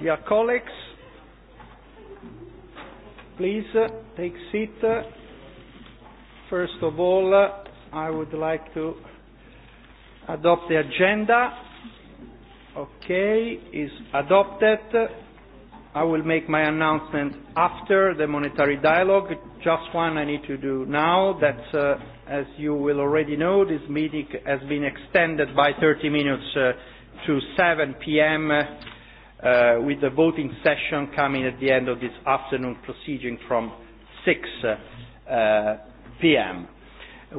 Dear colleagues, please uh, take seat. First of all, uh, I would like to adopt the agenda. Okay, is adopted. I will make my announcement after the monetary dialogue. Just one I need to do now. That, uh, as you will already know, this meeting has been extended by 30 minutes uh, to 7 p.m. Uh, uh, with the voting session coming at the end of this afternoon proceeding from 6 uh, uh, p.m.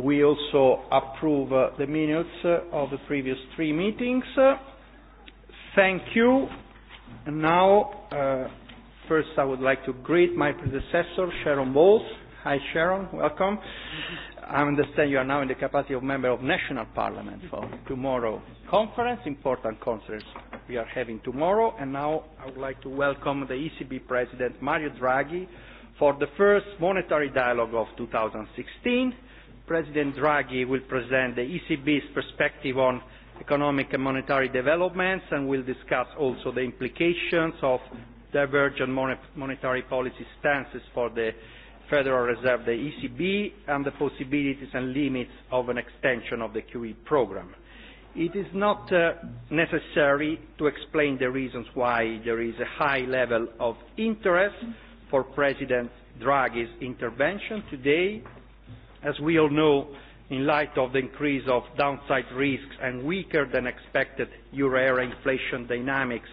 We also approve uh, the minutes uh, of the previous three meetings. Uh, thank you. And now, uh, first I would like to greet my predecessor, Sharon Bowles. Hi, Sharon. Welcome. Mm-hmm. I understand you are now in the capacity of member of national parliament for tomorrow conference, important conference we are having tomorrow. And now I would like to welcome the ECB President Mario Draghi for the first monetary dialogue of 2016. President Draghi will present the ECB's perspective on economic and monetary developments and will discuss also the implications of divergent monetary policy stances for the Federal Reserve, the ECB, and the possibilities and limits of an extension of the QE programme. It is not uh, necessary to explain the reasons why there is a high level of interest for President Draghi's intervention today. As we all know, in light of the increase of downside risks and weaker than expected euro area inflation dynamics,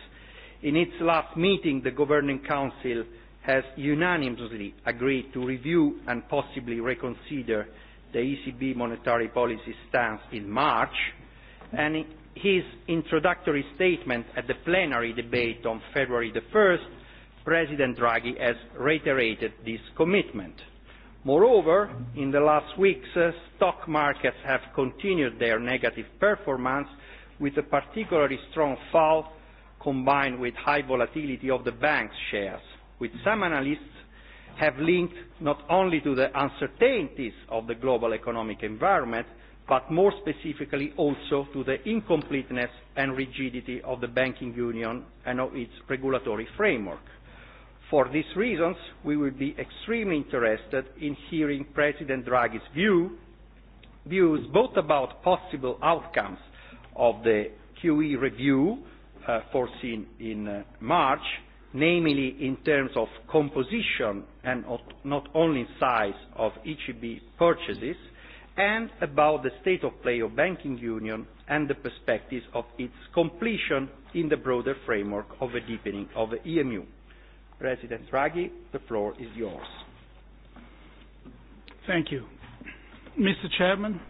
in its last meeting, the Governing Council has unanimously agreed to review and possibly reconsider the ECB monetary policy stance in March and his introductory statement at the plenary debate on February the 1st, President Draghi has reiterated this commitment. Moreover, in the last weeks, uh, stock markets have continued their negative performance with a particularly strong fall combined with high volatility of the bank's shares, which some analysts have linked not only to the uncertainties of the global economic environment, but more specifically also to the incompleteness and rigidity of the banking union and of its regulatory framework. For these reasons, we will be extremely interested in hearing President Draghi's view, views both about possible outcomes of the QE review uh, foreseen in uh, March, namely in terms of composition and not only size of ECB purchases, and about the state of play of banking union and the perspectives of its completion in the broader framework of a deepening of the EMU. President Draghi, the floor is yours. Thank you. Mr. Chairman,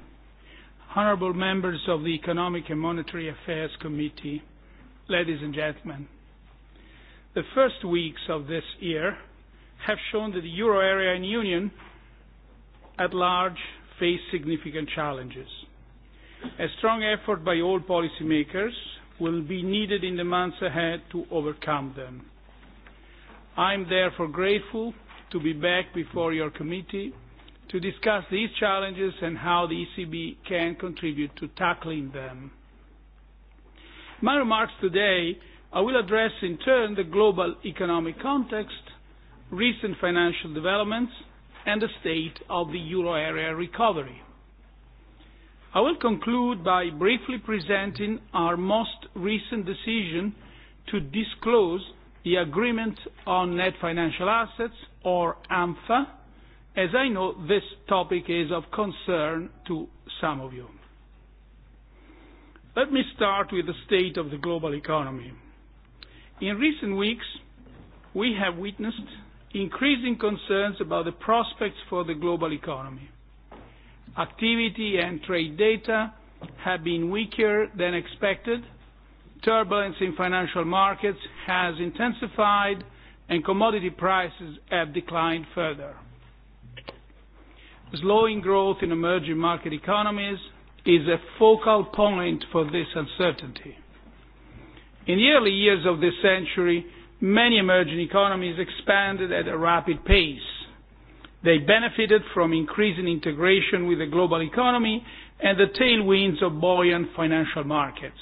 honorable members of the Economic and Monetary Affairs Committee, ladies and gentlemen, the first weeks of this year have shown that the euro area and union at large face significant challenges. A strong effort by all policymakers will be needed in the months ahead to overcome them. I am therefore grateful to be back before your committee to discuss these challenges and how the ECB can contribute to tackling them. My remarks today, I will address in turn the global economic context, recent financial developments, and the state of the euro area recovery. I will conclude by briefly presenting our most recent decision to disclose the Agreement on Net Financial Assets, or AMFA, as I know this topic is of concern to some of you. Let me start with the state of the global economy. In recent weeks, we have witnessed increasing concerns about the prospects for the global economy. Activity and trade data have been weaker than expected. Turbulence in financial markets has intensified, and commodity prices have declined further. Slowing growth in emerging market economies is a focal point for this uncertainty. In the early years of this century, many emerging economies expanded at a rapid pace. They benefited from increasing integration with the global economy and the tailwinds of buoyant financial markets.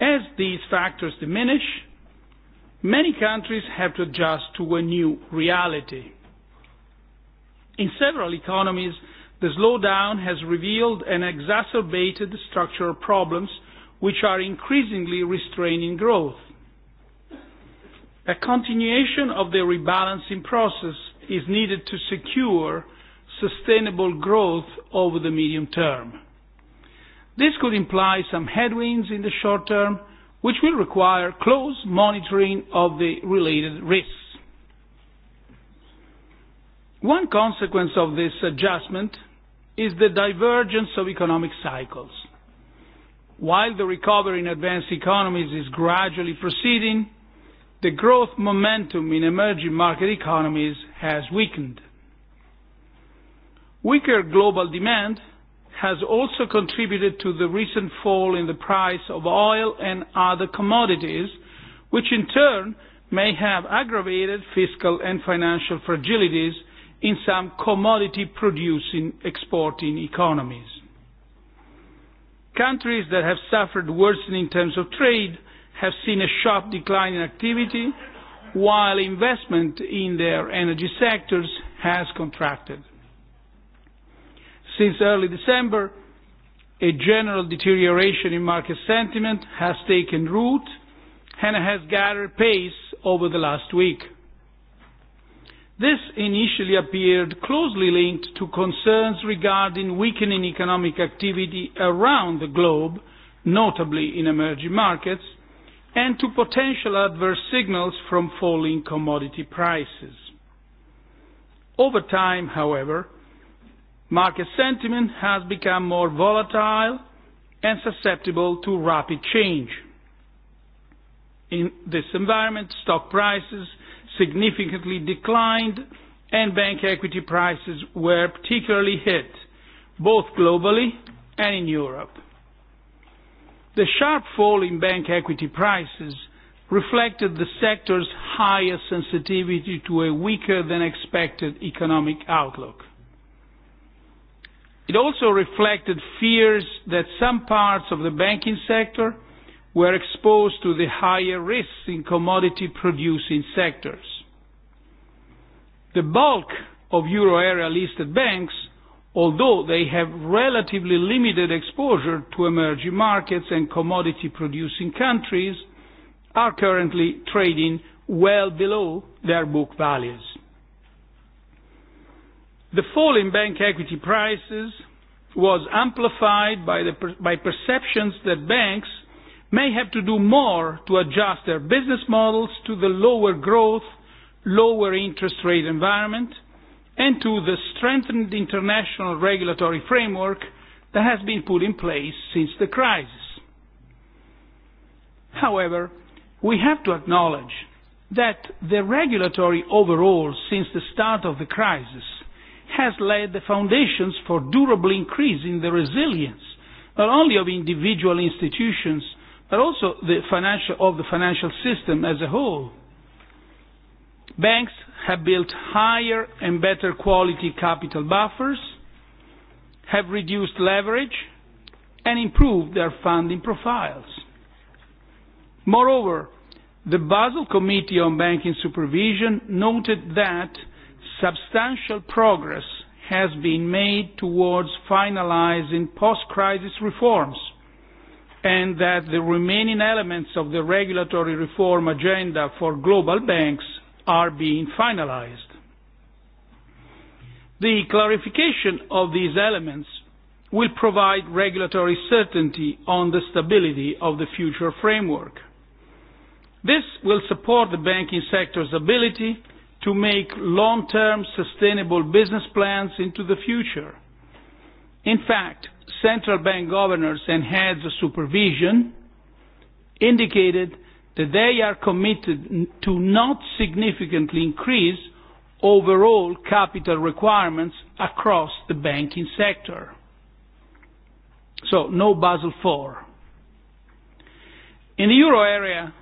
As these factors diminish, many countries have to adjust to a new reality. In several economies, the slowdown has revealed and exacerbated structural problems which are increasingly restraining growth a continuation of the rebalancing process is needed to secure sustainable growth over the medium term. This could imply some headwinds in the short term, which will require close monitoring of the related risks. One consequence of this adjustment is the divergence of economic cycles. While the recovery in advanced economies is gradually proceeding, the growth momentum in emerging market economies has weakened. Weaker global demand has also contributed to the recent fall in the price of oil and other commodities, which in turn may have aggravated fiscal and financial fragilities in some commodity producing exporting economies. Countries that have suffered worsening in terms of trade have seen a sharp decline in activity, while investment in their energy sectors has contracted. Since early December, a general deterioration in market sentiment has taken root and has gathered pace over the last week. This initially appeared closely linked to concerns regarding weakening economic activity around the globe, notably in emerging markets, and to potential adverse signals from falling commodity prices. Over time, however, market sentiment has become more volatile and susceptible to rapid change. In this environment, stock prices significantly declined and bank equity prices were particularly hit, both globally and in Europe. The sharp fall in bank equity prices reflected the sector's higher sensitivity to a weaker than expected economic outlook. It also reflected fears that some parts of the banking sector were exposed to the higher risks in commodity producing sectors. The bulk of euro area listed banks although they have relatively limited exposure to emerging markets and commodity-producing countries, are currently trading well below their book values. The fall in bank equity prices was amplified by, the, by perceptions that banks may have to do more to adjust their business models to the lower growth, lower interest rate environment – and to the strengthened international regulatory framework that has been put in place since the crisis. However, we have to acknowledge that the regulatory overhaul since the start of the crisis has laid the foundations for durably increasing the resilience not only of individual institutions but also the financial, of the financial system as a whole. Banks have built higher and better quality capital buffers, have reduced leverage, and improved their funding profiles. Moreover, the Basel Committee on Banking Supervision noted that substantial progress has been made towards finalizing post-crisis reforms and that the remaining elements of the regulatory reform agenda for global banks are being finalized. The clarification of these elements will provide regulatory certainty on the stability of the future framework. This will support the banking sector's ability to make long-term sustainable business plans into the future. In fact, central bank governors and heads of supervision indicated that they are committed to not significantly increase overall capital requirements across the banking sector. So no Basel IV. In the euro area,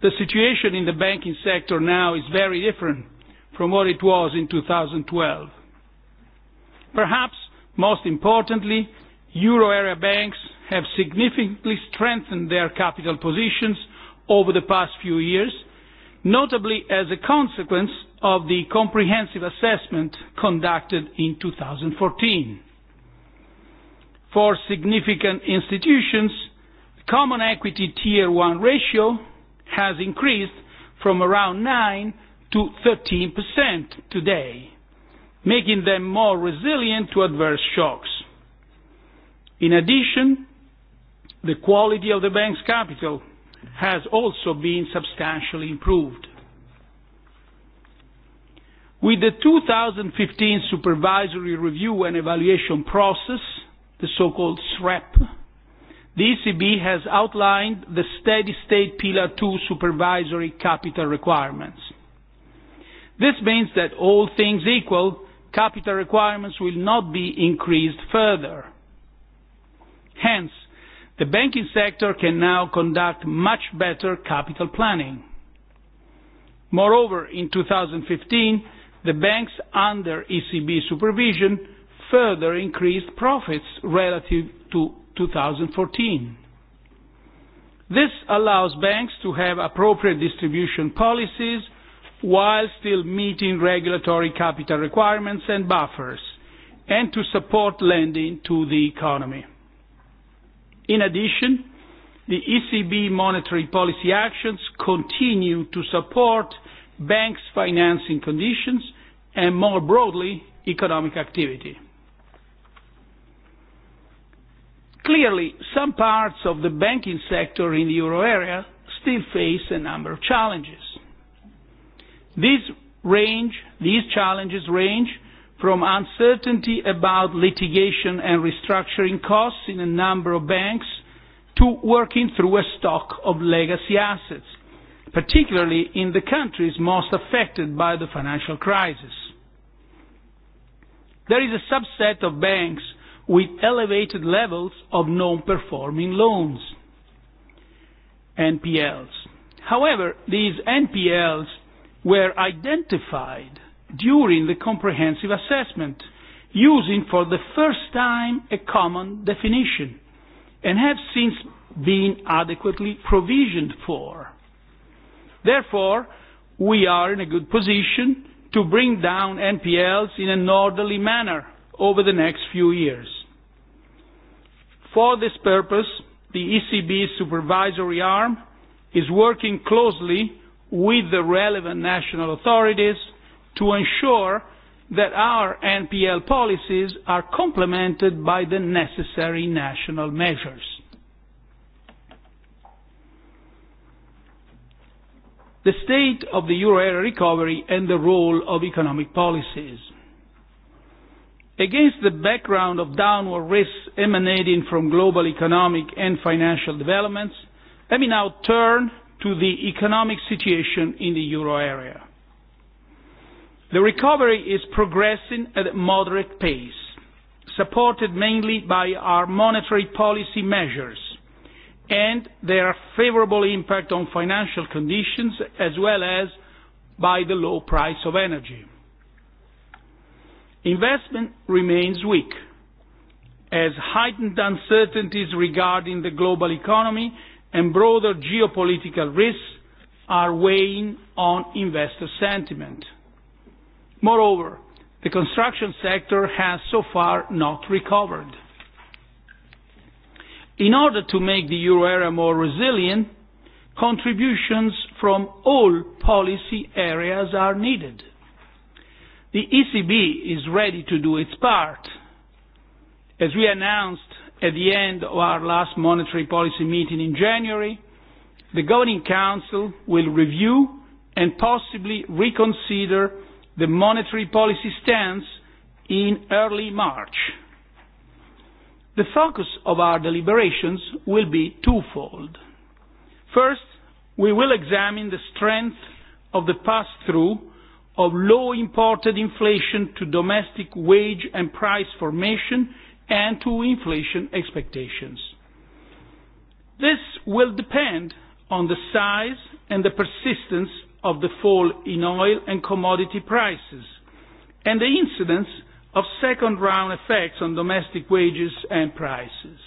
the situation in the banking sector now is very different from what it was in 2012. Perhaps most importantly, euro area banks have significantly strengthened their capital positions – over the past few years, notably as a consequence of the comprehensive assessment conducted in 2014. For significant institutions, the Common Equity Tier 1 ratio has increased from around 9 to 13% today, making them more resilient to adverse shocks. In addition, the quality of the bank's capital has also been substantially improved. With the 2015 supervisory review and evaluation process, the so-called SREP, the ECB has outlined the steady state Pillar 2 supervisory capital requirements. This means that all things equal, capital requirements will not be increased further. Hence, The banking sector can now conduct much better capital planning. Moreover, in 2015, the banks under ECB supervision further increased profits relative to 2014. This allows banks to have appropriate distribution policies while still meeting regulatory capital requirements and buffers, and to support lending to the economy. In addition, the ECB monetary policy actions continue to support banks' financing conditions and, more broadly, economic activity. Clearly, some parts of the banking sector in the euro area still face a number of challenges. These range, these challenges range from uncertainty about litigation and restructuring costs in a number of banks to working through a stock of legacy assets, particularly in the countries most affected by the financial crisis. There is a subset of banks with elevated levels of non-performing loans, NPLs. However, these NPLs were identified during the comprehensive assessment, using for the first time a common definition, and have since been adequately provisioned for. Therefore, we are in a good position to bring down NPLs in an orderly manner over the next few years. For this purpose, the ECB's supervisory arm is working closely with the relevant national authorities to ensure that our NPL policies are complemented by the necessary national measures. The state of the euro area recovery and the role of economic policies. Against the background of downward risks emanating from global economic and financial developments, let me now turn to the economic situation in the euro area. The recovery is progressing at a moderate pace, supported mainly by our monetary policy measures and their favorable impact on financial conditions as well as by the low price of energy. Investment remains weak as heightened uncertainties regarding the global economy and broader geopolitical risks are weighing on investor sentiment. Moreover, the construction sector has so far not recovered. In order to make the euro area more resilient, contributions from all policy areas are needed. The ECB is ready to do its part. As we announced at the end of our last monetary policy meeting in January, the Governing Council will review and possibly reconsider the monetary policy stance in early March. The focus of our deliberations will be twofold. First, we will examine the strength of the pass-through of low imported inflation to domestic wage and price formation and to inflation expectations. This will depend on the size and the persistence of the fall in oil and commodity prices, and the incidence of second-round effects on domestic wages and prices.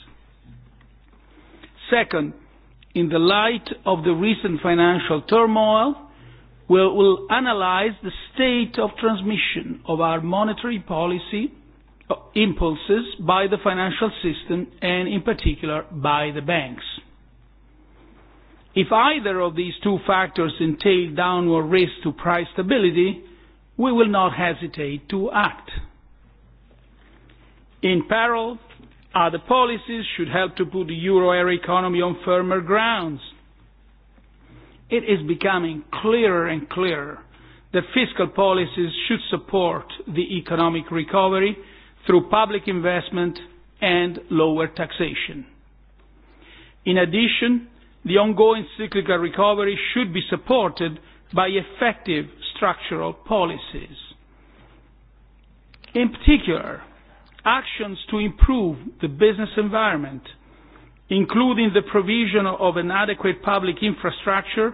Second, in the light of the recent financial turmoil, we will analyze the state of transmission of our monetary policy uh, impulses by the financial system and in particular by the banks. If either of these two factors entail downward risk to price stability, we will not hesitate to act. In parallel, other policies should help to put the euro area economy on firmer grounds. It is becoming clearer and clearer that fiscal policies should support the economic recovery through public investment and lower taxation. In addition, the ongoing cyclical recovery should be supported by effective structural policies. In particular, actions to improve the business environment, including the provision of an adequate public infrastructure,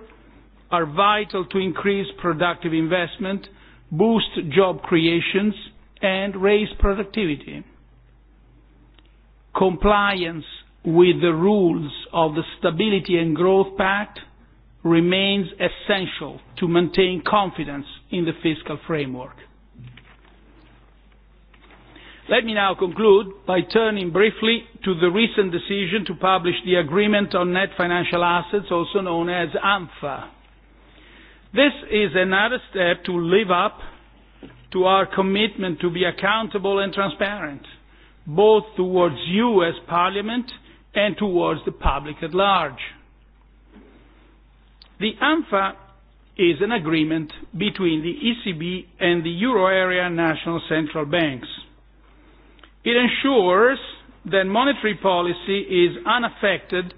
are vital to increase productive investment, boost job creations, and raise productivity. Compliance with the rules of the Stability and Growth Pact remains essential to maintain confidence in the fiscal framework. Let me now conclude by turning briefly to the recent decision to publish the Agreement on Net Financial Assets, also known as ANFA. This is another step to live up to our commitment to be accountable and transparent, both towards you as Parliament and towards the public at large. The ANFA is an agreement between the ECB and the euro area national central banks. It ensures that monetary policy is unaffected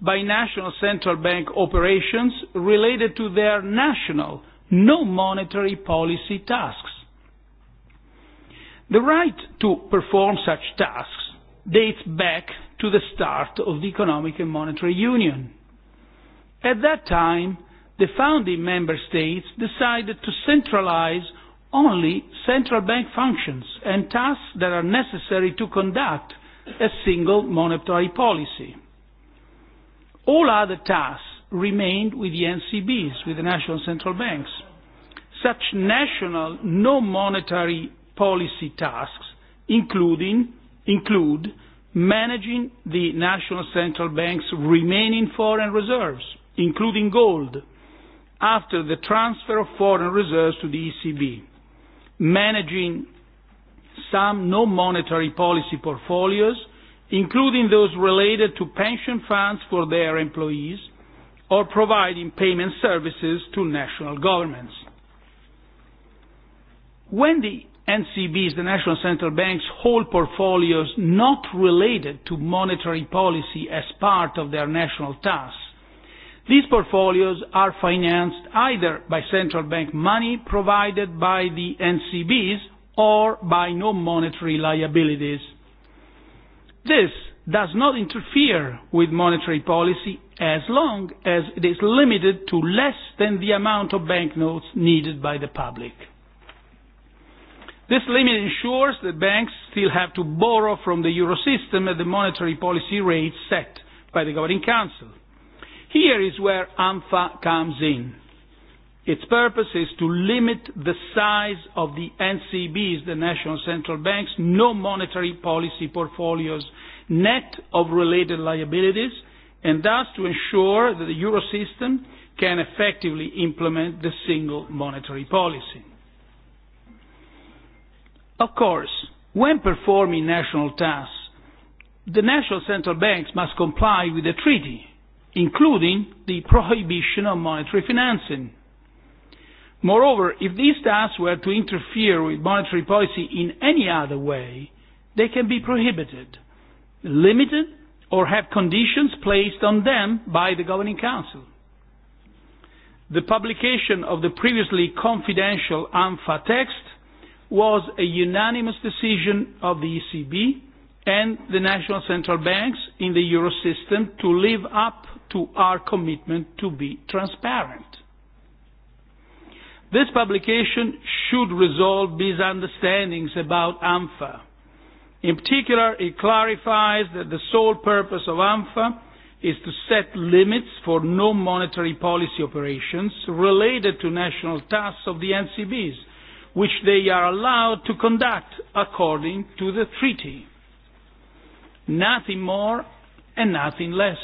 by national central bank operations related to their national no monetary policy tasks. The right to perform such tasks dates back to the start of the Economic and Monetary Union. At that time, the founding member states decided to centralize only central bank functions and tasks that are necessary to conduct a single monetary policy. All other tasks remained with the NCBs, with the national central banks. Such national non-monetary policy tasks including, include managing the national central bank's remaining foreign reserves, including gold, after the transfer of foreign reserves to the ECB, managing some non-monetary policy portfolios, including those related to pension funds for their employees, or providing payment services to national governments. When the NCBs, the National Central Bank's whole portfolios not related to monetary policy as part of their national tasks. These portfolios are financed either by central bank money provided by the NCBs or by non-monetary liabilities. This does not interfere with monetary policy as long as it is limited to less than the amount of banknotes needed by the public. This limit ensures that banks still have to borrow from the euro system at the monetary policy rate set by the Governing Council. Here is where ANFA comes in. Its purpose is to limit the size of the NCBs, the national central banks, no monetary policy portfolios, net of related liabilities, and thus to ensure that the euro system can effectively implement the single monetary policy. Of course, when performing national tasks, the national central banks must comply with the treaty, including the prohibition of monetary financing. Moreover, if these tasks were to interfere with monetary policy in any other way, they can be prohibited, limited, or have conditions placed on them by the Governing Council. The publication of the previously confidential ANFA text was a unanimous decision of the ECB and the national central banks in the euro system to live up to our commitment to be transparent. This publication should resolve misunderstandings about AMFA. In particular, it clarifies that the sole purpose of AMFA is to set limits for non-monetary policy operations related to national tasks of the NCBs which they are allowed to conduct according to the treaty. Nothing more and nothing less.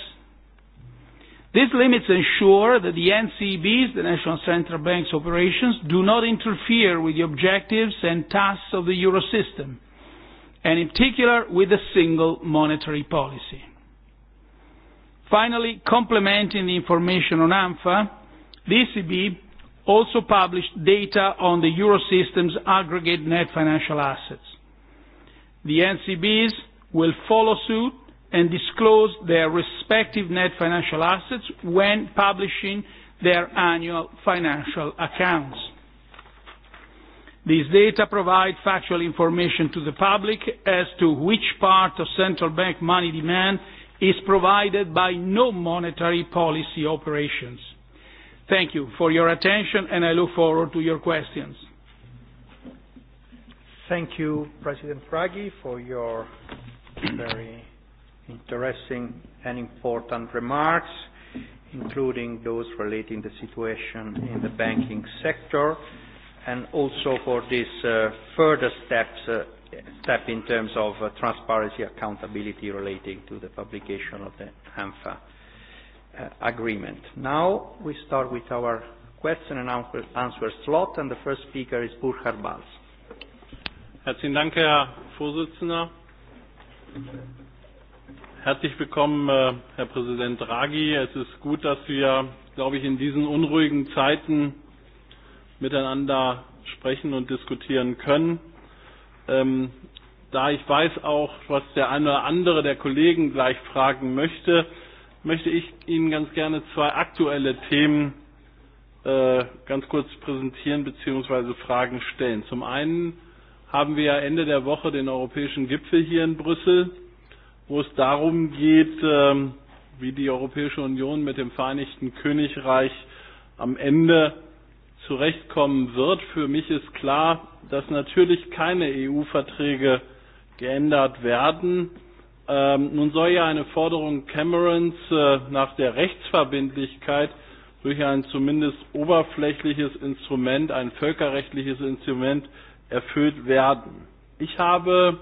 These limits ensure that the NCBs, the National Central Bank's operations, do not interfere with the objectives and tasks of the euro system, and in particular with the single monetary policy. Finally, complementing the information on AMFA, the ECB also published data on the Eurosystem's aggregate net financial assets. The NCBs will follow suit and disclose their respective net financial assets when publishing their annual financial accounts. These data provide factual information to the public as to which part of central bank money demand is provided by no monetary policy operations. Thank you for your attention, and I look forward to your questions. Thank you, President Draghi, for your very interesting and important remarks, including those relating the situation in the banking sector, and also for this uh, further steps, uh, step in terms of uh, transparency accountability relating to the publication of the ANFA uh, agreement. Now we start with our question and answer, answer slot, and the first speaker is Burkhard Balz. Herzlichen Dank, Herr Vorsitzender. Herzlich willkommen, äh, Herr Präsident Draghi. Es ist gut, dass wir, glaube ich, in diesen unruhigen Zeiten miteinander sprechen und diskutieren können. Ähm, da ich weiß auch, was der eine oder andere der Kollegen gleich fragen möchte, möchte ich Ihnen ganz gerne zwei aktuelle Themen äh, ganz kurz präsentieren bzw. Fragen stellen. Zum einen haben wir ja Ende der Woche den europäischen Gipfel hier in Brüssel, wo es darum geht, äh, wie die Europäische Union mit dem Vereinigten Königreich am Ende zurechtkommen wird. Für mich ist klar, dass natürlich keine EU-Verträge geändert werden Ähm, nun soll ja eine Forderung Camerons äh, nach der Rechtsverbindlichkeit durch ein zumindest oberflächliches Instrument, ein völkerrechtliches Instrument erfüllt werden. Ich habe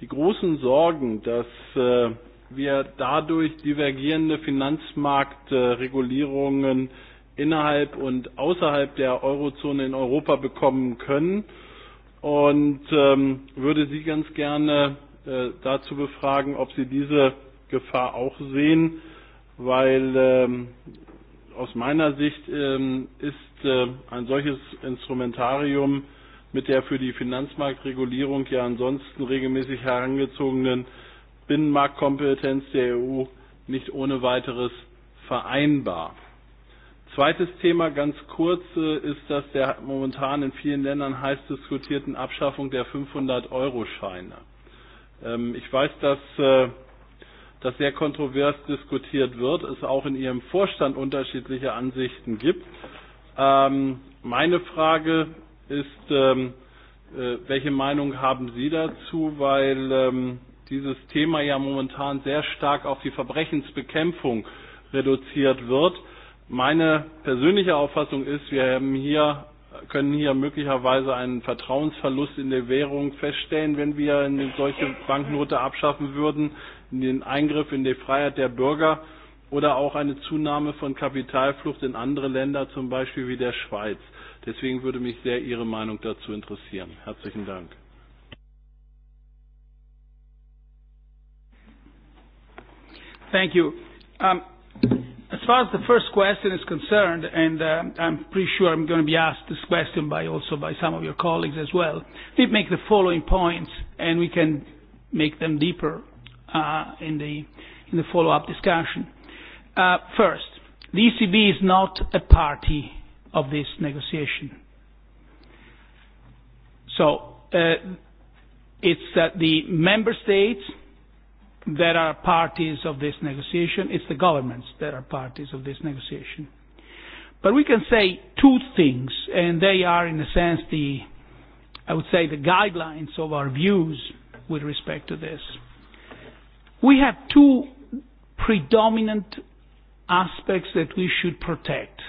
die großen Sorgen, dass äh, wir dadurch divergierende Finanzmarktregulierungen innerhalb und außerhalb der Eurozone in Europa bekommen können und ähm, würde Sie ganz gerne Äh, dazu befragen, ob sie diese Gefahr auch sehen, weil ähm, aus meiner Sicht ähm, ist äh, ein solches Instrumentarium mit der für die Finanzmarktregulierung ja ansonsten regelmäßig herangezogenen Binnenmarktkompetenz der EU nicht ohne weiteres vereinbar. Zweites Thema ganz kurz äh, ist das der momentan in vielen Ländern heiß diskutierten Abschaffung der 500-Euro-Scheine. Ähm, ich weiß, dass äh, das sehr kontrovers diskutiert wird, es auch in Ihrem Vorstand unterschiedliche Ansichten gibt. Ähm, meine Frage ist, ähm, äh, welche Meinung haben Sie dazu, weil dieses Thema ja momentan sehr stark auf die Verbrechensbekämpfung reduziert wird. Meine persönliche Auffassung ist, wir haben hier können hier möglicherweise einen Vertrauensverlust in der Währung feststellen, wenn wir eine solche Banknote abschaffen würden, den Eingriff in die Freiheit der Bürger oder auch eine Zunahme von Kapitalflucht in andere Länder, zum Beispiel wie der Schweiz. Deswegen würde mich sehr Ihre Meinung dazu interessieren. Herzlichen Dank. Thank you. Um, As far as the first question is concerned, and uh, I'm pretty sure I'm going to be asked this question by also by some of your colleagues as well, we make the following points, and we can make them deeper uh, in the in the follow-up discussion. Uh, first, the ECB is not a party of this negotiation. So uh, it's that the member states that are parties of this negotiation. It's the governments that are parties of this negotiation. But we can say two things, and they are, in a sense, the, I would say, the guidelines of our views with respect to this. We have two predominant aspects that we should protect.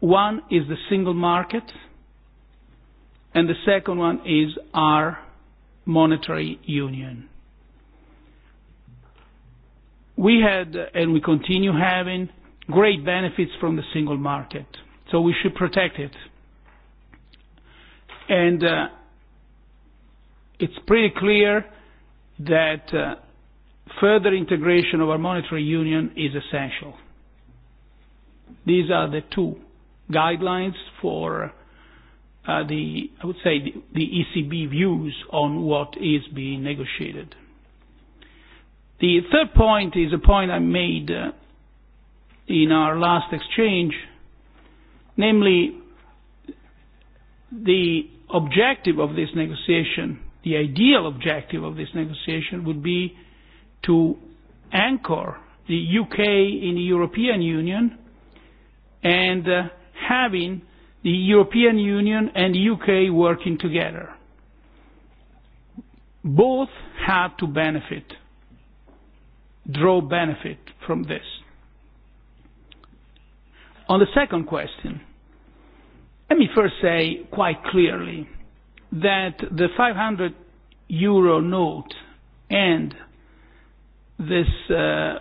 One is the single market, and the second one is our monetary union we had and we continue having great benefits from the single market. So we should protect it. And uh, it's pretty clear that uh, further integration of our monetary union is essential. These are the two guidelines for uh, the, I would say, the, the ECB views on what is being negotiated. The third point is a point I made uh, in our last exchange, namely the objective of this negotiation, the ideal objective of this negotiation would be to anchor the UK in the European Union and uh, having the European Union and the UK working together. Both have to benefit draw benefit from this. On the second question, let me first say quite clearly that the 500 euro note and this uh,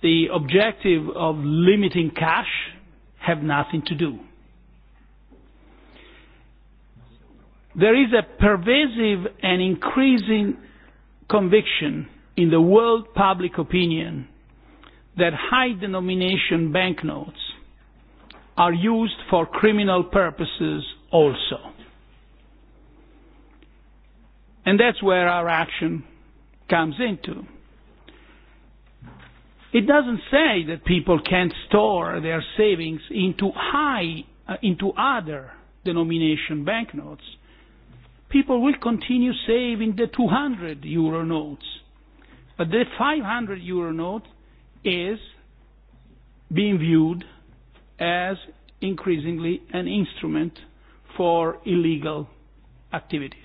the objective of limiting cash have nothing to do. There is a pervasive and increasing conviction in the world public opinion that high denomination banknotes are used for criminal purposes also. And that's where our action comes into. It doesn't say that people can't store their savings into high, uh, into other denomination banknotes. People will continue saving the 200 euro notes But the 500 euro note is being viewed as increasingly an instrument for illegal activities.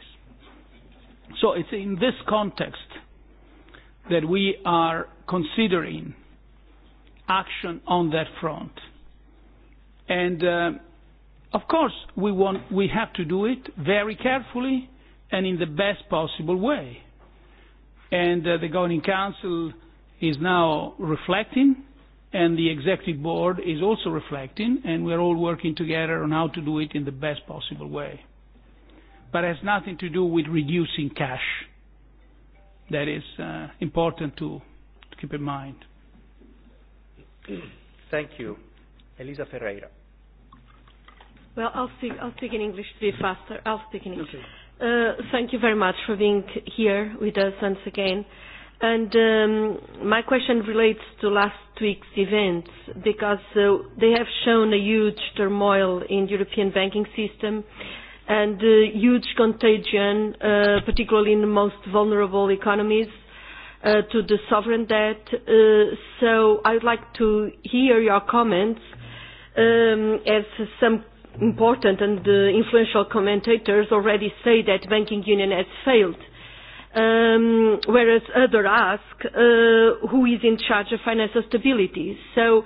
So it's in this context that we are considering action on that front. And uh, of course, we, want, we have to do it very carefully and in the best possible way and uh, the governing council is now reflecting and the executive board is also reflecting and we're all working together on how to do it in the best possible way. But it has nothing to do with reducing cash. That is uh, important to, to keep in mind. Thank you. Elisa Ferreira. Well, I'll speak, I'll speak in English to be faster. I'll speak in English. Okay. Uh, thank you very much for being here with us once again. And um, my question relates to last week's events because uh, they have shown a huge turmoil in the European banking system and a uh, huge contagion, uh, particularly in the most vulnerable economies, uh, to the sovereign debt. Uh, so I'd like to hear your comments um, as some important and uh, influential commentators already say that banking union has failed. Um, whereas others ask uh, who is in charge of financial stability. So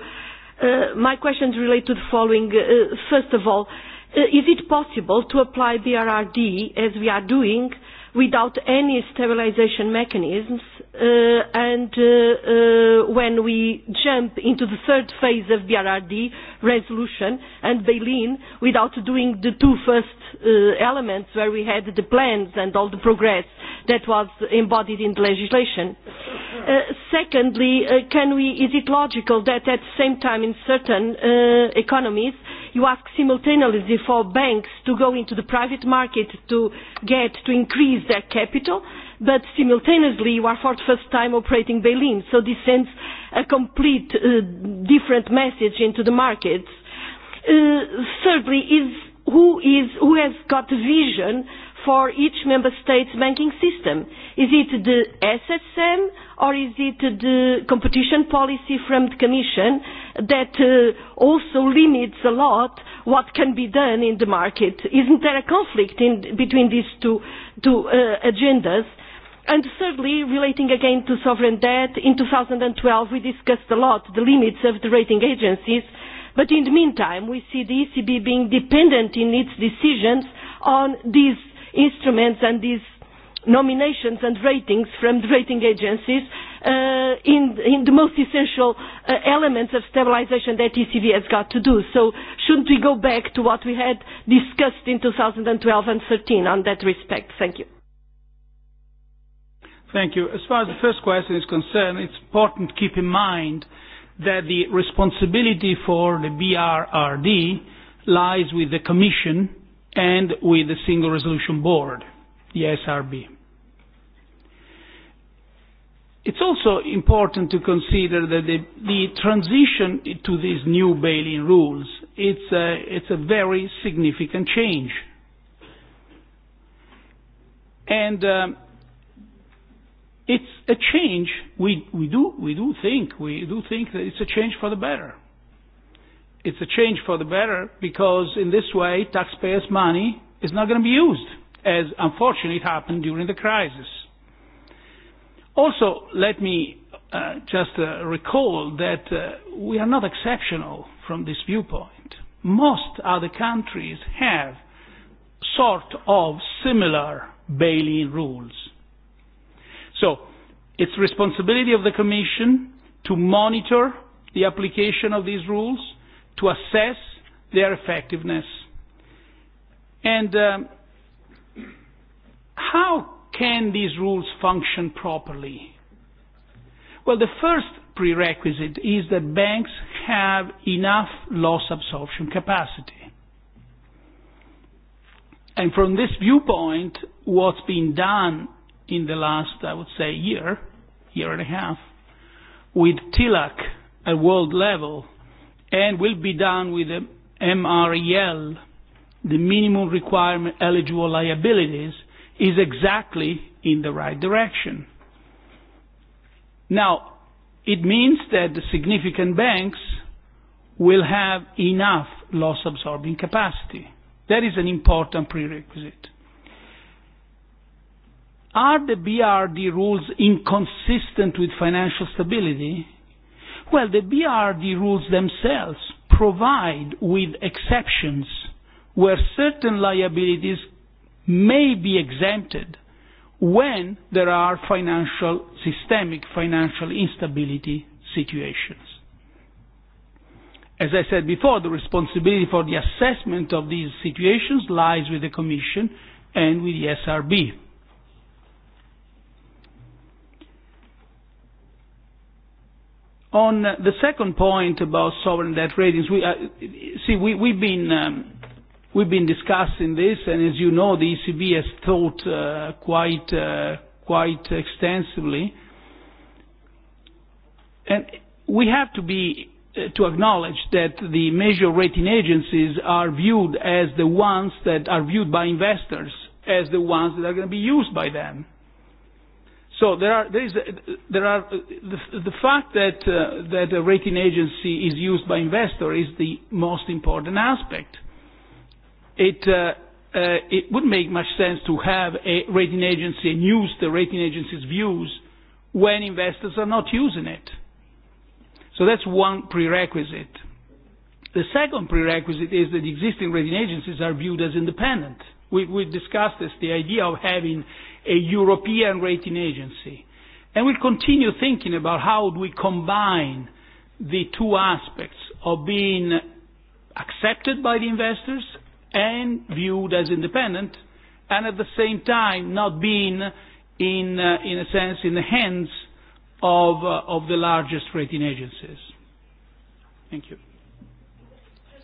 uh, my questions relate to the following. Uh, first of all, uh, is it possible to apply BRRD as we are doing without any stabilization mechanisms Uh, and uh, uh, when we jump into the third phase of BRRD, resolution and bail-in, without doing the two first uh, elements where we had the plans and all the progress that was embodied in the legislation. Uh, secondly, uh, can we, is it logical that at the same time in certain uh, economies you ask simultaneously for banks to go into the private market to get, to increase their capital but simultaneously you are for the first time operating Berlin. So this sends a complete uh, different message into the markets. Uh, thirdly, is who, is, who has got the vision for each member state's banking system? Is it the SSM or is it the competition policy from the Commission that uh, also limits a lot what can be done in the market? Isn't there a conflict in, between these two, two uh, agendas? And thirdly, relating again to sovereign debt, in 2012 we discussed a lot the limits of the rating agencies, but in the meantime we see the ECB being dependent in its decisions on these instruments and these nominations and ratings from the rating agencies uh, in, in the most essential uh, elements of stabilization that ECB has got to do. So shouldn't we go back to what we had discussed in 2012 and 13 on that respect? Thank you. Thank you. As far as the first question is concerned, it's important to keep in mind that the responsibility for the BRRD lies with the Commission and with the Single Resolution Board, the SRB. It's also important to consider that the, the transition to these new bail-in rules, it's a, it's a very significant change. And... Um, it's a change. We, we do we do think we do think that it's a change for the better. It's a change for the better because in this way taxpayers' money is not going to be used, as unfortunately it happened during the crisis. Also, let me uh, just uh, recall that uh, we are not exceptional from this viewpoint. Most other countries have sort of similar bail-in rules so it's responsibility of the Commission to monitor the application of these rules, to assess their effectiveness. And um, how can these rules function properly? Well, the first prerequisite is that banks have enough loss absorption capacity. And from this viewpoint, what's been done in the last, I would say, year, year and a half, with TILAC at world level, and will be done with the MREL, the minimum requirement eligible liabilities, is exactly in the right direction. Now, it means that the significant banks will have enough loss absorbing capacity. That is an important prerequisite. Are the BRD rules inconsistent with financial stability? Well, the BRD rules themselves provide with exceptions where certain liabilities may be exempted when there are financial, systemic financial instability situations. As I said before, the responsibility for the assessment of these situations lies with the Commission and with the SRB. On the second point about sovereign debt ratings, we uh, see we, we've been um, we've been discussing this, and as you know, the ECB has thought uh, quite uh, quite extensively, and we have to be uh, to acknowledge that the major rating agencies are viewed as the ones that are viewed by investors as the ones that are going to be used by them so there are there is there are the, the fact that uh, that a rating agency is used by investors is the most important aspect. It uh, uh, it would make much sense to have a rating agency and use the rating agency's views when investors are not using it. So that's one prerequisite. The second prerequisite is that existing rating agencies are viewed as independent. We, we discussed this, the idea of having a European rating agency. And we'll continue thinking about how do we combine the two aspects of being accepted by the investors and viewed as independent, and at the same time not being, in, uh, in a sense, in the hands of, uh, of the largest rating agencies. Thank you.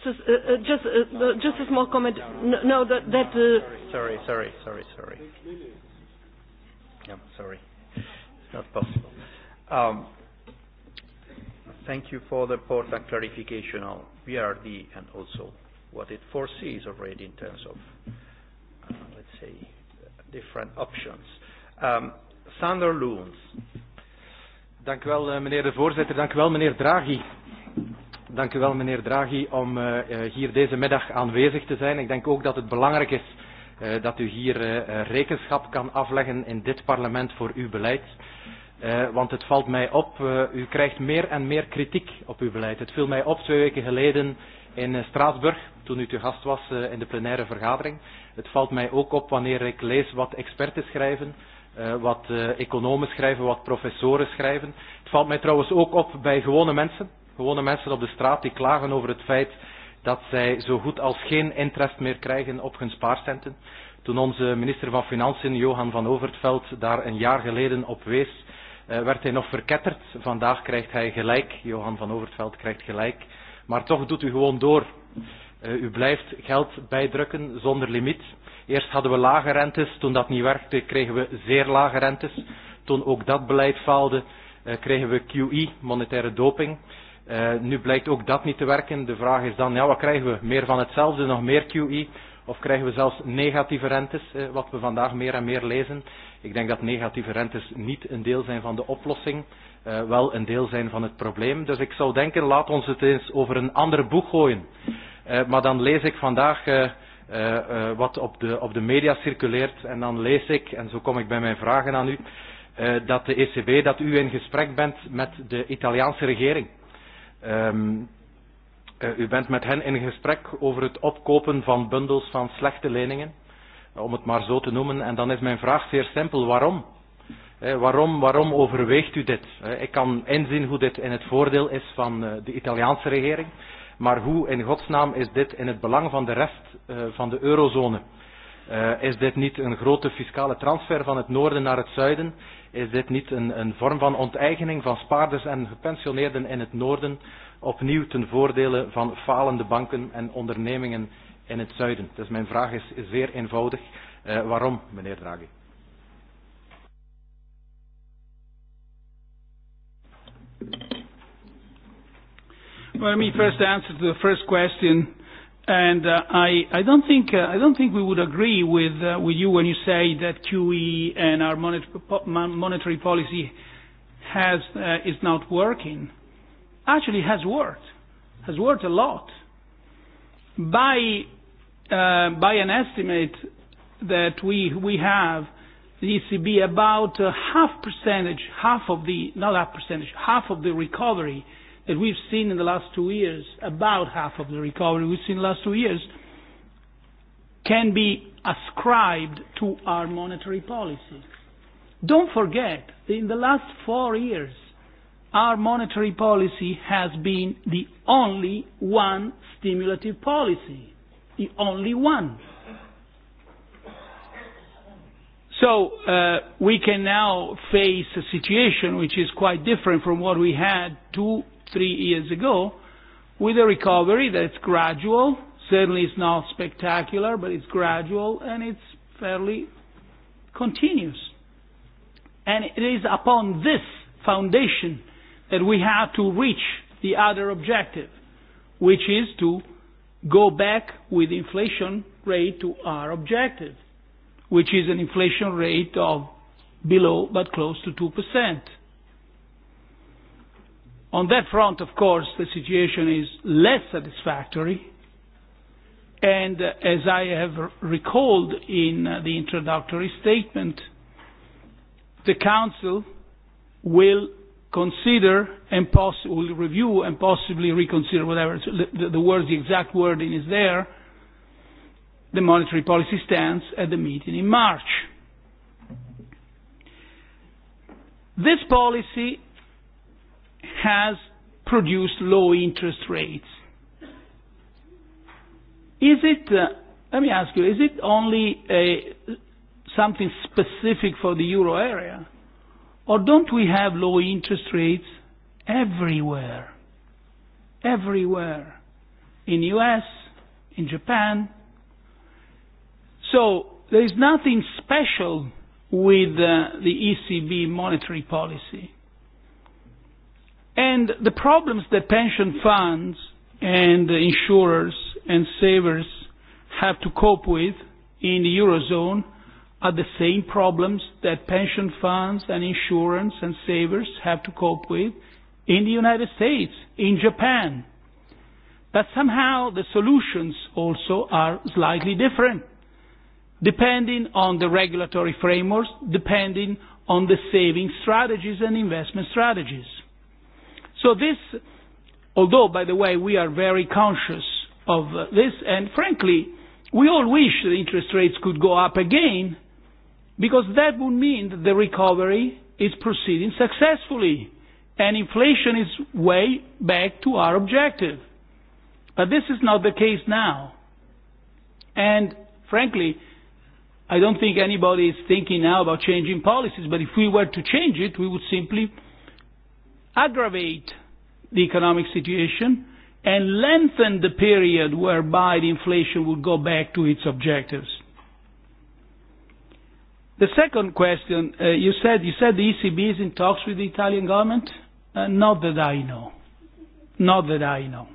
Just, uh, uh just, uh, just a small comment. No, no that. that uh, sorry, sorry, sorry, sorry. sorry. Yeah, sorry. It's not possible. Um, thank you for the important clarification on BRD and also what it foresees already in terms of, uh, let's say, different options. Um, Sander Loons. Dank u wel, eh, meneer de voorzitter. Dank u wel, meneer Draghi. Dank u wel, meneer Draghi, om uh, hier deze middag aanwezig te zijn. Ik denk ook dat het belangrijk is uh, dat u hier uh, rekenschap kan afleggen in dit parlement voor uw beleid. Uh, want het valt mij op, uh, u krijgt meer en meer kritiek op uw beleid. Het viel mij op twee weken geleden in uh, Straatsburg, toen u te gast was uh, in de plenaire vergadering. Het valt mij ook op wanneer ik lees wat experten schrijven, uh, wat uh, economen schrijven, wat professoren schrijven. Het valt mij trouwens ook op bij gewone mensen, gewone mensen op de straat die klagen over het feit dat zij zo goed als geen interest meer krijgen op hun spaarcenten. Toen onze minister van Financiën, Johan van Overtveld, daar een jaar geleden op wees, eh, werd hij nog verketterd. Vandaag krijgt hij gelijk. Johan van Overtveld krijgt gelijk. Maar toch doet u gewoon door. Eh, u blijft geld bijdrukken zonder limiet. Eerst hadden we lage rentes, toen dat niet werkte kregen we zeer lage rentes. Toen ook dat beleid faalde eh, kregen we QE, monetaire doping. Uh, nu blijkt ook dat niet te werken. De vraag is dan, ja, wat krijgen we? Meer van hetzelfde, nog meer QE? Of krijgen we zelfs negatieve rentes, uh, wat we vandaag meer en meer lezen? Ik denk dat negatieve rentes niet een deel zijn van de oplossing, uh, wel een deel zijn van het probleem. Dus ik zou denken, laat ons het eens over een ander boek gooien. Uh, maar dan lees ik vandaag uh, uh, uh, wat op de, op de media circuleert en dan lees ik, en zo kom ik bij mijn vragen aan u, uh, dat de ECB, dat u in gesprek bent met de Italiaanse regering. Um, uh, u bent met hen in gesprek over het opkopen van bundels van slechte leningen, eh, om het maar zo te noemen. En dan is mijn vraag zeer simpel, waarom? Eh, waarom, waarom overweegt u dit? Eh, ik kan inzien hoe dit in het voordeel is van uh, de Italiaanse regering, maar hoe in godsnaam is dit in het belang van de rest uh, van de eurozone? Uh, is dit niet een grote fiscale transfer van het noorden naar het zuiden? Is dit niet een, een vorm van onteigening van spaarders en gepensioneerden in het noorden, opnieuw ten voordele van falende banken en ondernemingen in het zuiden? Dus mijn vraag is zeer eenvoudig. Uh, waarom, meneer Draghi? let me first answer to the first question And uh, I, I don't think uh, I don't think we would agree with uh, with you when you say that QE and our monet po monetary policy has uh, is not working. Actually, has worked, has worked a lot. By uh, by an estimate that we we have, the ECB about uh, half percentage, half of the not half percentage, half of the recovery that we've seen in the last two years, about half of the recovery we've seen in the last two years, can be ascribed to our monetary policy. Don't forget, in the last four years, our monetary policy has been the only one stimulative policy. The only one. So uh, we can now face a situation which is quite different from what we had two three years ago, with a recovery that's gradual. Certainly it's not spectacular, but it's gradual and it's fairly continuous. And it is upon this foundation that we have to reach the other objective, which is to go back with inflation rate to our objective, which is an inflation rate of below but close to 2%. On that front, of course, the situation is less satisfactory. And uh, as I have recalled in uh, the introductory statement, the Council will consider and poss- will review and possibly reconsider whatever so the, the, the words, the exact wording is there, the monetary policy stance at the meeting in March. This policy has produced low interest rates. Is it, uh, let me ask you, is it only a, something specific for the euro area? Or don't we have low interest rates everywhere? Everywhere. In US, in Japan. So there is nothing special with uh, the ECB monetary policy. And the problems that pension funds and insurers and savers have to cope with in the Eurozone are the same problems that pension funds and insurance and savers have to cope with in the United States, in Japan. But somehow the solutions also are slightly different, depending on the regulatory frameworks, depending on the saving strategies and investment strategies. So this, although, by the way, we are very conscious of uh, this, and frankly, we all wish the interest rates could go up again, because that would mean that the recovery is proceeding successfully, and inflation is way back to our objective. But this is not the case now. And frankly, I don't think anybody is thinking now about changing policies, but if we were to change it, we would simply aggravate the economic situation and lengthen the period whereby the inflation would go back to its objectives. The second question, uh, you said you said the ECB is in talks with the Italian government. Uh, not that I know, not that I know.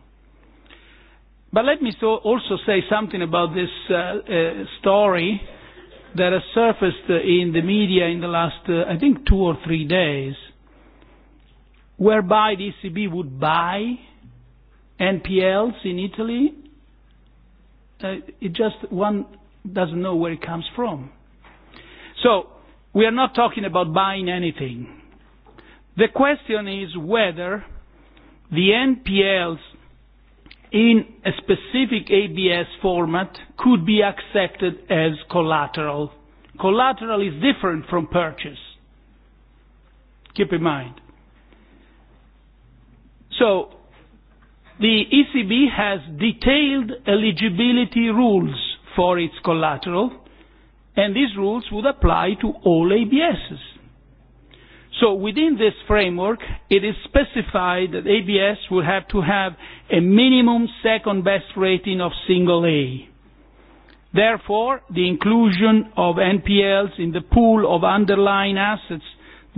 But let me so also say something about this uh, uh, story that has surfaced in the media in the last, uh, I think, two or three days whereby the ECB would buy NPLs in Italy, uh, it just one doesn't know where it comes from. So we are not talking about buying anything. The question is whether the NPLs in a specific ABS format could be accepted as collateral. Collateral is different from purchase. Keep in mind. So, the ECB has detailed eligibility rules for its collateral, and these rules would apply to all ABSs. So within this framework, it is specified that ABS will have to have a minimum second best rating of single A. Therefore, the inclusion of NPLs in the pool of underlying assets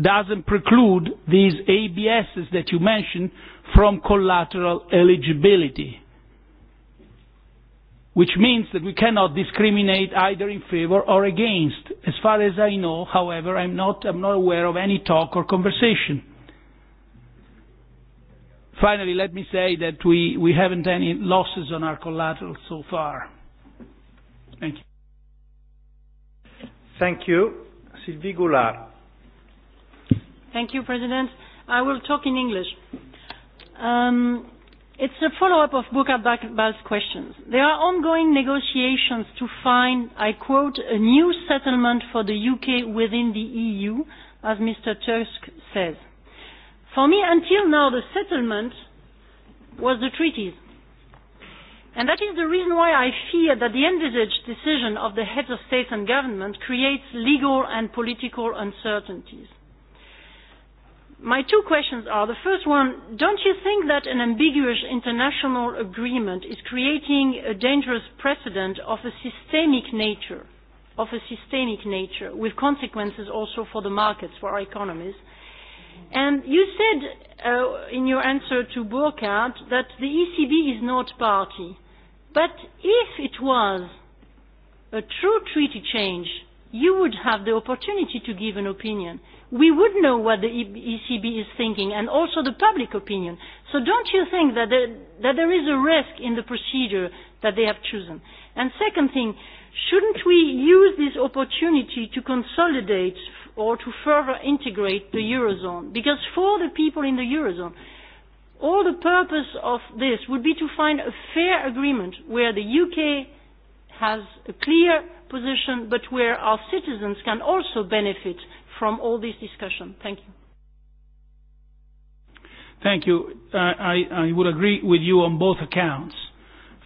doesn't preclude these ABSs that you mentioned from collateral eligibility, which means that we cannot discriminate either in favor or against. As far as I know, however, I'm not, I'm not aware of any talk or conversation. Finally, let me say that we, we haven't any losses on our collateral so far. Thank you. Thank you. Sylvie Goulart. Thank you, President. I will talk in English. Um, it's a follow-up of Burkhard Bal's questions. There are ongoing negotiations to find, I quote, a new settlement for the UK within the EU, as Mr. Tusk says. For me, until now, the settlement was the treaties. And that is the reason why I fear that the envisaged decision of the heads of state and government creates legal and political uncertainties my two questions are the first one, don't you think that an ambiguous international agreement is creating a dangerous precedent of a systemic nature, of a systemic nature, with consequences also for the markets, for our economies? And you said uh, in your answer to Burkhardt that the ECB is not party. But if it was a true treaty change, you would have the opportunity to give an opinion. We would know what the ECB e is thinking and also the public opinion. So don't you think that there, that there is a risk in the procedure that they have chosen? And second thing, shouldn't we use this opportunity to consolidate or to further integrate the Eurozone? Because for the people in the Eurozone, all the purpose of this would be to find a fair agreement where the UK has a clear position, but where our citizens can also benefit from all this discussion. Thank you. Thank you. I, I, I would agree with you on both accounts.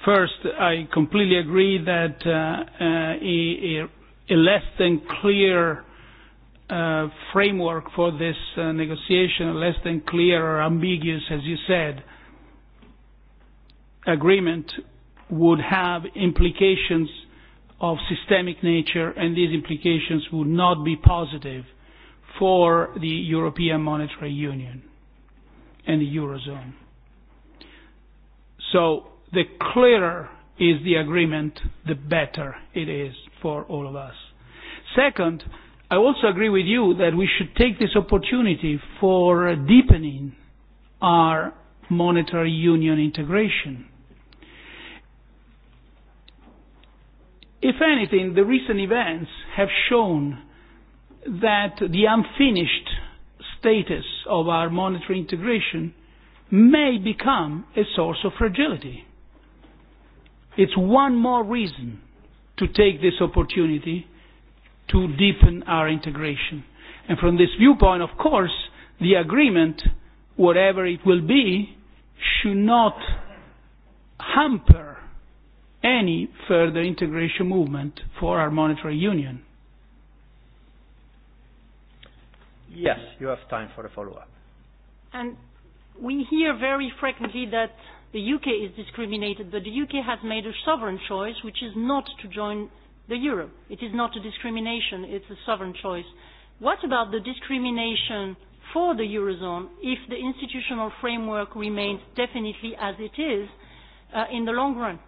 First, I completely agree that uh, uh, a, a less than clear uh, framework for this uh, negotiation, less than clear or ambiguous, as you said, agreement would have implications of systemic nature, and these implications would not be positive for the European Monetary Union and the Eurozone. So the clearer is the agreement, the better it is for all of us. Second, I also agree with you that we should take this opportunity for deepening our monetary union integration If anything, the recent events have shown that the unfinished status of our monetary integration may become a source of fragility. It's one more reason to take this opportunity to deepen our integration. And from this viewpoint, of course, the agreement, whatever it will be, should not hamper any further integration movement for our monetary union? Yes, you have time for a follow-up. And we hear very frequently that the UK is discriminated, but the UK has made a sovereign choice, which is not to join the euro. It is not a discrimination, it's a sovereign choice. What about the discrimination for the eurozone if the institutional framework remains definitely as it is uh, in the long run?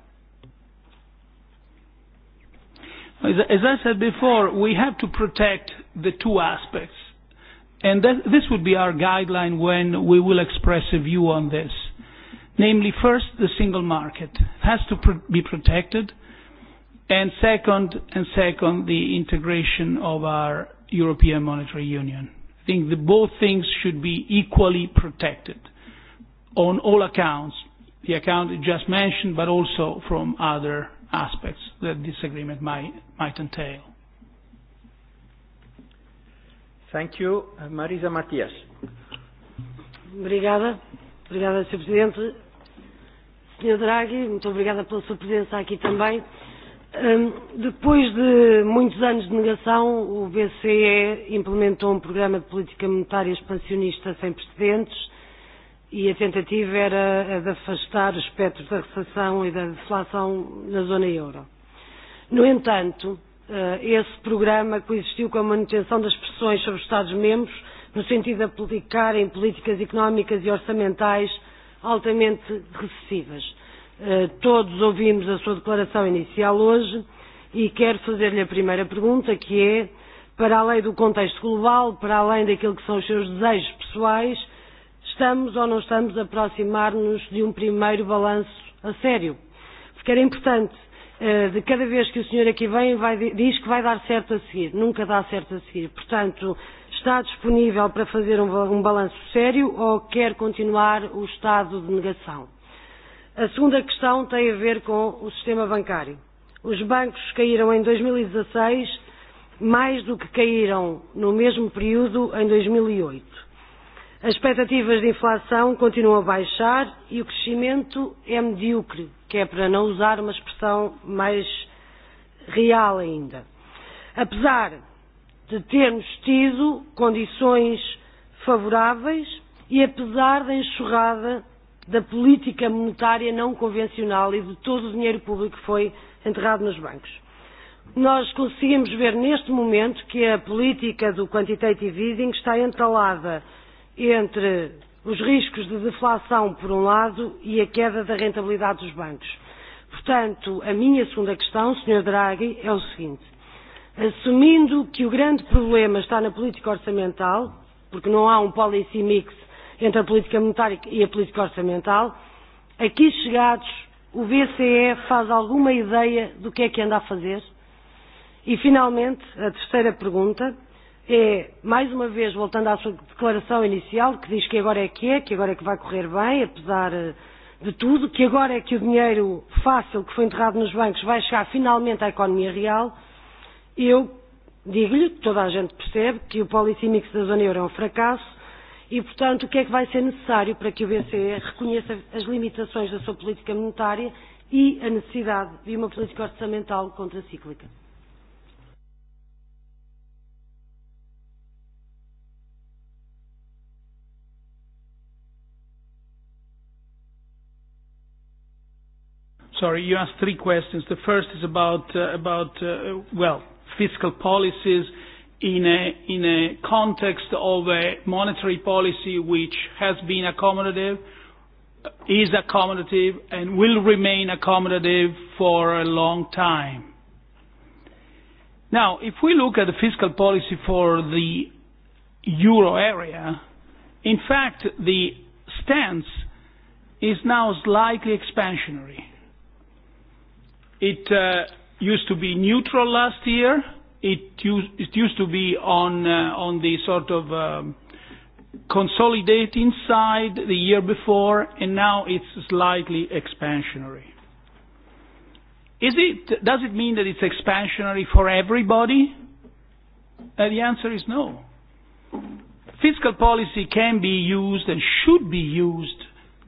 As I said before, we have to protect the two aspects. And that, this would be our guideline when we will express a view on this. Namely, first, the single market has to pr- be protected. And second, and second, the integration of our European Monetary Union. I think that both things should be equally protected on all accounts, the account just mentioned, but also from other aspects that this agreement might, might entail. Thank you. Marisa Matias. Obrigada. Obrigada, Sr. Presidente. Sr. Draghi, muito obrigada pela sua presença aqui também. Um, depois de muitos anos de negação, o BCE implementou um programa de política monetária expansionista sem precedentes e a tentativa era a de afastar os espectros da recessão e da deflação na zona euro. No entanto, eh, esse programa coexistiu com a manutenção das pressões sobre os Estados-membros no sentido de aplicarem políticas económicas e orçamentais altamente recessivas. Eh, todos ouvimos a sua declaração inicial hoje e quero fazer-lhe a primeira pergunta, que é, para além do contexto global, para além daquilo que são os seus desejos pessoais, estamos ou não estamos a aproximar-nos de um primeiro balanço a sério. Porque era importante, eh, de cada vez que o senhor aqui vem, vai, diz que vai dar certo a seguir. Nunca dá certo a seguir. Portanto, está disponível para fazer um, um balanço sério ou quer continuar o estado de negação? A segunda questão tem a ver com o sistema bancário. Os bancos caíram em 2016 e mais do que caíram no mesmo período em 2008 As expectativas de inflação continuam a baixar e o crescimento é medíocre, que é para não usar uma expressão mais real ainda. Apesar de termos tido condições favoráveis e apesar da enxurrada da política monetária não convencional e de todo o dinheiro público que foi enterrado nos bancos. Nós conseguimos ver neste momento que a política do quantitative easing está entalada entre os riscos de deflação, por um lado, e a queda da rentabilidade dos bancos. Portanto, a minha segunda questão, Sr. Draghi, é o seguinte. Assumindo que o grande problema está na política orçamental, porque não há um policy mix entre a política monetária e a política orçamental, aqui chegados, o BCE faz alguma ideia do que é que anda a fazer? E, finalmente, a terceira pergunta é, mais uma vez, voltando à sua declaração inicial, que diz que agora é que é, que agora é que vai correr bem, apesar eh, de tudo, que agora é que o dinheiro fácil que foi enterrado nos bancos vai chegar finalmente à economia real, eu digo-lhe, toda a gente percebe, que o policy mix da zona euro é um fracasso e, portanto, o que é que vai ser necessário para que o BCE reconheça as limitações da sua política monetária e a necessidade de uma política orçamental contracíclica? Sorry, you asked three questions. The first is about, uh, about uh, well, fiscal policies in a, in a context of a monetary policy which has been accommodative, is accommodative, and will remain accommodative for a long time. Now, if we look at the fiscal policy for the euro area, in fact, the stance is now slightly expansionary It uh, used to be neutral last year. It, used it used to be on, uh, on the sort of um, consolidating side the year before, and now it's slightly expansionary. Is it, does it mean that it's expansionary for everybody? Uh, the answer is no. Fiscal policy can be used and should be used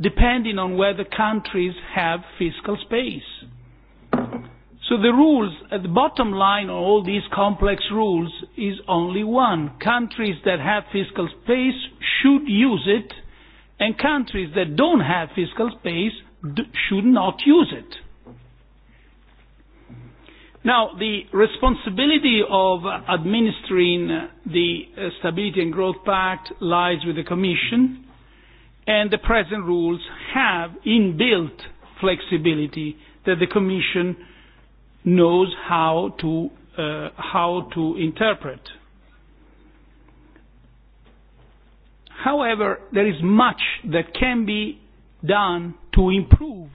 depending on whether countries have fiscal space so the rules, at the bottom line of all these complex rules is only one. Countries that have fiscal space should use it, and countries that don't have fiscal space d should not use it. Now, the responsibility of administering the uh, Stability and Growth Pact lies with the Commission, and the present rules have inbuilt flexibility that the Commission knows how to, uh, how to interpret. However, there is much that can be done to improve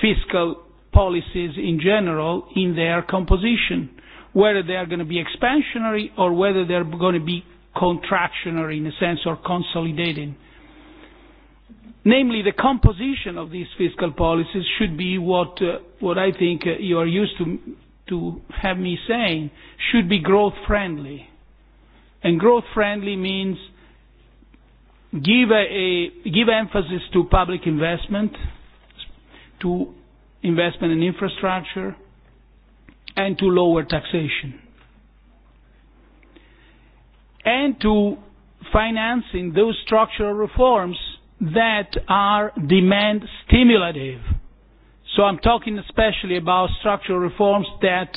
fiscal policies in general in their composition, whether they are going to be expansionary or whether they are going to be contractionary in a sense or consolidating. Namely, the composition of these fiscal policies should be what, uh, what I think uh, you are used to, to have me saying, should be growth friendly. And growth friendly means give, a, a, give emphasis to public investment, to investment in infrastructure, and to lower taxation. And to financing those structural reforms that are demand stimulative. So I'm talking especially about structural reforms that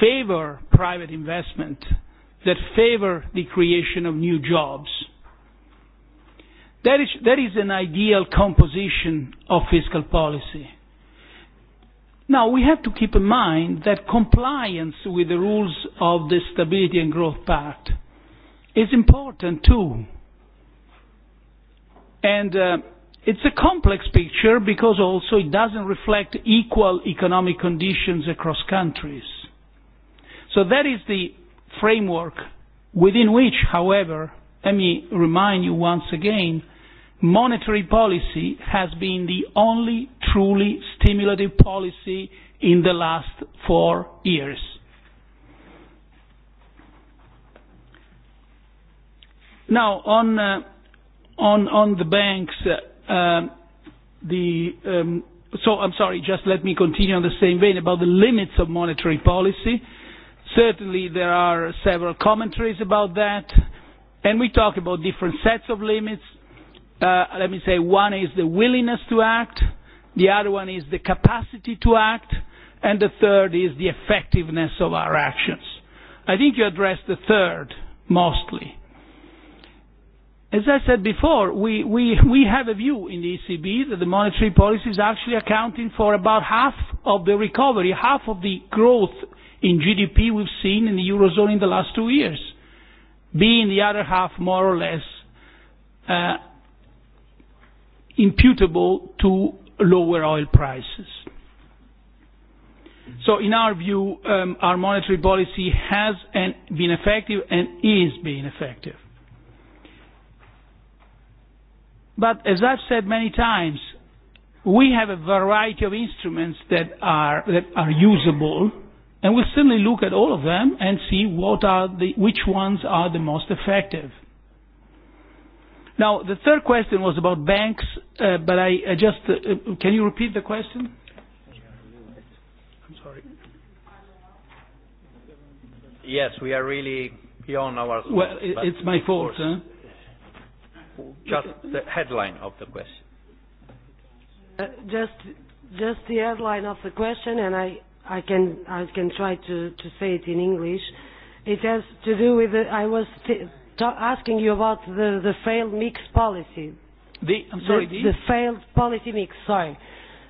favor private investment, that favor the creation of new jobs. That is, that is an ideal composition of fiscal policy. Now, we have to keep in mind that compliance with the rules of the Stability and Growth Pact is important too And uh, it's a complex picture because also it doesn't reflect equal economic conditions across countries. So that is the framework within which, however, let me remind you once again, monetary policy has been the only truly stimulative policy in the last four years. Now, on uh, on on the banks, uh, um, the um, so I'm sorry, just let me continue on the same vein about the limits of monetary policy. Certainly, there are several commentaries about that, and we talk about different sets of limits. Uh, let me say one is the willingness to act, the other one is the capacity to act, and the third is the effectiveness of our actions. I think you addressed the third mostly As I said before, we, we, we have a view in the ECB that the monetary policy is actually accounting for about half of the recovery, half of the growth in GDP we've seen in the Eurozone in the last two years, being the other half more or less uh, imputable to lower oil prices. So in our view, um, our monetary policy has and been effective and is being effective. But as I've said many times, we have a variety of instruments that are, that are usable, and we'll certainly look at all of them and see what are the, which ones are the most effective. Now, the third question was about banks, uh, but I, I just, uh, uh can you repeat the question? I'm sorry. Yes, we are really beyond our. Well, it's my fault. Huh? Just the headline of the question. Uh, just, just the headline of the question, and I, I can, I can try to, to say it in English. It has to do with. The, uh, I was t- asking you about the, the failed mix policy. The, I'm sorry, the, the, the failed policy mix. Sorry.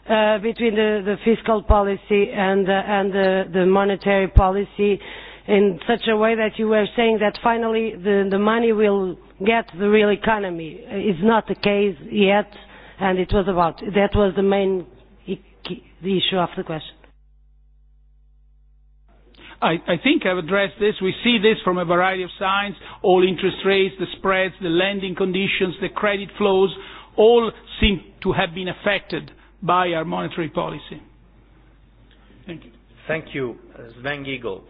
Uh, between the, the fiscal policy and, uh, and the, the monetary policy in such a way that you were saying that finally the, the money will get the real economy. It's not the case yet, and it was about that was the main the issue of the question. I, I think I've addressed this. We see this from a variety of signs, all interest rates, the spreads, the lending conditions, the credit flows, all seem to have been affected by our monetary policy. Thank you. Thank you. Sven Giegel.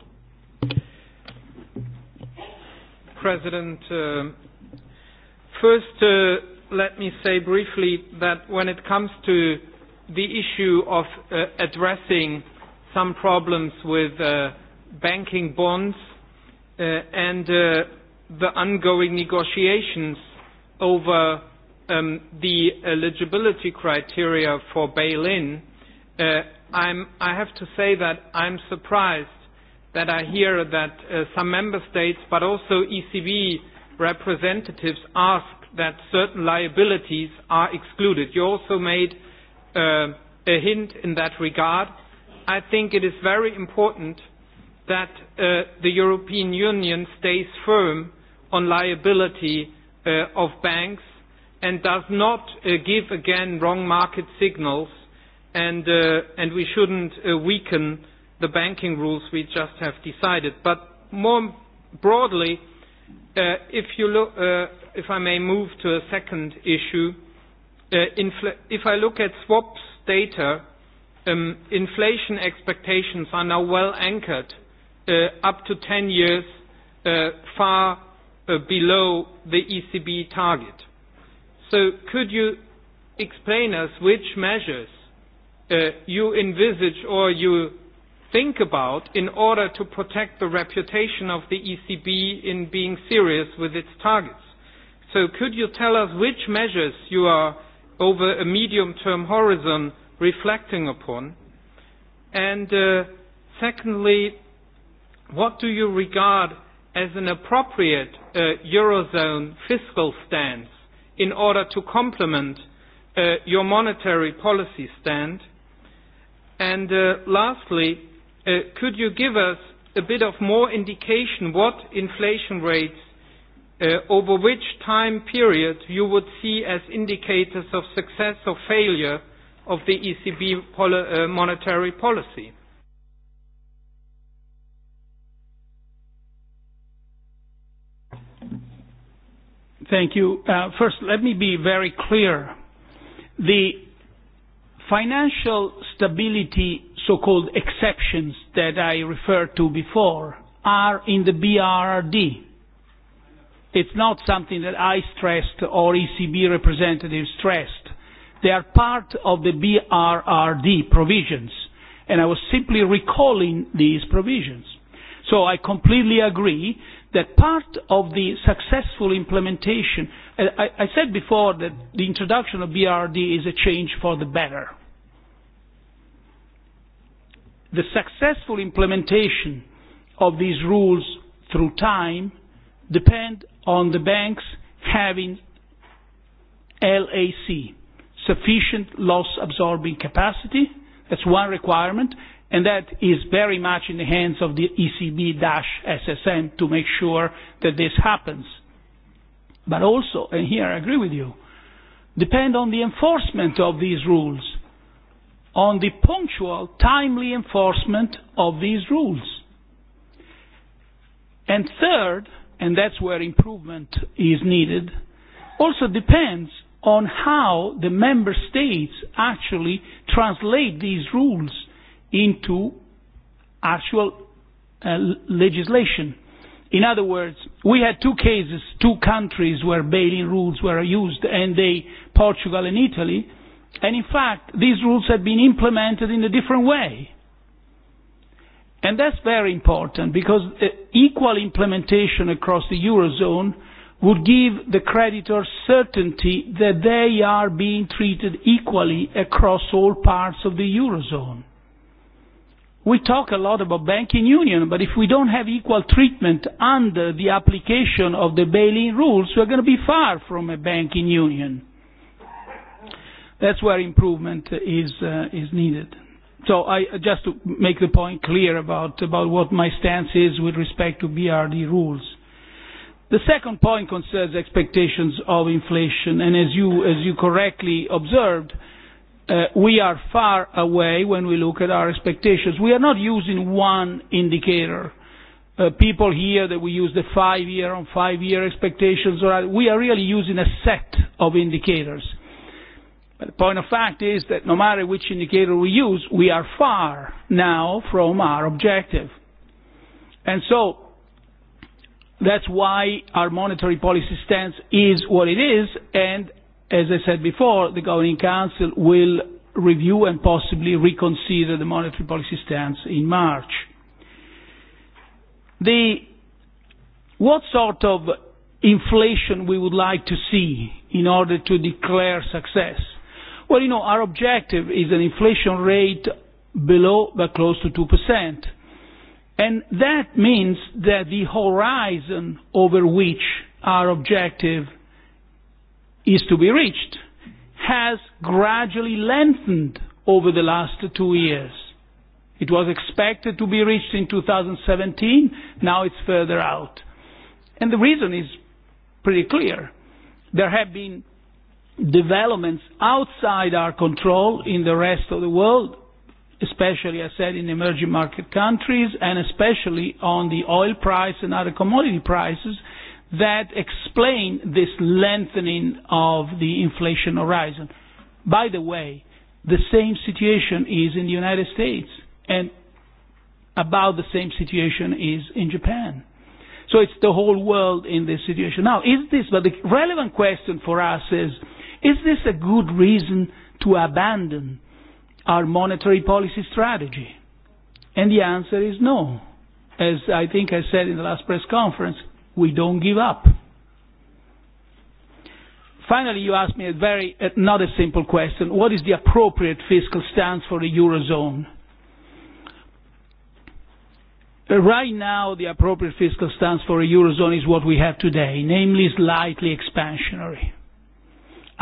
President, uh, First, uh, let me say briefly that when it comes to the issue of uh, addressing some problems with uh, banking bonds uh, and uh, the ongoing negotiations over um, the eligibility criteria for bail-in, uh, I'm, I have to say that I'm surprised that I hear that uh, some member states, but also ECB representatives ask that certain liabilities are excluded. You also made uh, a hint in that regard. I think it is very important that uh, the European Union stays firm on liability uh, of banks and does not uh, give again wrong market signals and, uh, and we shouldn't uh, weaken the banking rules we just have decided. But more broadly, Uh, if you look, uh, if I may move to a second issue, uh, infl if I look at swaps data, um, inflation expectations are now well anchored uh, up to 10 years, uh, far uh, below the ECB target. So could you explain us which measures uh, you envisage or you think about in order to protect the reputation of the ECB in being serious with its targets. So could you tell us which measures you are, over a medium-term horizon, reflecting upon? And uh, secondly, what do you regard as an appropriate uh, Eurozone fiscal stance in order to complement uh, your monetary policy stand? And uh, lastly, Uh, could you give us a bit of more indication what inflation rates uh, over which time period you would see as indicators of success or failure of the ECB poli- uh, monetary policy? Thank you. Uh, first, let me be very clear. The financial stability so-called exceptions that I referred to before are in the BRRD. It's not something that I stressed or ECB representatives stressed. They are part of the BRRD provisions, and I was simply recalling these provisions. So I completely agree that part of the successful implementation, I, I said before that the introduction of BRD is a change for the better the successful implementation of these rules through time depend on the banks having LAC, sufficient loss absorbing capacity. That's one requirement, and that is very much in the hands of the ECB SSM to make sure that this happens. But also, and here I agree with you, depend on the enforcement of these rules on the punctual, timely enforcement of these rules. And third, and that's where improvement is needed, also depends on how the member states actually translate these rules into actual uh, legislation. In other words, we had two cases, two countries where bail-in rules were used, and they, Portugal and Italy, And in fact, these rules have been implemented in a different way. And that's very important because uh, equal implementation across the Eurozone would give the creditors certainty that they are being treated equally across all parts of the Eurozone. We talk a lot about banking union, but if we don't have equal treatment under the application of the bail-in rules, we're going to be far from a banking union that's where improvement is uh, is needed. So I uh, just to make the point clear about about what my stance is with respect to BRD rules. The second point concerns expectations of inflation, and as you as you correctly observed, uh, we are far away when we look at our expectations. We are not using one indicator. Uh, people here that we use the five year on five year expectations, or we are really using a set of indicators But the point of fact is that no matter which indicator we use, we are far now from our objective. And so, that's why our monetary policy stance is what it is, and as I said before, the Governing Council will review and possibly reconsider the monetary policy stance in March. The, what sort of inflation we would like to see in order to declare success? Well, you know, our objective is an inflation rate below but close to 2%. And that means that the horizon over which our objective is to be reached has gradually lengthened over the last two years. It was expected to be reached in 2017, now it's further out. And the reason is pretty clear. There have been developments outside our control in the rest of the world, especially, I said, in emerging market countries and especially on the oil price and other commodity prices that explain this lengthening of the inflation horizon. By the way, the same situation is in the United States and about the same situation is in Japan. So it's the whole world in this situation. Now, is this, but the relevant question for us is, Is this a good reason to abandon our monetary policy strategy? And the answer is no. As I think I said in the last press conference, we don't give up. Finally, you asked me a very, uh, not a simple question. What is the appropriate fiscal stance for the Eurozone? Uh, right now, the appropriate fiscal stance for a Eurozone is what we have today, namely slightly expansionary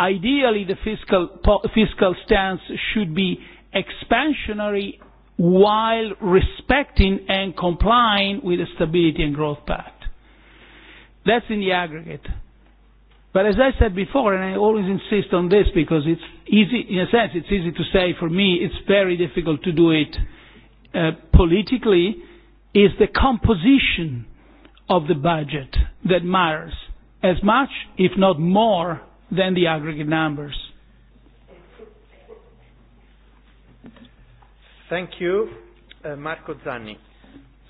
ideally the fiscal, fiscal stance should be expansionary while respecting and complying with the Stability and Growth Pact. That's in the aggregate. But as I said before, and I always insist on this because it's easy, in a sense, it's easy to say for me, it's very difficult to do it uh, politically, is the composition of the budget that matters as much, if not more, than the aggregate numbers. Thank you. Uh, Marco Zanni.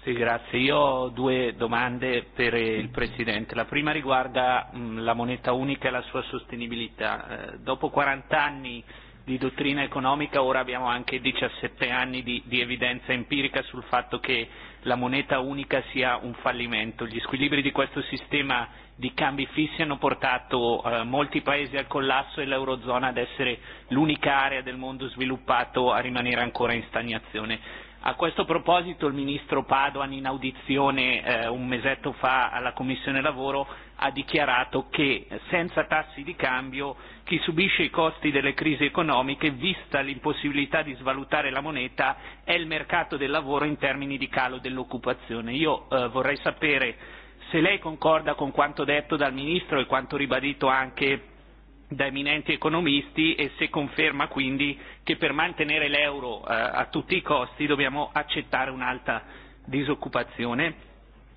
Sì, grazie. Io ho due domande per il Presidente. La prima riguarda mh, mm, la moneta unica e la sua sostenibilità. Eh, dopo 40 anni di dottrina economica, ora abbiamo anche 17 anni di, di evidenza empirica sul fatto che la moneta unica sia un fallimento. Gli squilibri di questo sistema di cambi fissi hanno portato eh, molti paesi al collasso e l'Eurozona ad essere l'unica area del mondo sviluppato a rimanere ancora in stagnazione. A questo proposito il ministro Padoan in audizione eh, un mesetto fa alla Commissione Lavoro ha dichiarato che eh, senza tassi di cambio chi subisce i costi delle crisi economiche, vista l'impossibilità di svalutare la moneta, è il mercato del lavoro in termini di calo dell'occupazione. Io eh, vorrei sapere se lei concorda con quanto detto dal Ministro e quanto ribadito anche da eminenti economisti e se conferma quindi che per mantenere l'euro eh, a tutti i costi dobbiamo accettare un'alta disoccupazione.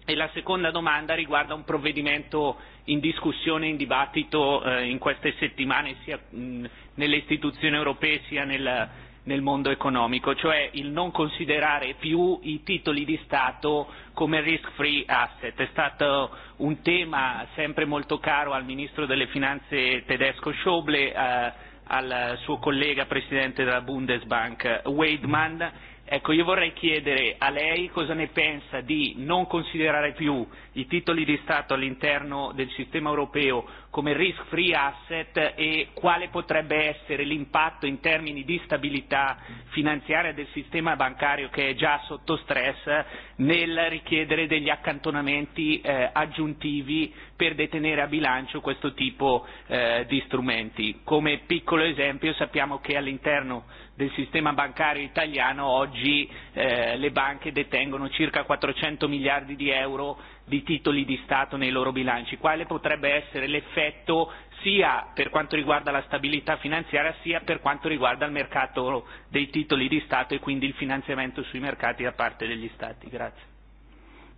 E la seconda domanda riguarda un provvedimento in discussione, in dibattito eh, in queste settimane sia mh, nelle istituzioni europee sia nel, nel mondo economico, cioè il non considerare più i titoli di Stato come risk free asset. È stato un tema sempre molto caro al Ministro delle Finanze tedesco Schoble, eh, al suo collega Presidente della Bundesbank Weidmann. Ecco, io vorrei chiedere a lei cosa ne pensa di non considerare più i titoli di Stato all'interno del sistema europeo come risk free asset e quale potrebbe essere l'impatto in termini di stabilità finanziaria del sistema bancario che è già sotto stress nel richiedere degli accantonamenti eh, aggiuntivi per detenere a bilancio questo tipo eh, di strumenti. Come piccolo esempio sappiamo che all'interno del sistema bancario italiano oggi eh, le banche detengono circa 400 miliardi di euro di titoli di Stato nei loro bilanci, quale potrebbe essere l'effetto sia per quanto riguarda la stabilità finanziaria sia per quanto riguarda il mercato dei titoli di Stato e quindi il finanziamento sui mercati da parte degli Stati. Grazie.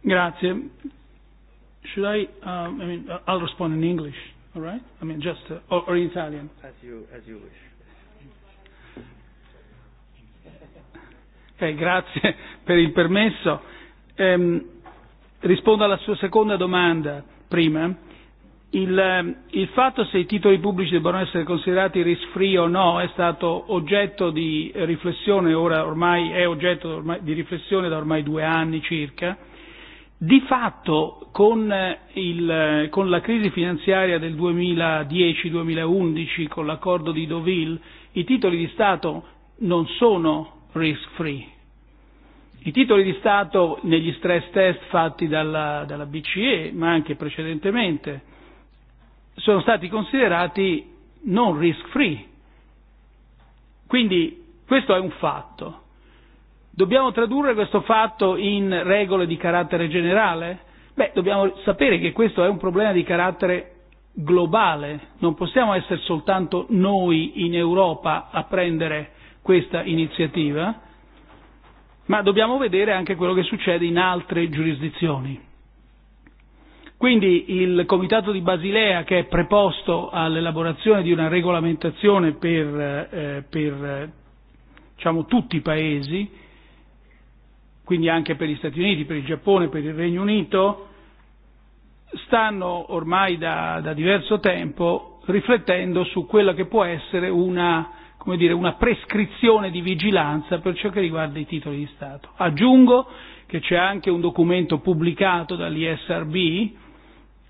Grazie. Should I, um, I mean, uh, I'll respond in English, all right? I mean, just, uh, or, or in Italian. As you, as you wish. Okay, grazie per il permesso. Um, rispondo alla sua seconda domanda prima. Il, eh, il fatto se i titoli pubblici debbano essere considerati risk free o no è stato oggetto di riflessione, ora ormai è oggetto ormai, di riflessione da ormai due anni circa. Di fatto con, eh, il, eh, con la crisi finanziaria del 2010-2011, con l'accordo di Deauville, i titoli di Stato non sono risk free, i titoli di Stato negli stress test fatti dalla, dalla BCE, ma anche precedentemente, sono stati considerati non risk free. Quindi questo è un fatto. Dobbiamo tradurre questo fatto in regole di carattere generale? Beh, dobbiamo sapere che questo è un problema di carattere globale, non possiamo essere soltanto noi in Europa a prendere questa iniziativa ma dobbiamo vedere anche quello che succede in altre giurisdizioni. Quindi il Comitato di Basilea, che è preposto all'elaborazione di una regolamentazione per, eh, per diciamo, tutti i paesi, quindi anche per gli Stati Uniti, per il Giappone, per il Regno Unito, stanno ormai da, da diverso tempo riflettendo su quella che può essere una come dire, una prescrizione di vigilanza per ciò che riguarda i titoli di Stato. Aggiungo che c'è anche un documento pubblicato dall'ISRB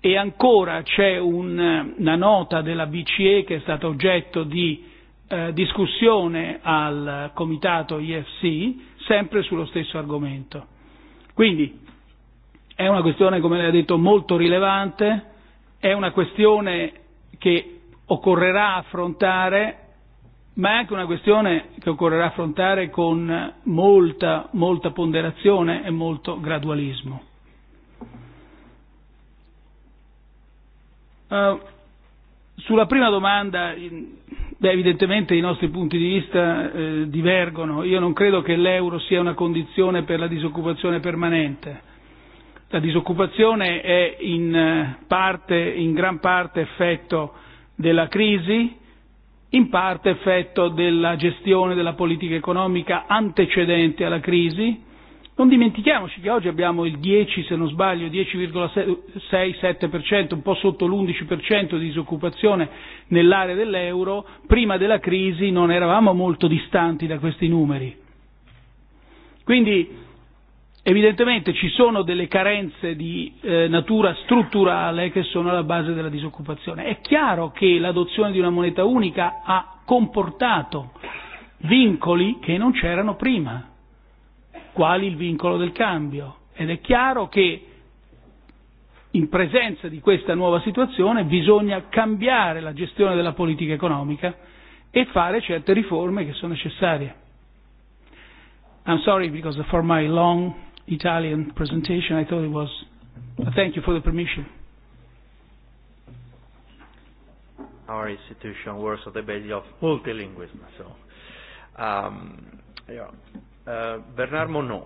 e ancora c'è un, una nota della BCE che è stata oggetto di eh, discussione al comitato IFC sempre sullo stesso argomento. Quindi è una questione, come lei ha detto, molto rilevante, è una questione che occorrerà affrontare ma è anche una questione che occorrerà affrontare con molta, molta ponderazione e molto gradualismo. Uh, sulla prima domanda, beh, evidentemente i nostri punti di vista eh, divergono. Io non credo che l'euro sia una condizione per la disoccupazione permanente. La disoccupazione è in, eh, parte, in gran parte effetto della crisi, in parte effetto della gestione della politica economica antecedente alla crisi. Non dimentichiamoci che oggi abbiamo il 10, se non sbaglio, 10,67%, un po' sotto l'11% di disoccupazione nell'area dell'euro. Prima della crisi non eravamo molto distanti da questi numeri. Quindi Evidentemente ci sono delle carenze di eh, natura strutturale che sono alla base della disoccupazione. È chiaro che l'adozione di una moneta unica ha comportato vincoli che non c'erano prima, quali il vincolo del cambio. Ed è chiaro che in presenza di questa nuova situazione bisogna cambiare la gestione della politica economica e fare certe riforme che sono necessarie. I'm sorry because for my long Italian presentation. I thought it was. Uh, thank you for the permission. Our institution works on the basis of oh. multilingualism. So, um, yeah. uh, Bernard Monod.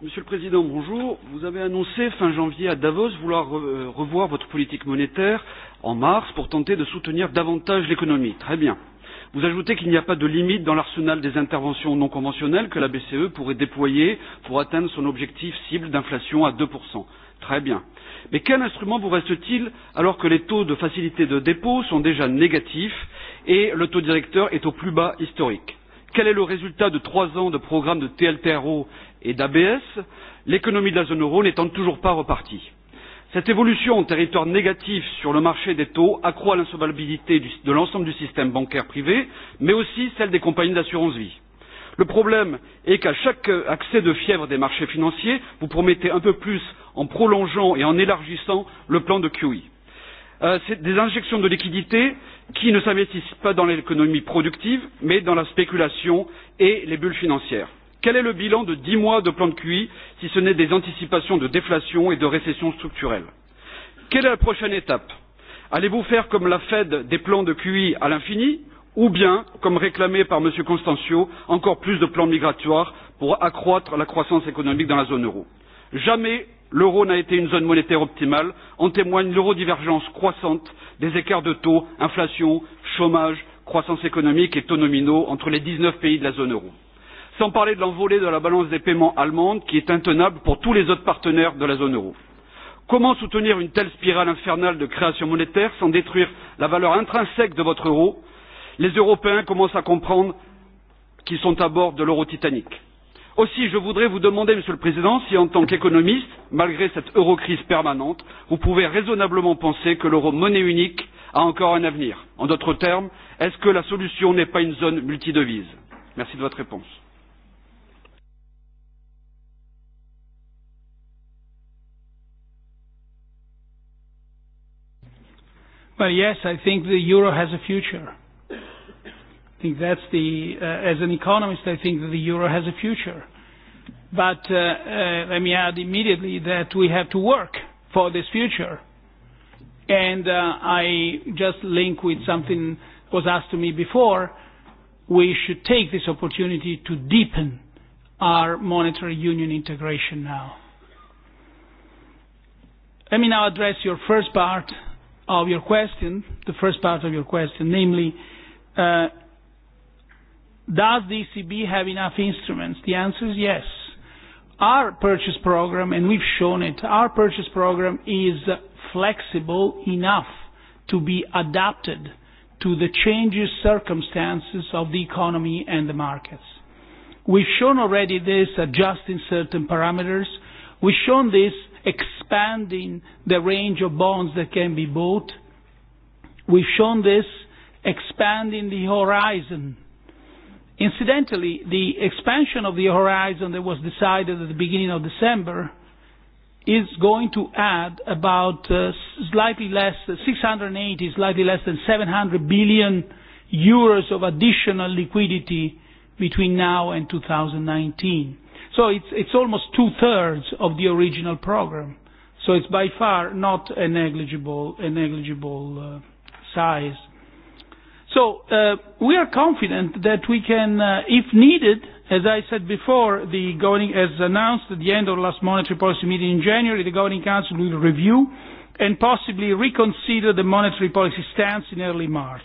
Monsieur le Président, bonjour. Vous avez annoncé fin janvier à Davos vouloir euh, revoir votre politique monétaire en mars pour tenter de soutenir davantage l'économie. Très bien. Vous ajoutez qu'il n'y a pas de limite dans l'arsenal des interventions non conventionnelles que la BCE pourrait déployer pour atteindre son objectif cible d'inflation à 2%. Très bien. Mais quel instrument vous reste-t-il alors que les taux de facilité de dépôt sont déjà négatifs et le taux directeur est au plus bas historique Quel est le résultat de trois ans de programmes de TLTRO et d'ABS L'économie de la zone euro n'étant toujours pas repartie. Cette évolution en territoire négatif sur le marché des taux accroît l'insolvabilité de l'ensemble du système bancaire privé, mais aussi celle des compagnies d'assurance vie. Le problème est qu'à chaque accès de fièvre des marchés financiers, vous promettez un peu plus en prolongeant et en élargissant le plan de QE. Euh, C'est des injections de liquidités qui ne s'investissent pas dans l'économie productive, mais dans la spéculation et les bulles financières. Quel est le bilan de dix mois de plan de QI, si ce n'est des anticipations de déflation et de récession structurelle Quelle est la prochaine étape Allez-vous faire comme la Fed des plans de QI à l'infini ou bien, comme réclamé par M. Constancio, encore plus de plans migratoires pour accroître la croissance économique dans la zone euro Jamais l'euro n'a été une zone monétaire optimale, en témoigne l'eurodivergence croissante des écarts de taux, inflation, chômage, croissance économique et taux nominaux entre les dix neuf pays de la zone euro sans parler de l'envolée de la balance des paiements allemande qui est intenable pour tous les autres partenaires de la zone euro. Comment soutenir une telle spirale infernale de création monétaire sans détruire la valeur intrinsèque de votre euro Les Européens commencent à comprendre qu'ils sont à bord de l'euro titanique. Aussi, je voudrais vous demander, Monsieur le Président, si en tant qu'économiste, malgré cette eurocrise permanente, vous pouvez raisonnablement penser que l'euro monnaie unique a encore un avenir. En d'autres termes, est-ce que la solution n'est pas une zone multidevise Merci de votre réponse. But yes, I think the euro has a future. I think that's the, uh, as an economist, I think that the euro has a future. But uh, uh, let me add immediately that we have to work for this future. And uh, I just link with something was asked to me before. We should take this opportunity to deepen our monetary union integration now. Let me now address your first part of your question, the first part of your question, namely, uh, does the ECB have enough instruments? The answer is yes. Our purchase program, and we've shown it, our purchase program is flexible enough to be adapted to the changes circumstances of the economy and the markets. We've shown already this adjusting certain parameters. We've shown this expanding the range of bonds that can be bought. We've shown this expanding the horizon. Incidentally, the expansion of the horizon that was decided at the beginning of December is going to add about uh, slightly less, 680, uh, slightly less than 700 billion euros of additional liquidity between now and 2019. So it's, it's almost two-thirds of the original program. So it's by far not a negligible, a negligible uh, size. So uh, we are confident that we can, uh, if needed, as I said before, the governing, as announced at the end of the last monetary policy meeting in January, the governing council will review and possibly reconsider the monetary policy stance in early March.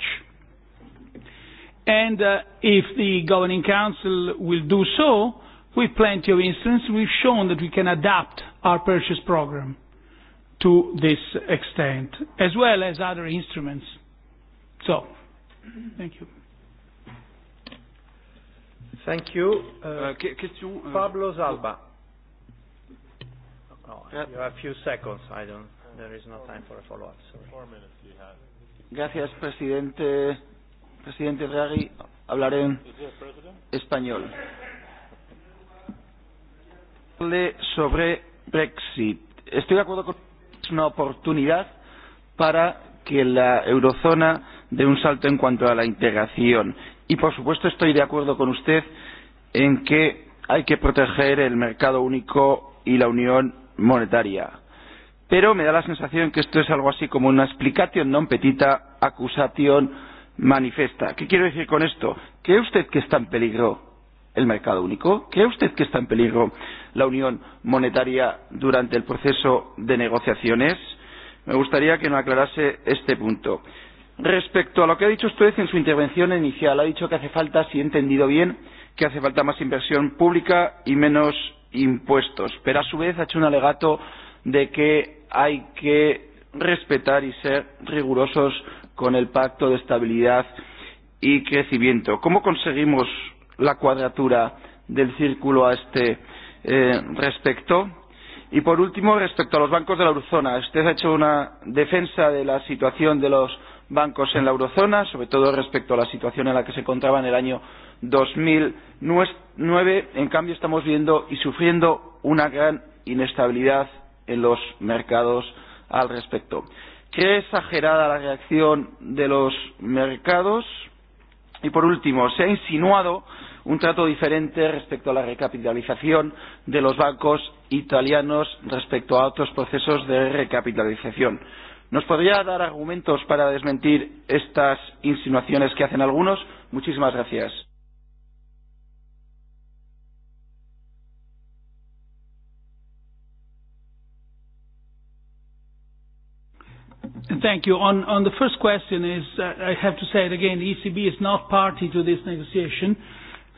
And uh, if the governing council will do so, With plenty of instances, we've shown that we can adapt our purchase program to this extent, as well as other instruments. So, thank you. Thank you. Uh, uh, question, uh, Pablo Zalba. No, you have a few seconds. I don't. There is no time for a follow-up. Four minutes you have. Gracias, presidente. Presidente Draghi. Hablaré en español sobre Brexit. Estoy de acuerdo con que es una oportunidad para que la eurozona dé un salto en cuanto a la integración. Y, por supuesto, estoy de acuerdo con usted en que hay que proteger el mercado único y la unión monetaria. Pero me da la sensación que esto es algo así como una explicación non petita, acusación manifesta. ¿Qué quiero decir con esto? ¿Cree usted que está en peligro el mercado único? ¿Cree usted que está en peligro la unión monetaria durante el proceso de negociaciones? Me gustaría que nos aclarase este punto. Respecto a lo que ha dicho usted en su intervención inicial, ha dicho que hace falta, si he entendido bien, que hace falta más inversión pública y menos impuestos, pero a su vez ha hecho un alegato de que hay que respetar y ser rigurosos con el pacto de estabilidad y crecimiento. ¿Cómo conseguimos la cuadratura del círculo a este eh, respecto. Y por último, respecto a los bancos de la eurozona, usted ha hecho una defensa de la situación de los bancos en la eurozona, sobre todo respecto a la situación en la que se encontraba en el año 2009. En cambio, estamos viendo y sufriendo una gran inestabilidad en los mercados al respecto. ¿Cree exagerada la reacción de los mercados? Y por último, se ha insinuado un trato diferente respecto a la recapitalización de los bancos italianos respecto a otros procesos de recapitalización. ¿Nos podría dar argumentos para desmentir estas insinuaciones que hacen algunos? Muchísimas gracias. Thank you. On, on the first question is, uh, I have to say it again, the ECB is not party to this negotiation.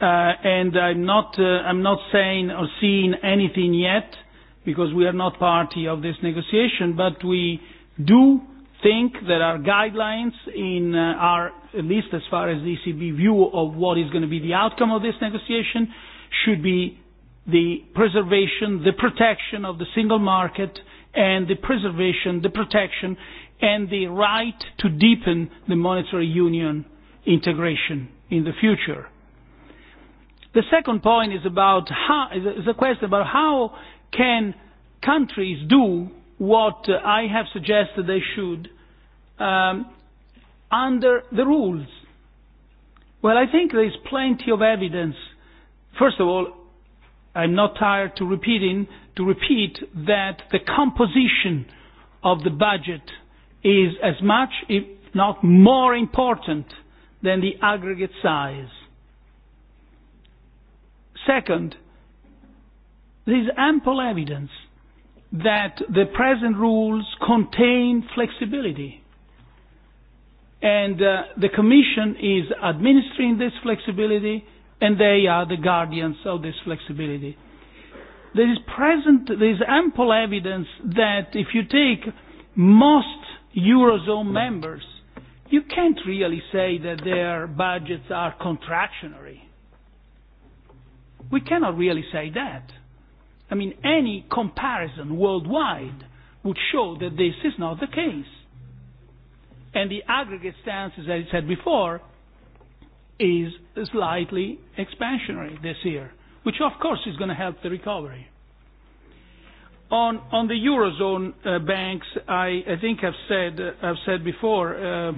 Uh, and I'm not, uh, I'm not saying or seeing anything yet because we are not party of this negotiation, but we do think that our guidelines in uh, our, at least as far as the ECB view of what is going to be the outcome of this negotiation, should be the preservation, the protection of the single market and the preservation, the protection and the right to deepen the monetary union integration in the future. The second point is about how, is a question about how can countries do what uh, I have suggested they should um, under the rules. Well, I think there is plenty of evidence. First of all, I'm not tired to repeating to repeat that the composition of the budget is as much, if not more important, than the aggregate size. Second, there is ample evidence that the present rules contain flexibility. And uh, the Commission is administering this flexibility, and they are the guardians of this flexibility. There is present, there is ample evidence that if you take most Eurozone members, you can't really say that their budgets are contractionary. We cannot really say that. I mean, any comparison worldwide would show that this is not the case. And the aggregate stance, as I said before, is slightly expansionary this year, which of course is going to help the recovery. On, on the Eurozone uh, banks, I, I think I've said, uh, said before, uh,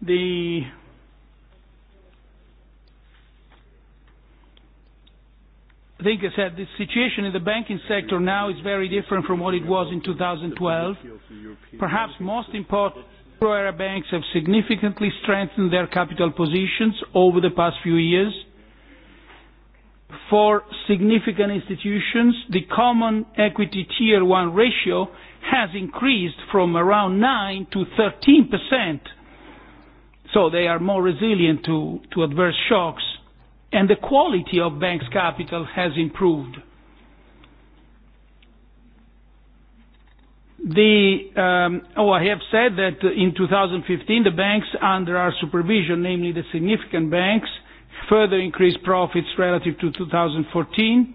the the situation in the banking sector now is very different from what it was in 2012. Perhaps most important, euro area banks have significantly strengthened their capital positions over the past few years for significant institutions, the Common Equity Tier one ratio has increased from around 9 to 13%, so they are more resilient to, to adverse shocks, and the quality of banks' capital has improved. The, um, oh, I have said that in 2015 the banks under our supervision, namely the significant banks, further increase profits relative to 2014.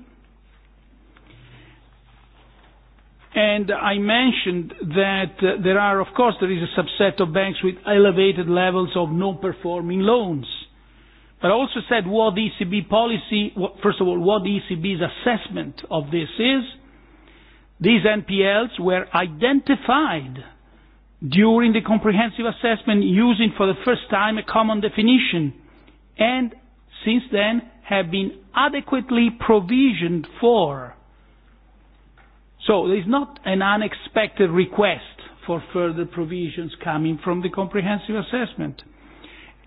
And I mentioned that uh, there are, of course, there is a subset of banks with elevated levels of non-performing loans. But I also said what the ECB policy, what, first of all, what the ECB's assessment of this is. These NPLs were identified during the comprehensive assessment using for the first time a common definition and since then have been adequately provisioned for. So there is not an unexpected request for further provisions coming from the comprehensive assessment.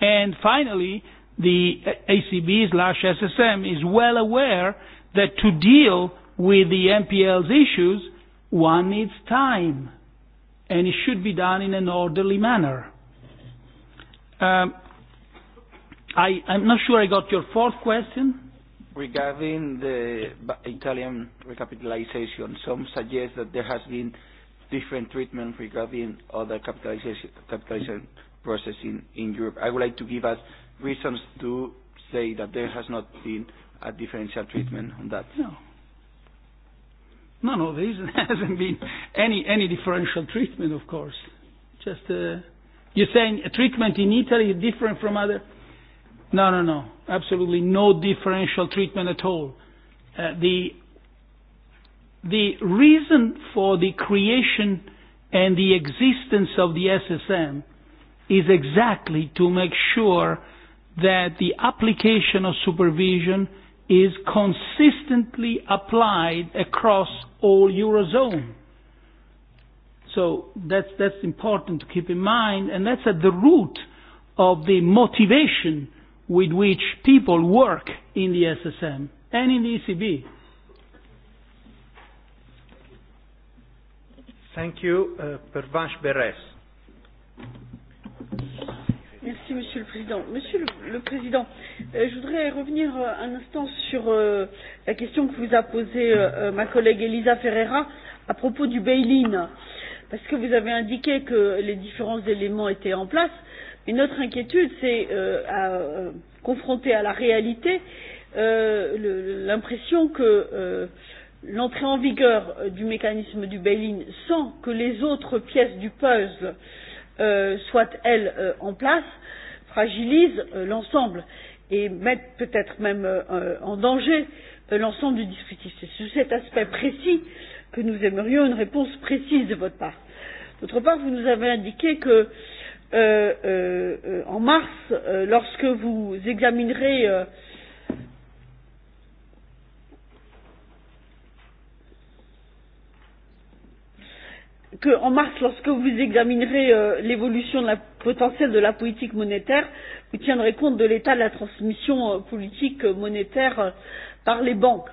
And finally, the ACB slash SSM is well aware that to deal with the MPL's issues, one needs time, and it should be done in an orderly manner. Um, i, I'm not sure I got your fourth question. Regarding the Italian recapitalization, some suggest that there has been different treatment regarding other capitalization, capitalization process in, in Europe. I would like to give us reasons to say that there has not been a differential treatment on that. No. No, no, there isn't, hasn't been any, any differential treatment, of course. Just, uh, you're saying a treatment in Italy is different from other No, no, no. Absolutely no differential treatment at all. Uh, the, the reason for the creation and the existence of the SSM is exactly to make sure that the application of supervision is consistently applied across all Eurozone. So that's, that's important to keep in mind, and that's at the root of the motivation with which people work in the SSM and in the ECB. Thank you, uh, Pervanche Beres. Merci, Monsieur le Président. Monsieur le, le Président, euh, je voudrais revenir euh, un instant sur euh, la question que vous a posée euh, euh ma collègue Elisa Ferreira à propos du bail-in, parce que vous avez indiqué que les différents éléments étaient en place Une notre inquiétude, c'est euh, à euh, confronter à la réalité euh, l'impression que euh, l'entrée en vigueur euh, du mécanisme du bail-in sans que les autres pièces du puzzle euh, soient, elles, euh, en place, fragilise euh, l'ensemble et met peut-être même euh, en danger euh, l'ensemble du dispositif. C'est sur cet aspect précis que nous aimerions une réponse précise de votre part. D'autre part, vous nous avez indiqué que euh, euh, euh, en mars, euh, lorsque vous examinerez euh, que en mars, lorsque vous examinerez euh, l'évolution de la, potentielle de la politique monétaire, vous tiendrez compte de l'état de la transmission euh, politique euh, monétaire euh, par les banques.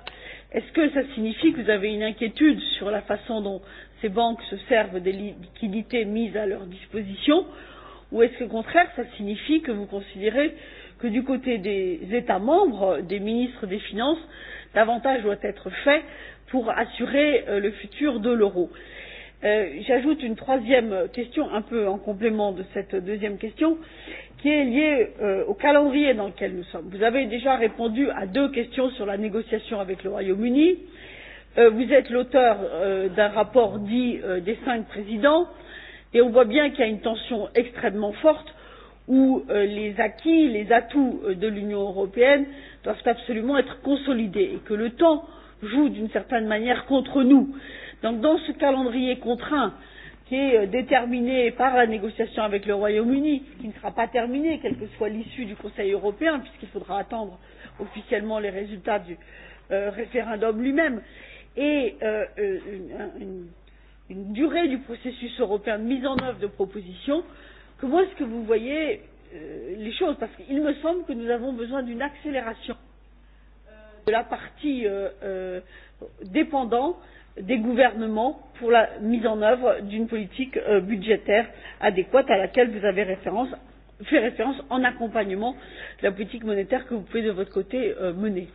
Est-ce que ça signifie que vous avez une inquiétude sur la façon dont ces banques se servent des liquidités mises à leur disposition ou est-ce que, au contraire, ça signifie que vous considérez que du côté des États membres, des ministres des Finances, davantage doit être fait pour assurer euh, le futur de l'euro euh, J'ajoute une troisième question, un peu en complément de cette deuxième question, qui est liée euh, au calendrier dans lequel nous sommes. Vous avez déjà répondu à deux questions sur la négociation avec le Royaume-Uni. Euh, vous êtes l'auteur euh, d'un rapport dit euh, des cinq présidents et on voit bien qu'il y a une tension extrêmement forte où euh, les acquis, les atouts euh, de l'Union européenne doivent absolument être consolidés et que le temps joue d'une certaine manière contre nous. Donc dans ce calendrier contraint qui est euh, déterminé par la négociation avec le Royaume-Uni, qui ne sera pas terminée quelle que soit l'issue du Conseil européen, puisqu'il faudra attendre officiellement les résultats du euh, référendum lui-même, et euh, euh une, une une durée du processus européen de mise en œuvre de propositions, comment est-ce que vous voyez euh, les choses Parce qu'il me semble que nous avons besoin d'une accélération euh, de la partie euh, euh, dépendant des gouvernements pour la mise en œuvre d'une politique euh, budgétaire adéquate à laquelle vous avez référence, fait référence en accompagnement de la politique monétaire que vous pouvez de votre côté euh, mener.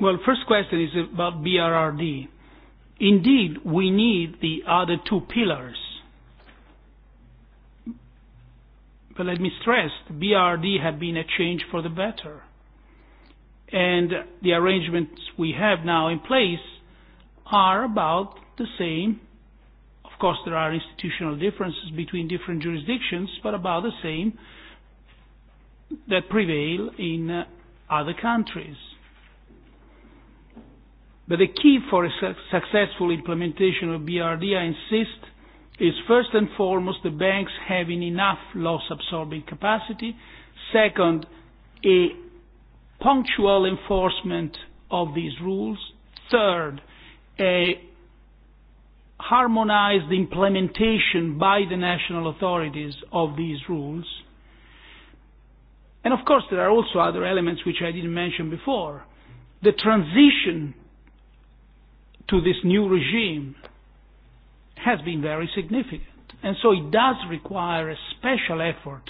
Well, first question is about BRRD. Indeed, we need the other two pillars. But let me stress, the BRD had been a change for the better. And the arrangements we have now in place are about the same. Of course, there are institutional differences between different jurisdictions, but about the same that prevail in uh, other countries. But the key for a su successful implementation of BRD, I insist, is first and foremost the banks having enough loss absorbing capacity. Second, a punctual enforcement of these rules. Third, a harmonized implementation by the national authorities of these rules. And of course, there are also other elements which I didn't mention before. The transition to this new regime has been very significant. And so it does require a special effort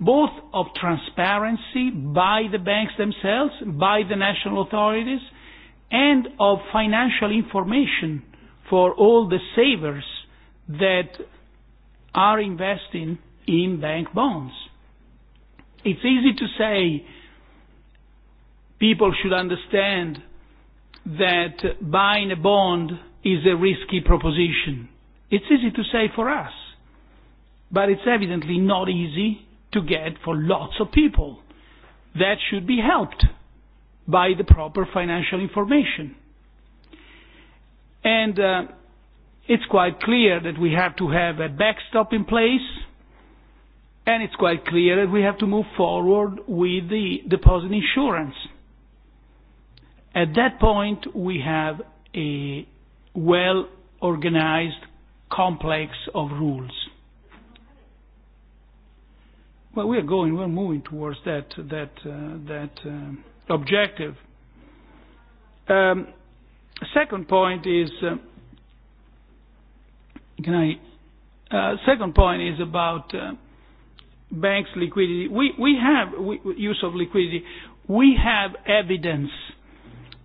both of transparency by the banks themselves, by the national authorities, and of financial information for all the savers that are investing in bank bonds. It's easy to say people should understand that buying a bond is a risky proposition. It's easy to say for us, but it's evidently not easy to get for lots of people. That should be helped by the proper financial information. And uh, it's quite clear that we have to have a backstop in place, and it's quite clear that we have to move forward with the deposit insurance At that point, we have a well-organized complex of rules. Well, we are going, we're moving towards that that uh, that uh, objective. Um, second point is, uh, can I? Uh, second point is about uh, banks' liquidity. We we have we, use of liquidity. We have evidence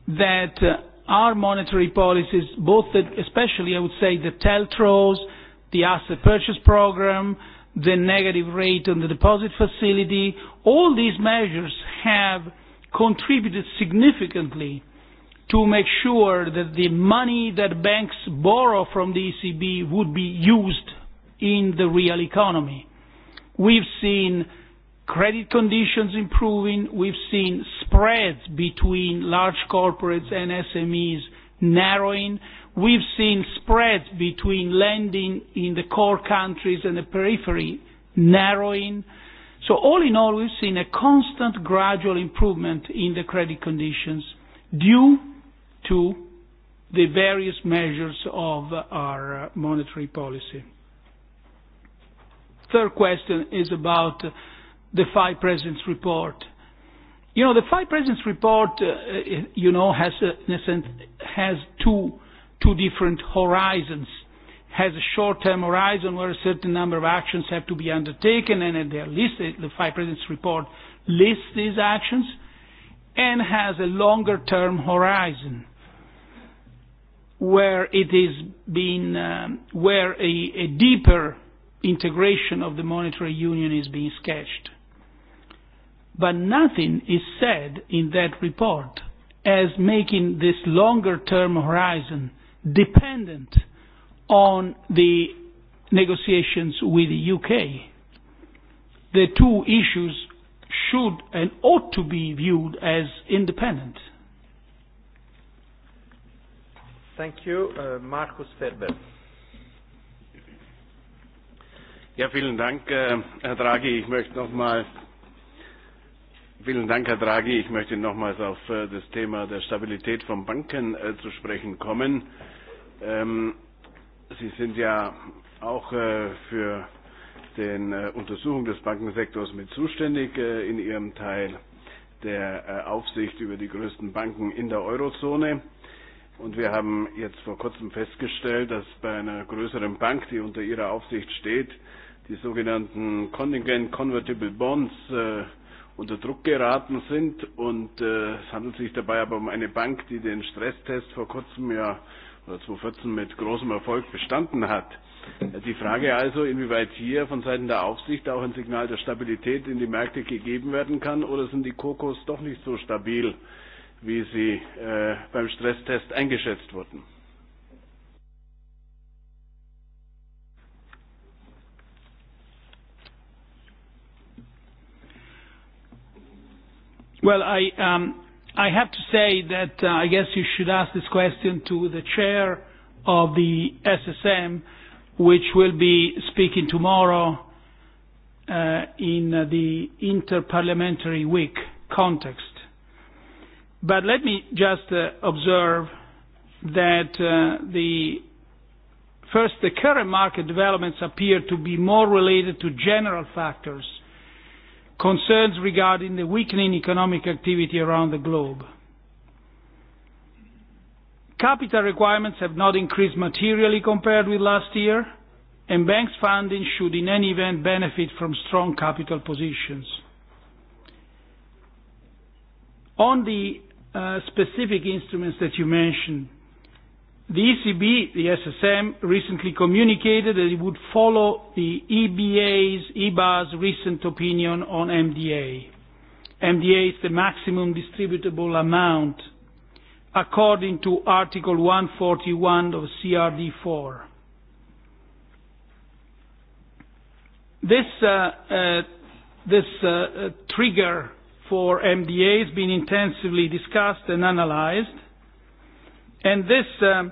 that uh, our monetary policies, both the, especially I would say the TELTROs, the asset purchase program, the negative rate on the deposit facility, all these measures have contributed significantly to make sure that the money that banks borrow from the ECB would be used in the real economy. We've seen credit conditions improving. We've seen spreads between large corporates and SMEs narrowing. We've seen spreads between lending in the core countries and the periphery narrowing. So all in all, we've seen a constant gradual improvement in the credit conditions due to the various measures of our uh, monetary policy. Third question is about the five presidents report. You know, the five presidents report, uh, uh you know, has a, uh, in a sense has two two different horizons. Has a short-term horizon where a certain number of actions have to be undertaken, and they are listed. The five presidents report lists these actions, and has a longer-term horizon where it is being um, where a, a deeper integration of the monetary union is being sketched. But nothing is said in that report as making this longer term horizon dependent on the negotiations with the UK. The two issues should and ought to be viewed as independent. Thank you. Uh, Markus Ferber. Ja, vielen Dank, äh, Herr Draghi. Ich möchte noch mal Vielen Dank, Herr Draghi. Ich möchte nochmals auf äh, das Thema der Stabilität von Banken äh, zu sprechen kommen. Ähm, Sie sind ja auch äh, für die Untersuchung des Bankensektors mit zuständig in Ihrem Teil der Aufsicht über die größten Banken in der Eurozone. Und wir haben jetzt vor kurzem festgestellt, dass bei einer größeren Bank, die unter Ihrer Aufsicht steht, die sogenannten Contingent Convertible Bonds äh, unter Druck geraten sind. Und äh, es handelt sich dabei aber um eine Bank, die den Stresstest vor kurzem ja oder 2014 mit großem Erfolg bestanden hat. Die Frage also, inwieweit hier von Seiten der Aufsicht auch ein Signal der Stabilität in die Märkte gegeben werden kann, oder sind die Kokos doch nicht so stabil, wie sie äh, beim Stresstest eingeschätzt wurden? Well, I, um, I have to say that uh, I guess you should ask this question to the chair of the SSM, which will be speaking tomorrow uh, in uh, the interparliamentary week context. But let me just uh, observe that uh, the first, the current market developments appear to be more related to general factors – concerns regarding the weakening economic activity around the globe. Capital requirements have not increased materially compared with last year, and banks' funding should in any event benefit from strong capital positions. On the uh, specific instruments that you mentioned, The ECB, the SSM, recently communicated that it would follow the EBA's, EBA's recent opinion on MDA. MDA is the maximum distributable amount according to Article 141 of CRD 4. This, uh, uh, this uh, uh, trigger for MDA has been intensively discussed and analyzed and this um,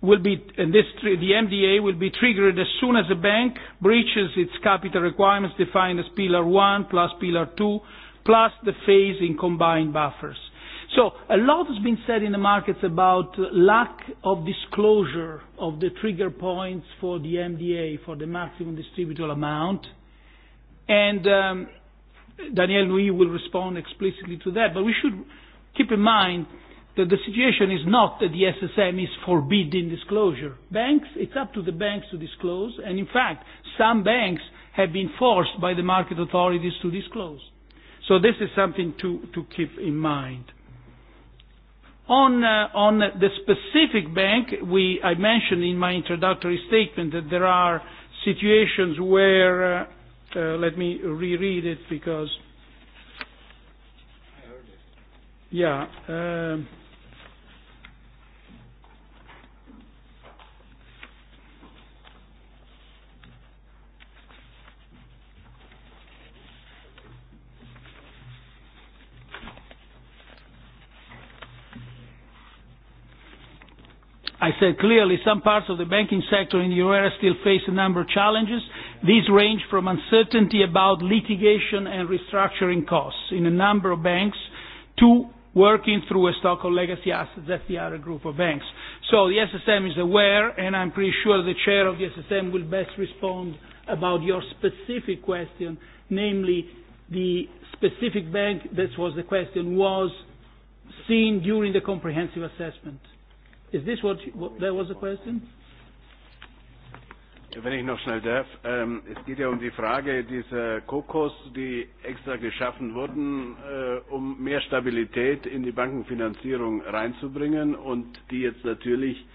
will be and this the MDA will be triggered as soon as a bank breaches its capital requirements defined as Pillar 1 plus Pillar 2 plus the phase in combined buffers. So a lot has been said in the markets about lack of disclosure of the trigger points for the MDA, for the maximum distributable amount, and um, Daniel Nui will respond explicitly to that. But we should keep in mind that the situation is not that the SSM is forbidding disclosure. Banks, it's up to the banks to disclose, and in fact, some banks have been forced by the market authorities to disclose. So this is something to, to keep in mind. On, uh, on the specific bank, we, I mentioned in my introductory statement that there are situations where, uh, uh, let me reread it because, yeah, um, I said clearly some parts of the banking sector in the euro area still face a number of challenges. These range from uncertainty about litigation and restructuring costs in a number of banks to working through a stock of legacy assets. at the other group of banks. So the SSM is aware, and I'm pretty sure the chair of the SSM will best respond about your specific question, namely the specific bank, that was the question, was seen during the comprehensive assessment. Is this what, you, what there was a question? Wenn ich noch schnell darf, ähm, es geht ja um die Frage dieser Kokos, die extra geschaffen wurden, äh, um mehr Stabilität in die Bankenfinanzierung reinzubringen und die jetzt natürlich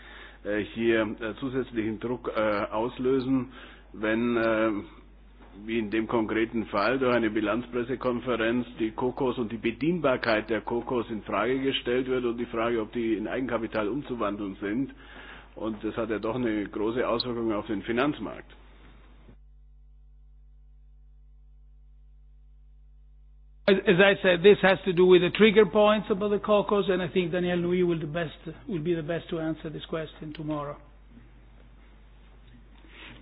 äh, hier äh, zusätzlichen Druck äh, auslösen, wenn äh, wie in dem konkreten Fall durch eine Bilanzpressekonferenz die Kokos und die Bedienbarkeit der Kokos in Frage gestellt wird und die Frage, ob die in Eigenkapital umzuwandeln sind. Und das hat ja doch eine große Auswirkung auf den Finanzmarkt. As I said, this has to do with the trigger points about the COCOS, and I think Daniel Nui will, the best, will be the best to answer this question tomorrow.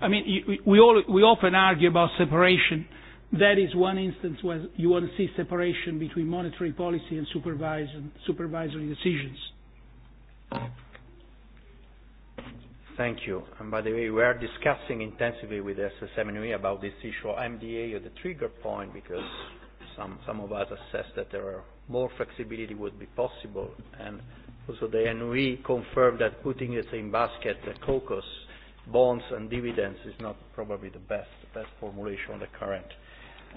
I mean, we, all, we often argue about separation. That is one instance where you want to see separation between monetary policy and supervision, supervisory decisions. Thank you. And by the way, we are discussing intensively with SSMNE about this issue of MDA or the trigger point because some, some of us assess that there are more flexibility would be possible. And also the NUE confirmed that putting it in basket the caucus bonds and dividends is not probably the best, best formulation on the current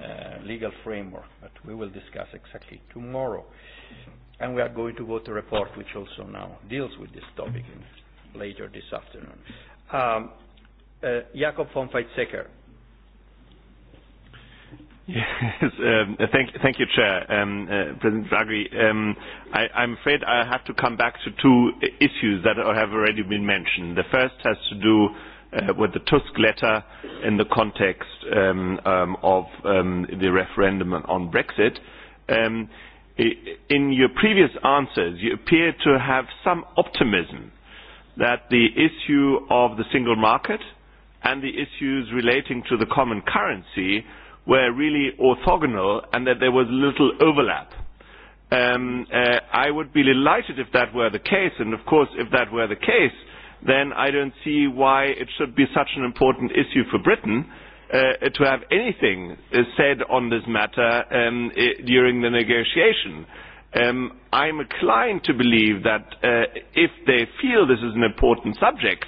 uh, legal framework, but we will discuss exactly tomorrow. And we are going to vote a report which also now deals with this topic in, later this afternoon. Um, uh, Jakob von Weizsäcker, Yes. Um, thank, thank you, Chair. Um, uh, President Draghi, um, I, I'm afraid I have to come back to two issues that have already been mentioned. The first has to do uh, with the Tusk letter in the context um, um, of um, the referendum on Brexit. Um, in your previous answers, you appear to have some optimism that the issue of the single market and the issues relating to the common currency – were really orthogonal and that there was little overlap. Um, uh, I would be delighted if that were the case, and of course, if that were the case, then I don't see why it should be such an important issue for Britain uh, to have anything uh, said on this matter um, uh, during the negotiation. Um, I'm inclined to believe that uh, if they feel this is an important subject,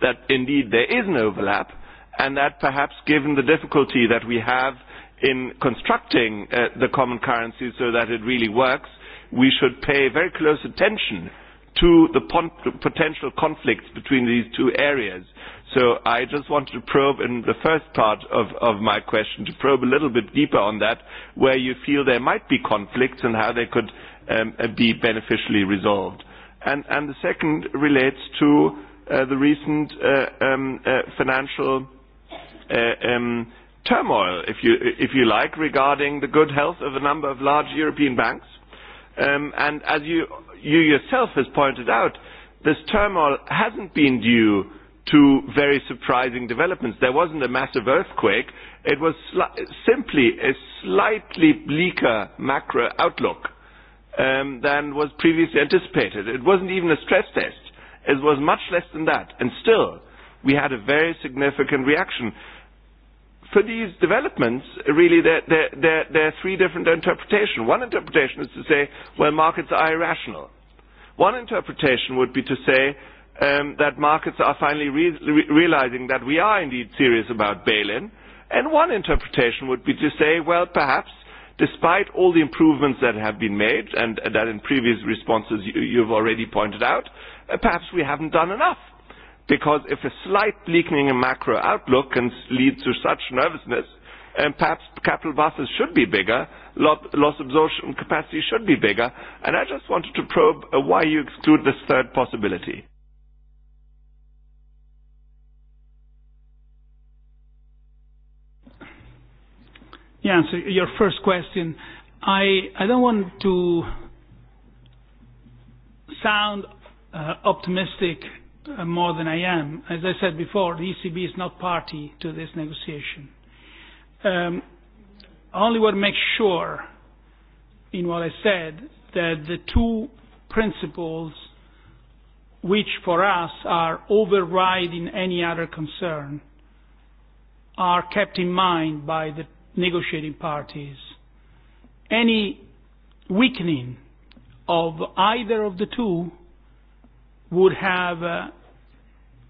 that indeed there is an overlap, and that perhaps given the difficulty that we have in constructing uh, the common currency so that it really works, we should pay very close attention to the potential conflicts between these two areas. So I just wanted to probe in the first part of, of my question, to probe a little bit deeper on that, where you feel there might be conflicts and how they could um, uh, be beneficially resolved. And, and the second relates to uh, the recent uh, um, uh, financial uh, um, turmoil, if you, if you like, regarding the good health of a number of large European banks. Um, and as you, you yourself has pointed out, this turmoil hasn't been due to very surprising developments. There wasn't a massive earthquake. It was sli simply a slightly bleaker macro outlook um, than was previously anticipated. It wasn't even a stress test. It was much less than that. And still, we had a very significant reaction for these developments, really, there, there, there, there are three different interpretations. One interpretation is to say, well, markets are irrational. One interpretation would be to say um, that markets are finally re- re- realizing that we are indeed serious about bail-in. And one interpretation would be to say, well, perhaps despite all the improvements that have been made and, and that in previous responses you, you've already pointed out, uh, perhaps we haven't done enough Because if a slight bleakening in macro outlook can lead to such nervousness, and perhaps capital buffers should be bigger, loss absorption capacity should be bigger. And I just wanted to probe uh, why you exclude this third possibility. Yeah, so your first question, I, I don't want to sound uh, optimistic Uh, more than I am. As I said before, the ECB is not party to this negotiation. Um, I only want to make sure in what I said that the two principles which for us are overriding any other concern are kept in mind by the negotiating parties. Any weakening of either of the two would have a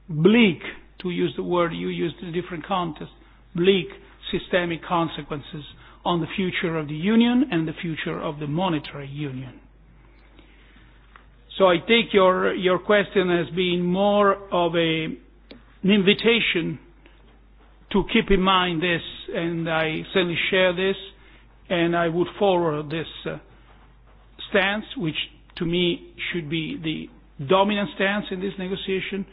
bleak, to use the word you used in a different context, bleak systemic consequences on the future of the Union and the future of the monetary union. So I take your, your question as being more of a, an invitation to keep in mind this, and I certainly share this, and I would forward this uh, stance, which to me should be the dominant stance in this negotiation,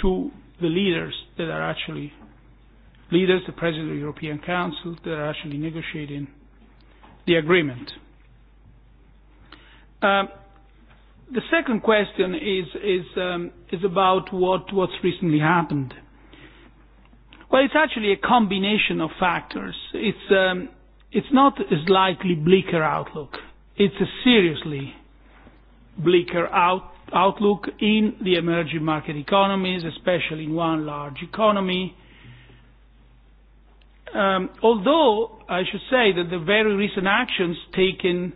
to the leaders that are actually leaders, the President of the European Council, that are actually negotiating the agreement. Um, the second question is, is, um, is about what, what's recently happened. Well, it's actually a combination of factors. It's, um, it's not a slightly bleaker outlook. It's a seriously bleaker out, outlook in the emerging market economies, especially in one large economy. Um, although I should say that the very recent actions taken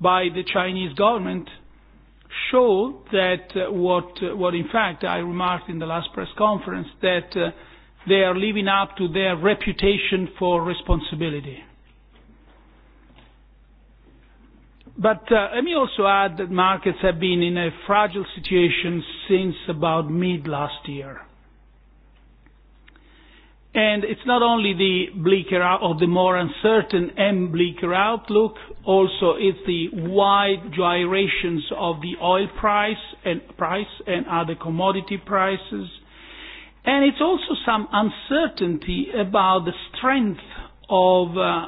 by the Chinese government show that uh, what, uh, what in fact I remarked in the last press conference, that uh, they are living up to their reputation for responsibility. But uh, let me also add that markets have been in a fragile situation since about mid last year. And it's not only the bleaker out or the more uncertain and bleaker outlook, also it's the wide gyrations of the oil price and price and other commodity prices. And it's also some uncertainty about the strength of uh,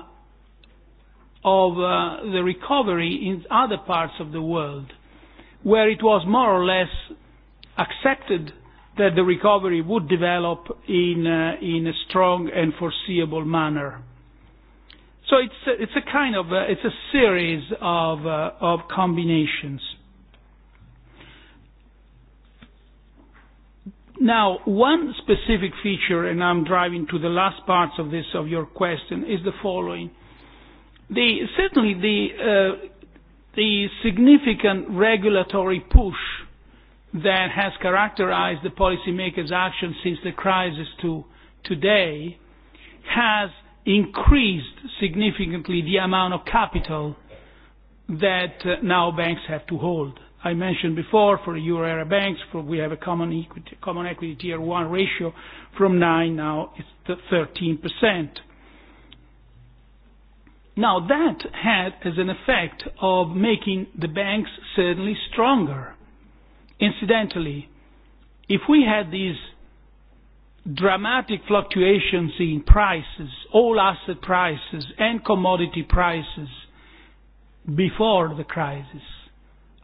of uh, the recovery in other parts of the world, where it was more or less accepted that the recovery would develop in, uh, in a strong and foreseeable manner. So it's a, uh, it's a kind of a, uh, it's a series of uh, of combinations. Now, one specific feature, and I'm driving to the last parts of this of your question, is the following the, certainly the, uh, the significant regulatory push that has characterized the policymakers' action since the crisis to today has increased significantly the amount of capital that uh, now banks have to hold. I mentioned before for euro area banks, for we have a common equity, common equity tier one ratio from nine now it's 13 percent Now that had as an effect of making the banks certainly stronger. Incidentally, if we had these dramatic fluctuations in prices, all asset prices and commodity prices before the crisis,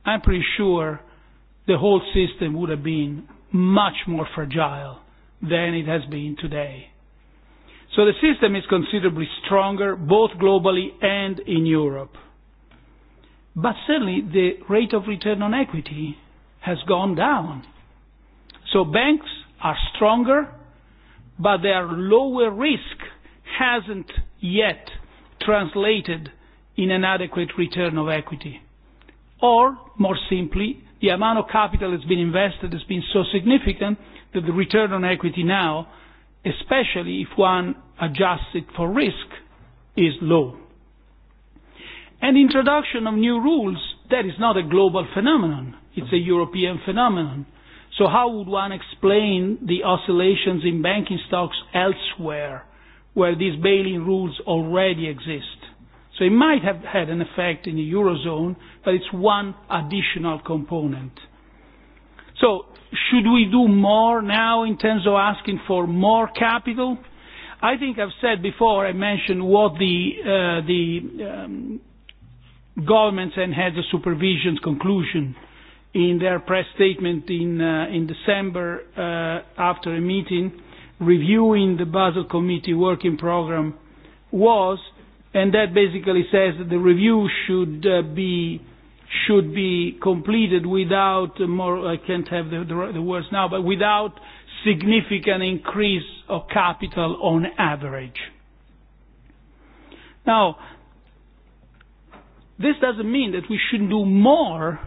I'm pretty sure the whole system would have been much more fragile than it has been today. So the system is considerably stronger both globally and in Europe. But certainly the rate of return on equity has gone down. So banks are stronger, but their lower risk hasn't yet translated in an adequate return of equity. Or, more simply, the amount of capital that's been invested has been so significant that the return on equity now, especially if one adjusted for risk is low. And introduction of new rules, that is not a global phenomenon. It's a European phenomenon. So how would one explain the oscillations in banking stocks elsewhere where these bail-in rules already exist? So it might have had an effect in the Eurozone, but it's one additional component. So should we do more now in terms of asking for more capital? I think I've said before, I mentioned what the, uh, the um, governments and heads of supervision's conclusion in their press statement in, uh, in December uh, after a meeting reviewing the Basel Committee working program was, and that basically says that the review should uh, be should be completed without uh, more I can't have the, the, the words now, but without significant increase of capital on average. Now, this doesn't mean that we shouldn't do more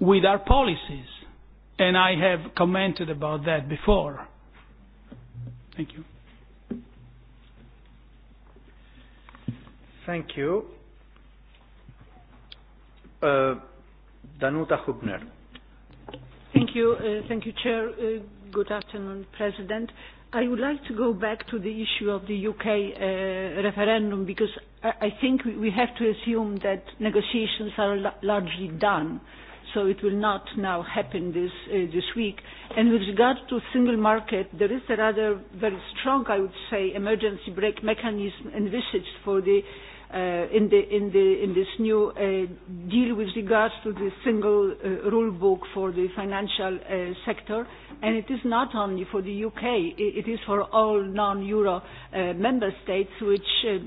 with our policies, and I have commented about that before. Thank you. Thank you. Uh, Danuta Hubner. Thank you. Uh, thank you, Chair. Uh, Good afternoon, President. I would like to go back to the issue of the UK uh, referendum because I, I think we have to assume that negotiations are la largely done, so it will not now happen this, uh, this week. And with regard to single market, there is a rather very strong, I would say, emergency break mechanism envisaged for the uh, uh, in, the, in, the, in this new uh, deal with regards to the single uh, rule book for the financial uh, sector. And it is not only for the UK, it, it is for all non-Euro uh, member states which uh,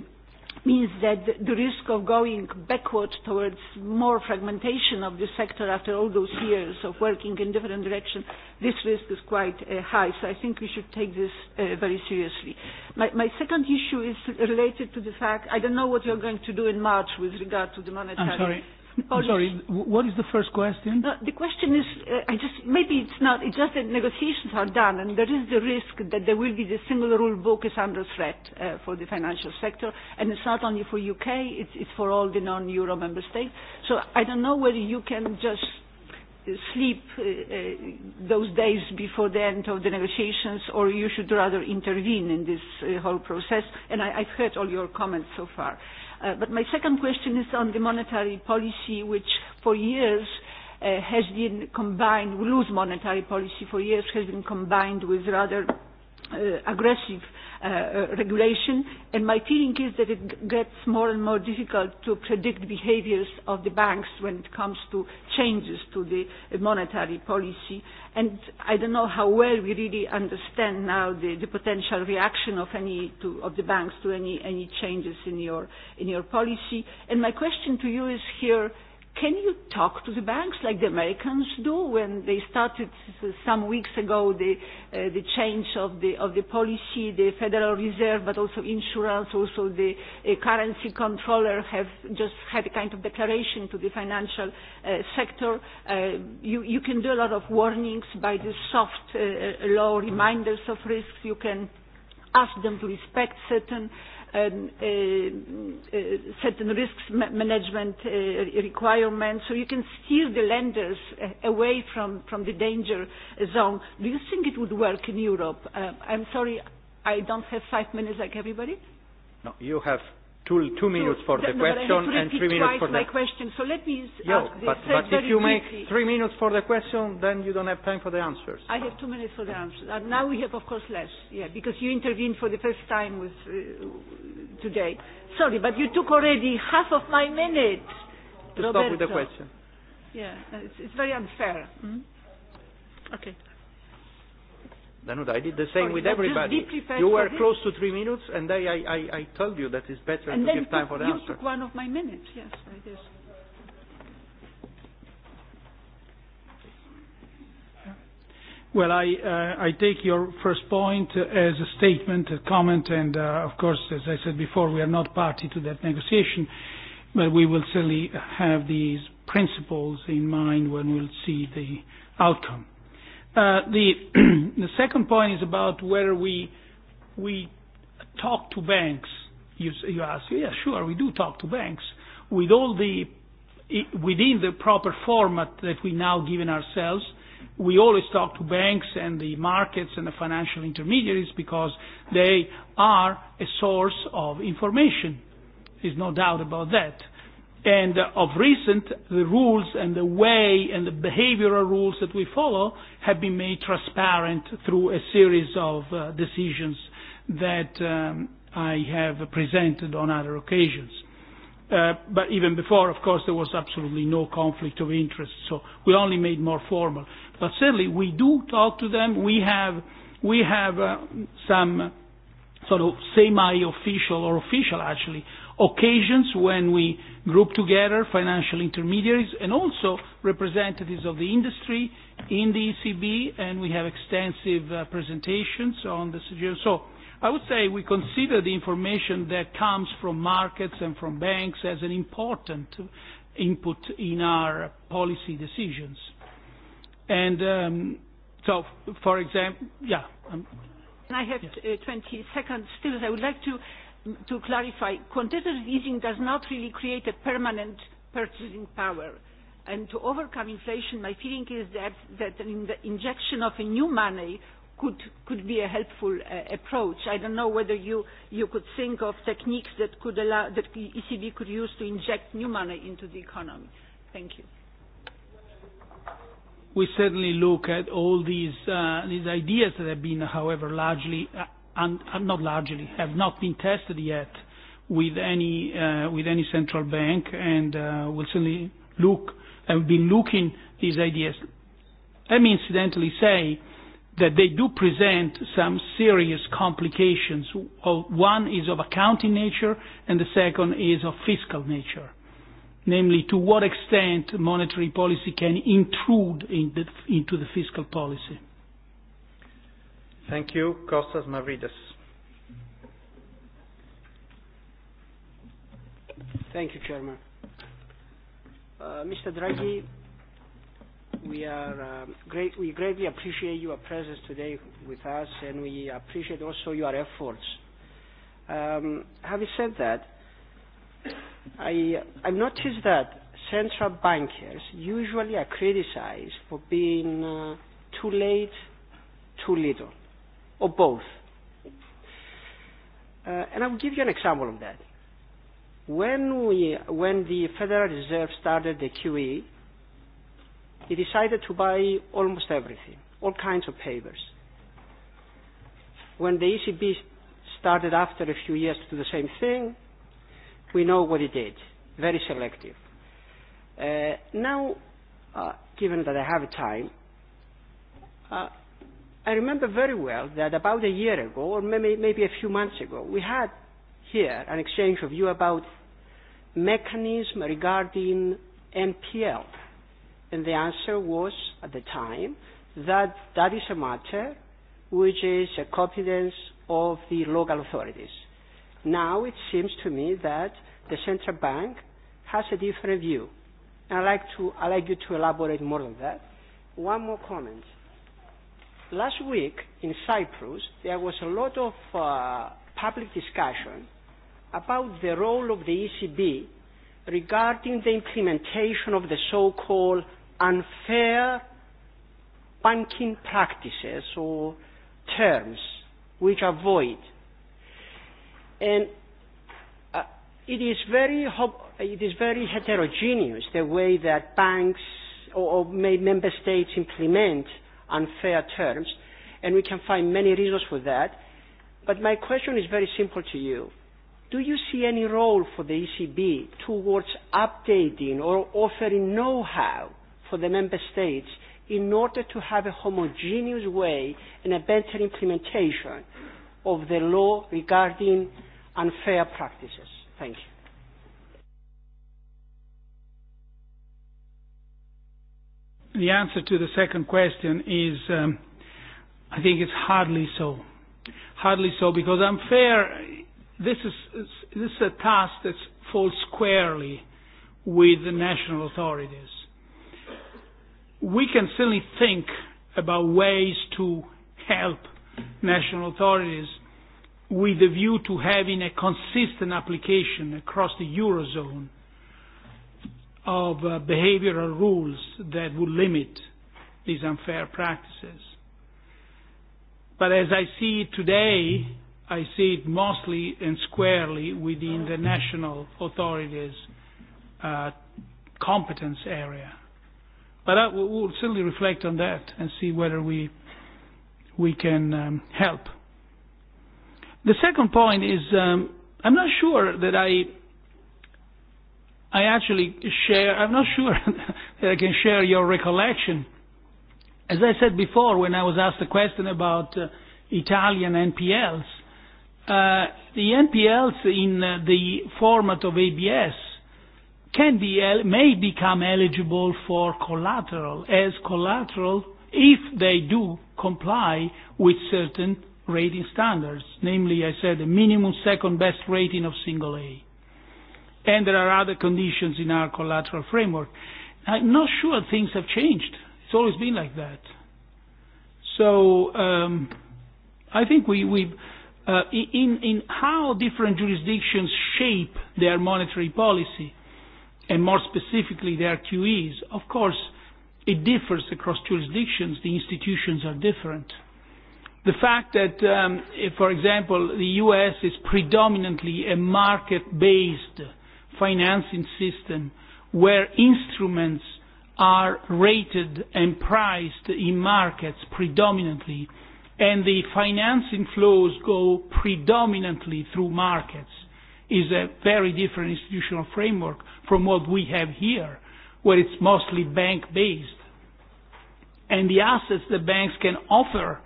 means that the risk of going backward towards more fragmentation of the sector after all those years of working in different directions, this risk is quite uh, high. So I think we should take this uh, very seriously. My, my second issue is related to the fact, I don't know what you're going to do in March with regard to the monetary. I'm sorry. Polish. Sorry, what is the first question? No, the question is, uh, I just maybe it's not. It's just that negotiations are done, and there is the risk that there will be the single rule book is under threat uh, for the financial sector, and it's not only for UK. It's it's for all the non-euro member states. So I don't know whether you can just sleep uh, uh, those days before the end of the negotiations, or you should rather intervene in this uh, whole process. And I, I've heard all your comments so far. Uh, Uh, but my second question is on the monetary policy, which for years uh, has been combined, loose monetary policy for years has been combined with rather uh, aggressive uh, regulation. And my feeling is that it gets more and more difficult to predict behaviors of the banks when it comes to changes to the monetary policy. And I don't know how well we really understand now the, the potential reaction of any to, of the banks to any, any changes in your, in your policy. And my question to you is here Can you talk to the banks like the Americans do when they started some weeks ago the, uh, the change of the, of the policy, the Federal Reserve, but also insurance, also the uh, currency controller have just had a kind of declaration to the financial uh, sector. Uh, you, you can do a lot of warnings by the soft uh, uh law, reminders of risks. You can ask them to respect certain uh, um, uh, uh, certain risk management uh, requirements, so you can steer the lenders uh, away from, from the danger zone. Do you think it would work in Europe? Uh, I'm sorry, I don't have five minutes like everybody. No, you have two, two minutes for the, no, the question and three minutes for the question. So let me Yo, ask this. But, but if you quickly. make three minutes for the question, then you don't have time for the answers. I have two minutes for the answers. And uh, now we have, of course, less. Yeah, because you intervened for the first time with, uh, today. Sorry, but you took already half of my minute. To Roberto. stop with the question. Yeah, it's, it's very unfair. Mm? Okay. Danuta, I did the same with no, everybody. You were close to three minutes, and I, I, I, I told you that it's better and to give time for the answer. And then you took one of my minutes, yes, I did. Well, I, uh, I take your first point as a statement, a comment, and uh, of course, as I said before, we are not party to that negotiation, but we will certainly have these principles in mind when we'll see the outcome. Uh, the, the second point is about whether we, we talk to banks. You, you ask, yeah, sure, we do talk to banks with all the within the proper format that we now given ourselves. We always talk to banks and the markets and the financial intermediaries because they are a source of information. There's no doubt about that. And uh, of recent, the rules and the way and the behavioral rules that we follow have been made transparent through a series of uh, decisions that um, I have presented on other occasions. Uh, but even before, of course, there was absolutely no conflict of interest, so we only made more formal. But certainly, we do talk to them. We have, we have uh, some sort of semi-official or official, actually, occasions when we group together financial intermediaries and also representatives of the industry in the ECB, and we have extensive uh, presentations on the suggestion. So I would say we consider the information that comes from markets and from banks as an important input in our policy decisions. And um, so, for example, yeah. Um, I have yeah. uh, 20 seconds still. I would like to to clarify, quantitative easing does not really create a permanent purchasing power. And to overcome inflation, my feeling is that, that in the injection of a new money could, could be a helpful uh, approach. I don't know whether you, you could think of techniques that, could allow, that the ECB could use to inject new money into the economy. Thank you. We certainly look at all these, uh, these ideas that have been, however, largely uh, and not largely, have not been tested yet with any uh, with any central bank, and uh, will certainly look and be looking these ideas. Let me incidentally say that they do present some serious complications. One is of accounting nature, and the second is of fiscal nature. Namely, to what extent monetary policy can intrude in the, into the fiscal policy Thank you, Kostas Mavridis. Thank you, Chairman. Uh, Mr. Draghi, we are um, great. We greatly appreciate your presence today with us, and we appreciate also your efforts. Um, having said that, I I've noticed that central bankers usually are criticized for being uh, too late, too little or both. Uh, and I will give you an example of that. When, we, when the Federal Reserve started the QE, it decided to buy almost everything, all kinds of papers. When the ECB started after a few years to do the same thing, we know what it did, very selective. Uh, now, uh, given that I have time, uh, i remember very well that about a year ago, or maybe, maybe a few months ago, we had here an exchange of view about mechanism regarding NPL. And the answer was, at the time, that that is a matter which is a competence of the local authorities. Now it seems to me that the central bank has a different view. And I'd like, to, I'd like you to elaborate more on that. One more comment last week in Cyprus, there was a lot of uh, public discussion about the role of the ECB regarding the implementation of the so-called unfair banking practices or terms which are void. And uh, it, is very it is very heterogeneous the way that banks or, or member states implement uh, unfair terms, and we can find many reasons for that. But my question is very simple to you. Do you see any role for the ECB towards updating or offering know-how for the member states in order to have a homogeneous way and a better implementation of the law regarding unfair practices? Thank you. the answer to the second question is um, I think it's hardly so. Hardly so because unfair. This is this is a task that falls squarely with the national authorities. We can certainly think about ways to help national authorities with a view to having a consistent application across the eurozone of uh, behavioral rules that would limit these unfair practices. But as I see it today, I see it mostly and squarely within the national authorities' uh, competence area. But I will we'll certainly reflect on that and see whether we, we can um, help. The second point is um, I'm not sure that I i actually share, I'm not sure that I can share your recollection. As I said before, when I was asked a question about uh, Italian NPLs, uh, the NPLs in uh, the format of ABS can be el- may become eligible for collateral as collateral if they do comply with certain rating standards, namely, I said, a minimum second best rating of single A and there are other conditions in our collateral framework. I'm not sure things have changed. It's always been like that. So um, I think we, we uh, in, in how different jurisdictions shape their monetary policy, and more specifically their QEs, of course, it differs across jurisdictions. The institutions are different. The fact that, um, if, for example, the U.S. is predominantly a market-based financing system where instruments are rated and priced in markets predominantly, and the financing flows go predominantly through markets, is a very different institutional framework from what we have here, where it's mostly bank-based. And the assets the banks can offer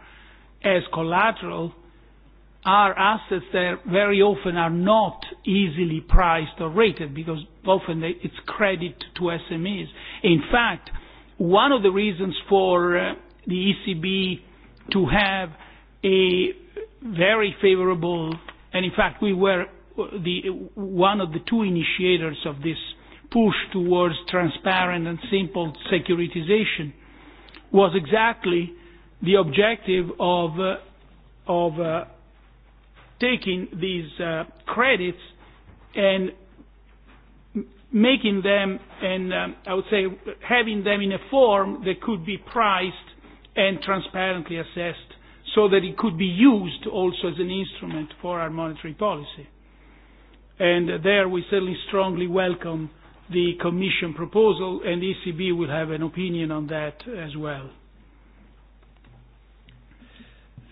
as collateral are assets that very often are not easily priced or rated because often they, it's credit to SMEs. In fact, one of the reasons for uh, the ECB to have a very favorable, and in fact we were uh, the, one of the two initiators of this push towards transparent and simple securitization was exactly the objective of, uh, of uh, taking these uh, credits and making them and um, I would say having them in a form that could be priced and transparently assessed so that it could be used also as an instrument for our monetary policy. And uh, there we certainly strongly welcome the Commission proposal and ECB will have an opinion on that as well.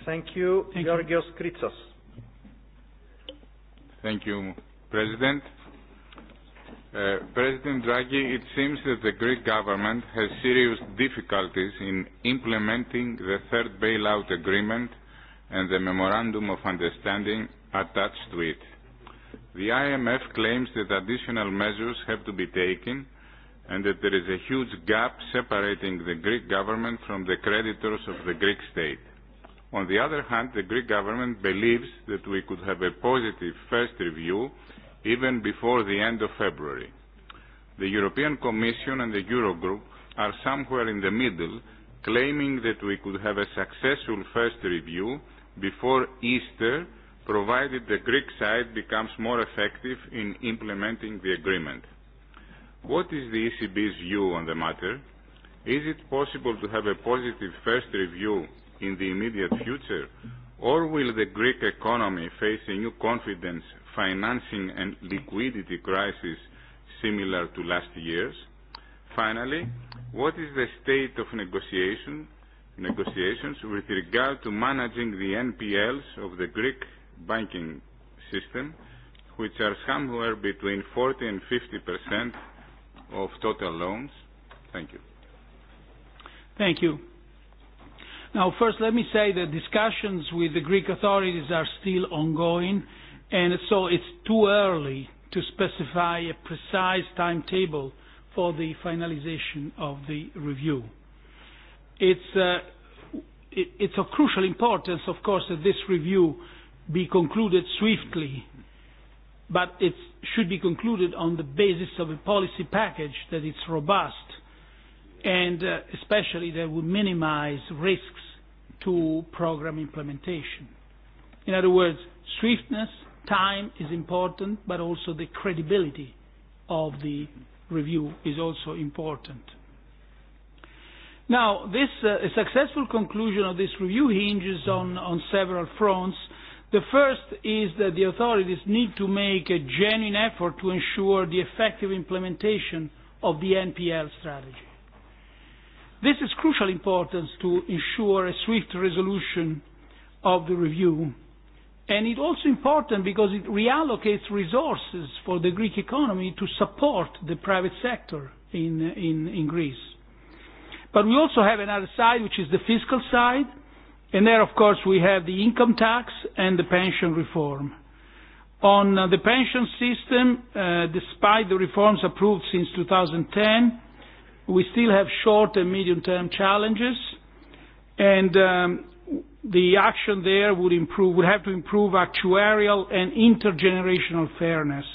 Thank you, Thank Georgios you. Kritsos. Thank you, President. Uh, President Draghi, it seems that the Greek government has serious difficulties in implementing the third bailout agreement and the memorandum of understanding attached to it. The IMF claims that additional measures have to be taken and that there is a huge gap separating the Greek government from the creditors of the Greek state. On the other hand, the Greek government believes that we could have a positive first review even before the end of February. The European Commission and the Eurogroup are somewhere in the middle, claiming that we could have a successful first review before Easter, provided the Greek side becomes more effective in implementing the agreement. What is the ECB's view on the matter? Is it possible to have a positive first review in the immediate future, or will the Greek economy face a new confidence, financing and liquidity crisis similar to last year's? Finally, what is the state of negotiation, negotiations with regard to managing the NPLs of the Greek banking system, which are somewhere between 40 and 50% of total loans? Thank you. Thank you. Now, first, let me say that discussions with the Greek authorities are still ongoing, and so it's too early to specify a precise timetable for the finalization of the review. It's, uh, it, it's of crucial importance, of course, that this review be concluded swiftly, but it should be concluded on the basis of a policy package that is robust and uh, especially that would minimize risks to program implementation. In other words, swiftness, time is important, but also the credibility of the review is also important. Now, this uh, a successful conclusion of this review hinges on, on several fronts. The first is that the authorities need to make a genuine effort to ensure the effective implementation of the NPL strategy. This is crucial importance to ensure a swift resolution of the review. And it's also important because it reallocates resources for the Greek economy to support the private sector in, in, in Greece. But we also have another side, which is the fiscal side. And there, of course, we have the income tax and the pension reform. On uh, the pension system, uh, despite the reforms approved since 2010, We still have short and medium-term challenges, and um, the action there would improve, would have to improve actuarial and intergenerational fairness.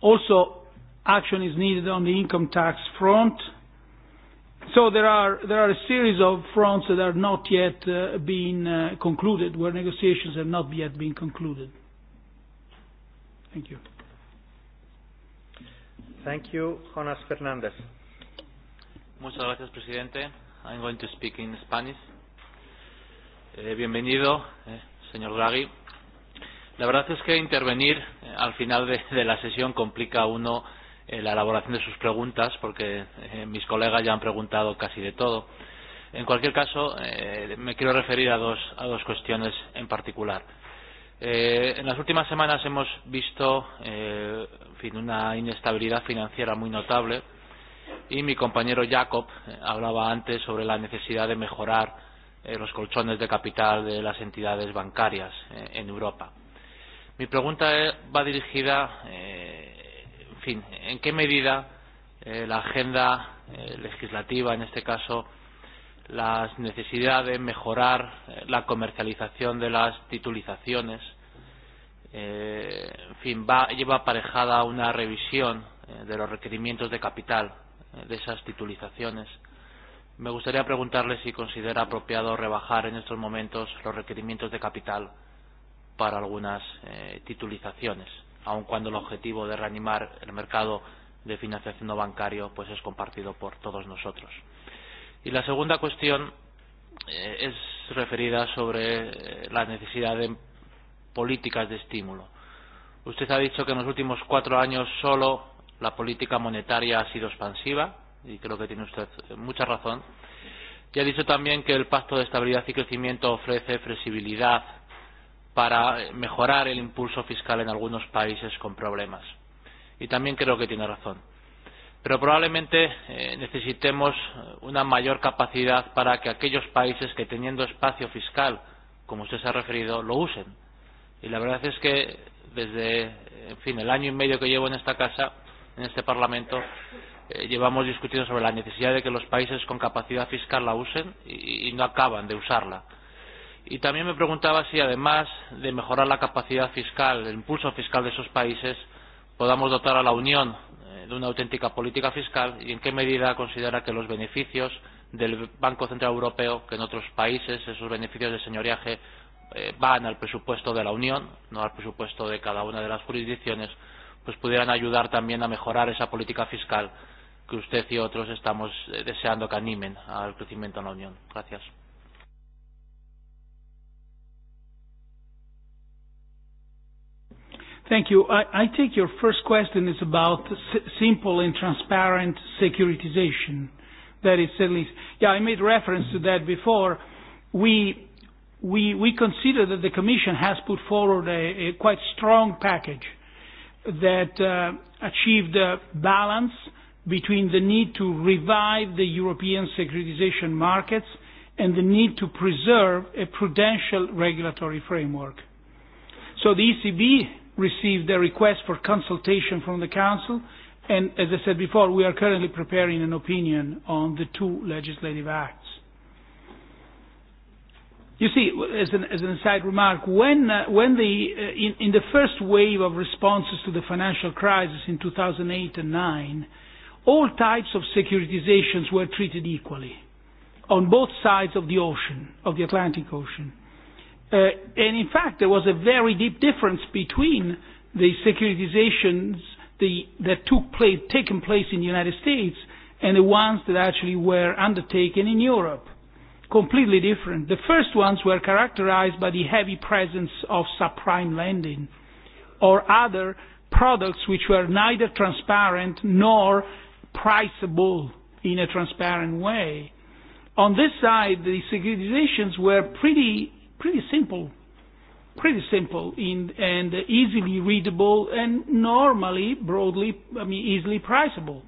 Also, action is needed on the income tax front. So there are, there are a series of fronts that are not yet uh, being uh, concluded, where negotiations have not yet been concluded. Thank you. Thank you, Jonas Muchas gracias, presidente. I'm going to speak in Spanish. Eh, bienvenido, eh, señor Draghi. La verdad es que intervenir eh, al final de, de la sesión complica a uno eh, la elaboración de sus preguntas, porque eh, mis colegas ya han preguntado casi de todo. En cualquier caso, eh, me quiero referir a dos, a dos cuestiones en particular. Eh, en las últimas semanas hemos visto eh, fin, una inestabilidad financiera muy notable. Y mi compañero Jacob eh, hablaba antes sobre la necesidad de mejorar eh, los colchones de capital de las entidades bancarias eh, en Europa. Mi pregunta eh, va dirigida, eh, en fin, en qué medida eh, la agenda eh, legislativa, en este caso, las necesidades de mejorar eh, la comercialización de las titulizaciones, eh, en fin, va, lleva aparejada una revisión eh, de los requerimientos de capital eh, de esas titulizaciones. Me gustaría preguntarle si considera apropiado rebajar en estos momentos los requerimientos de capital para algunas eh, titulizaciones, aun cuando el objetivo de reanimar el mercado de financiación no bancario pues es compartido por todos nosotros. Y la segunda cuestión eh, es referida sobre eh, la necesidad de políticas de estímulo. Usted ha dicho que en los últimos cuatro años solo la política monetaria ha sido expansiva, y creo que tiene usted mucha razón. Y ha dicho también que el Pacto de Estabilidad y Crecimiento ofrece flexibilidad para mejorar el impulso fiscal en algunos países con problemas. Y también creo que tiene razón. Pero probablemente eh, necesitemos una mayor capacidad para que aquellos países que teniendo espacio fiscal, como usted se ha referido, lo usen y la verdad es que desde en fin, el año y medio que llevo en esta casa, en este Parlamento, eh, llevamos discutiendo sobre la necesidad de que los países con capacidad fiscal la usen y, y no acaban de usarla. Y también me preguntaba si, además de mejorar la capacidad fiscal, el impulso fiscal de esos países, podamos dotar a la Unión eh, de una auténtica política fiscal y en qué medida considera que los beneficios del Banco Central Europeo, que en otros países esos beneficios de señoreaje eh, van al presupuesto de la Unión, no al presupuesto de cada una de las jurisdicciones, pues pudieran ayudar también a mejorar esa política fiscal que usted y otros estamos eh, deseando que animen al crecimiento en la Unión. Gracias. Thank you. I, I take your first question is about s simple and transparent securitization. That is at least, yeah, I made reference to that before. We we, we consider that the Commission has put forward a, a quite strong package that uh, achieved a balance between the need to revive the European securitization markets and the need to preserve a prudential regulatory framework. So the ECB received a request for consultation from the Council, and as I said before, we are currently preparing an opinion on the two legislative acts. You see, as an, as an aside remark, when, uh, when the, uh, in, in the first wave of responses to the financial crisis in 2008 and 9, all types of securitizations were treated equally on both sides of the ocean, of the Atlantic Ocean. Uh, and in fact, there was a very deep difference between the securitizations the, that took place, taken place in the United States and the ones that actually were undertaken in Europe completely different. The first ones were characterized by the heavy presence of subprime lending or other products which were neither transparent nor priceable in a transparent way. On this side, the securitizations were pretty, pretty simple, pretty simple in, and easily readable and normally broadly, I mean, easily priceable.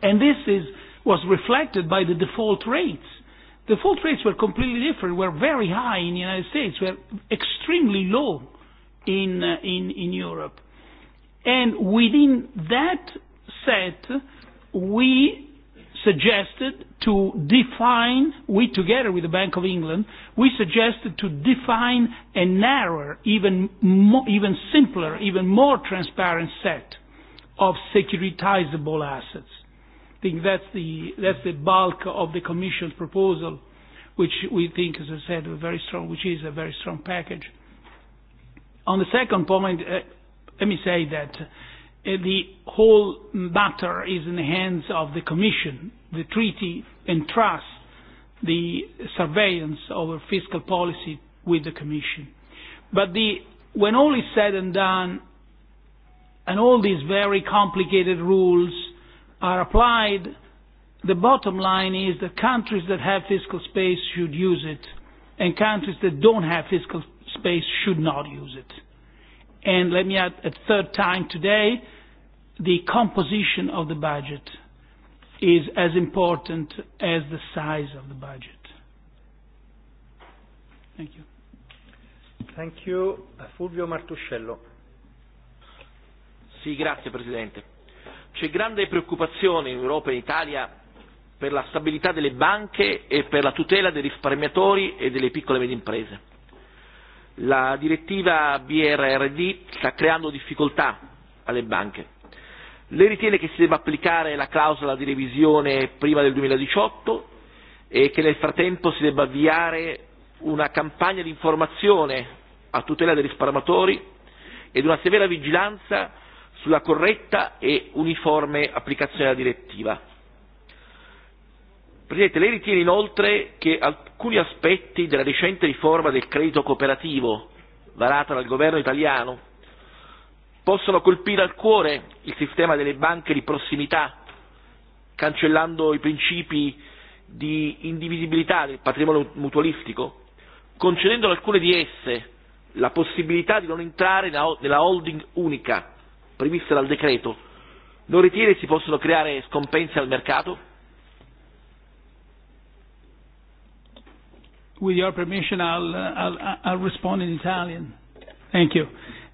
And this is, was reflected by the default rates The default rates were completely different, were very high in the United States, were extremely low in, uh, in, in Europe. And within that set, we suggested to define, we together with the Bank of England, we suggested to define a narrower, even, mo- even simpler, even more transparent set of securitizable assets think that's the, that's the bulk of the Commission's proposal, which we think, as I said, a very strong, which is a very strong package. On the second point, uh, let me say that uh, the whole matter is in the hands of the Commission. The treaty entrusts the surveillance over fiscal policy with the Commission. But the, when all is said and done, and all these very complicated rules are applied, the bottom line is that countries that have fiscal space should use it, and countries that don't have fiscal space should not use it. And let me add a third time today, the composition of the budget is as important as the size of the budget. Thank you. Thank you. Fulvio Martuscello. Sì, grazie Presidente. C'è grande preoccupazione in Europa e in Italia per la stabilità delle banche e per la tutela dei risparmiatori e delle piccole e medie imprese. La direttiva BRRD sta creando difficoltà alle banche. Lei ritiene che si debba applicare la clausola di revisione prima del 2018 e che nel frattempo si debba avviare una campagna di informazione a tutela dei risparmiatori ed una severa vigilanza sulla corretta e uniforme applicazione della direttiva. Presidente, lei ritiene inoltre che alcuni aspetti della recente riforma del credito cooperativo varata dal governo italiano possono colpire al cuore il sistema delle banche di prossimità, cancellando i principi di indivisibilità del patrimonio mutualistico, concedendo ad alcune di esse la possibilità di non entrare nella holding unica previste dal decreto, non ritiene si possono creare scompense al mercato? With your permission I'll, I'll, I'll respond in Italian. Thank you.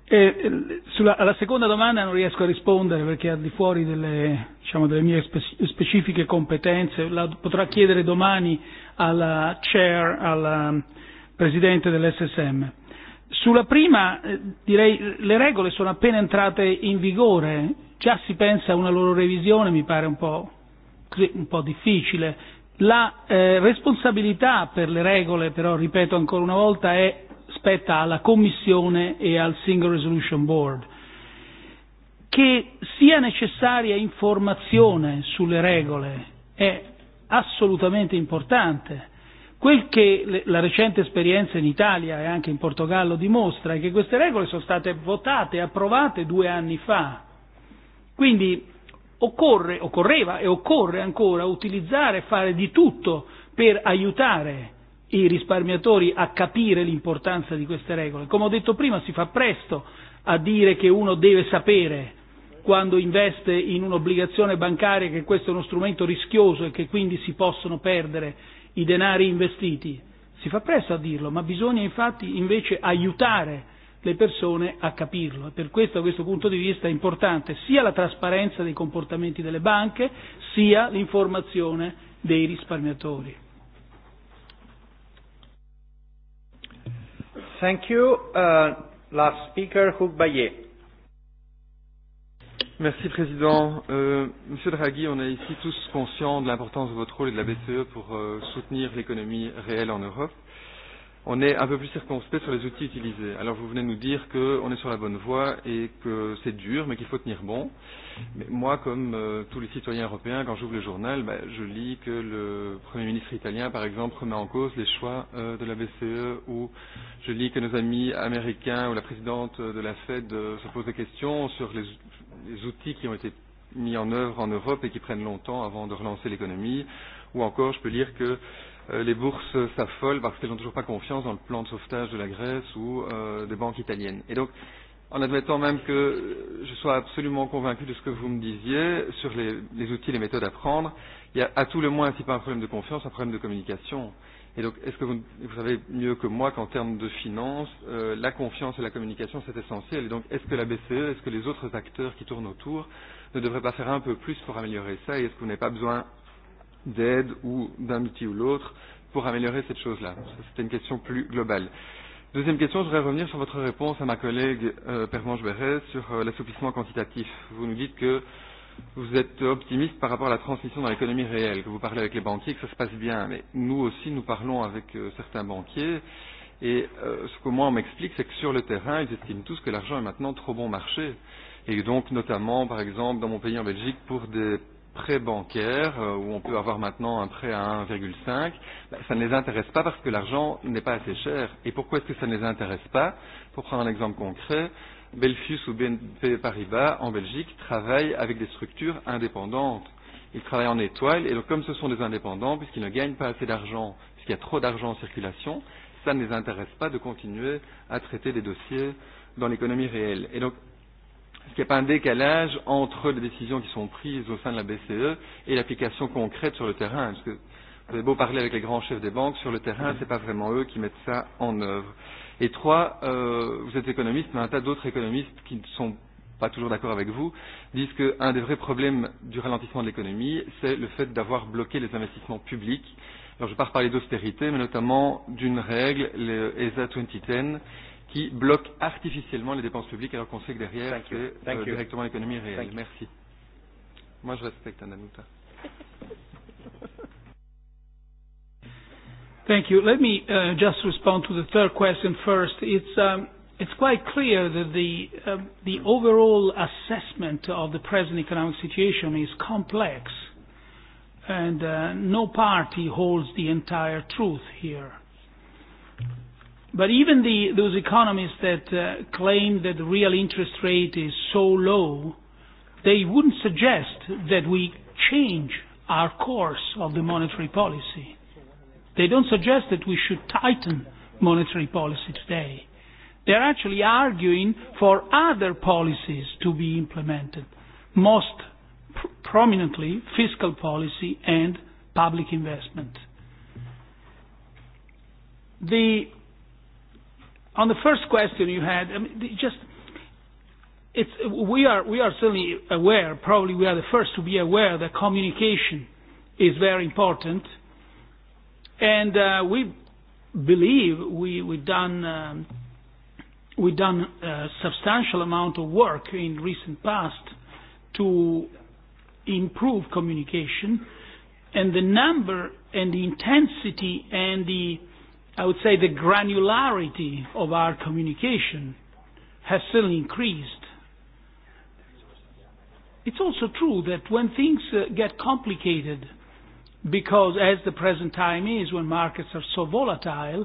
Eh, sulla, alla seconda domanda non riesco a rispondere perché al di fuori delle, diciamo, delle mie spe- specifiche competenze, la potrà chiedere domani alla chair, al Presidente dell'SSM. Sulla prima, eh, direi, le regole sono appena entrate in vigore, già si pensa a una loro revisione, mi pare un po', un po difficile. La eh, responsabilità per le regole, però, ripeto ancora una volta, è, spetta alla Commissione e al Single Resolution Board. Che sia necessaria informazione sulle regole è assolutamente importante Quel che la recente esperienza in Italia e anche in Portogallo dimostra è che queste regole sono state votate e approvate due anni fa. Quindi occorre, occorreva e occorre ancora utilizzare e fare di tutto per aiutare i risparmiatori a capire l'importanza di queste regole. Come ho detto prima si fa presto a dire che uno deve sapere quando investe in un'obbligazione bancaria che questo è uno strumento rischioso e che quindi si possono perdere i denari investiti. Si fa presto a dirlo, ma bisogna infatti invece aiutare le persone a capirlo. E per questo, da questo punto di vista, è importante sia la trasparenza dei comportamenti delle banche, sia l'informazione dei risparmiatori. Thank you. Uh, last speaker, Hugh Bayet. Merci, Président. Euh, Monsieur Draghi, on est ici tous conscients de l'importance de votre rôle et de la BCE pour euh, soutenir l'économie réelle en Europe. On est un peu plus circonspect sur les outils utilisés. Alors vous venez nous dire qu'on est sur la bonne voie et que c'est dur, mais qu'il faut tenir bon. Mais moi, comme euh, tous les citoyens européens, quand j'ouvre le journal, bah, je lis que le Premier ministre italien, par exemple, remet en cause les choix euh, de la BCE, ou je lis que nos amis américains ou la présidente de la Fed euh, se posent des questions sur les, des outils qui ont été mis en œuvre en Europe et qui prennent longtemps avant de relancer l'économie. Ou encore, je peux lire que euh, les bourses s'affolent parce qu'elles n'ont toujours pas confiance dans le plan de sauvetage de la Grèce ou euh, des banques italiennes. Et donc, en admettant même que je sois absolument convaincu de ce que vous me disiez sur les, les outils, les méthodes à prendre, il y a à tout le moins, si pas un problème de confiance, un problème de communication. Euh, Et donc, est-ce que vous, vous savez mieux que moi qu'en termes de finances, euh, la confiance et la communication, c'est essentiel. Et donc, est-ce que la BCE, est-ce que les autres acteurs qui tournent autour ne devraient pas faire un peu plus pour améliorer ça Et est-ce que vous n'avez pas besoin d'aide ou d'un outil ou l'autre pour améliorer cette chose-là C'était une question plus globale. Deuxième question, je voudrais revenir sur votre réponse à ma collègue euh, Pervenche Beret sur euh, l'assouplissement quantitatif. Vous nous dites que vous êtes optimiste par rapport à la transmission dans l'économie réelle, que vous parlez avec les banquiers, que ça se passe bien. Mais nous aussi, nous parlons avec euh, certains banquiers. Et euh, ce que moi, on m'explique, c'est que sur le terrain, ils estiment tous que l'argent est maintenant trop bon marché. Et donc, notamment, par exemple, dans mon pays, en Belgique, pour des prêts bancaires, euh, où on peut avoir maintenant un prêt à 1,5, ben, ça ne les intéresse pas parce que l'argent n'est pas assez cher. Et pourquoi est-ce que ça ne les intéresse pas Pour prendre un exemple concret, Belfius ou BNP Paribas en Belgique travaillent avec des structures indépendantes. Ils travaillent en étoile et donc comme ce sont des indépendants, puisqu'ils ne gagnent pas assez d'argent, puisqu'il y a trop d'argent en circulation, ça ne les intéresse pas de continuer à traiter des dossiers dans l'économie réelle. Et donc, est-ce qu'il n'y a pas un décalage entre les décisions qui sont prises au sein de la BCE et l'application concrète sur le terrain Parce que vous avez beau parler avec les grands chefs des banques, sur le terrain, ce n'est pas vraiment eux qui mettent ça en œuvre. Et trois, euh, vous êtes économiste, mais un tas d'autres économistes qui ne sont pas toujours d'accord avec vous, disent qu'un des vrais problèmes du ralentissement de l'économie, c'est le fait d'avoir bloqué les investissements publics. Alors je ne vais pas parler d'austérité, mais notamment d'une règle, l'ESA e 2010, qui bloque artificiellement les dépenses publiques, alors qu'on sait que derrière, c'est euh, directement l'économie réelle. Merci. Moi, je respecte Ananuta. Thank you. Let me uh, just respond to the third question first. It's um, it's quite clear that the um, the overall assessment of the present economic situation is complex, and uh, no party holds the entire truth here. But even the those economists that uh, claim that the real interest rate is so low, they wouldn't suggest that we change our course of the monetary policy They don't suggest that we should tighten monetary policy today. They're actually arguing for other policies to be implemented, most pr- prominently fiscal policy and public investment. The, on the first question you had, I mean, just it's, we, are, we are certainly aware, probably we are the first to be aware that communication is very important – And uh, we believe we, we've done, um, we've done a substantial amount of work in recent past to improve communication and the number and the intensity and the, I would say, the granularity of our communication has still increased. It's also true that when things uh, get complicated, because as the present time is when markets are so volatile,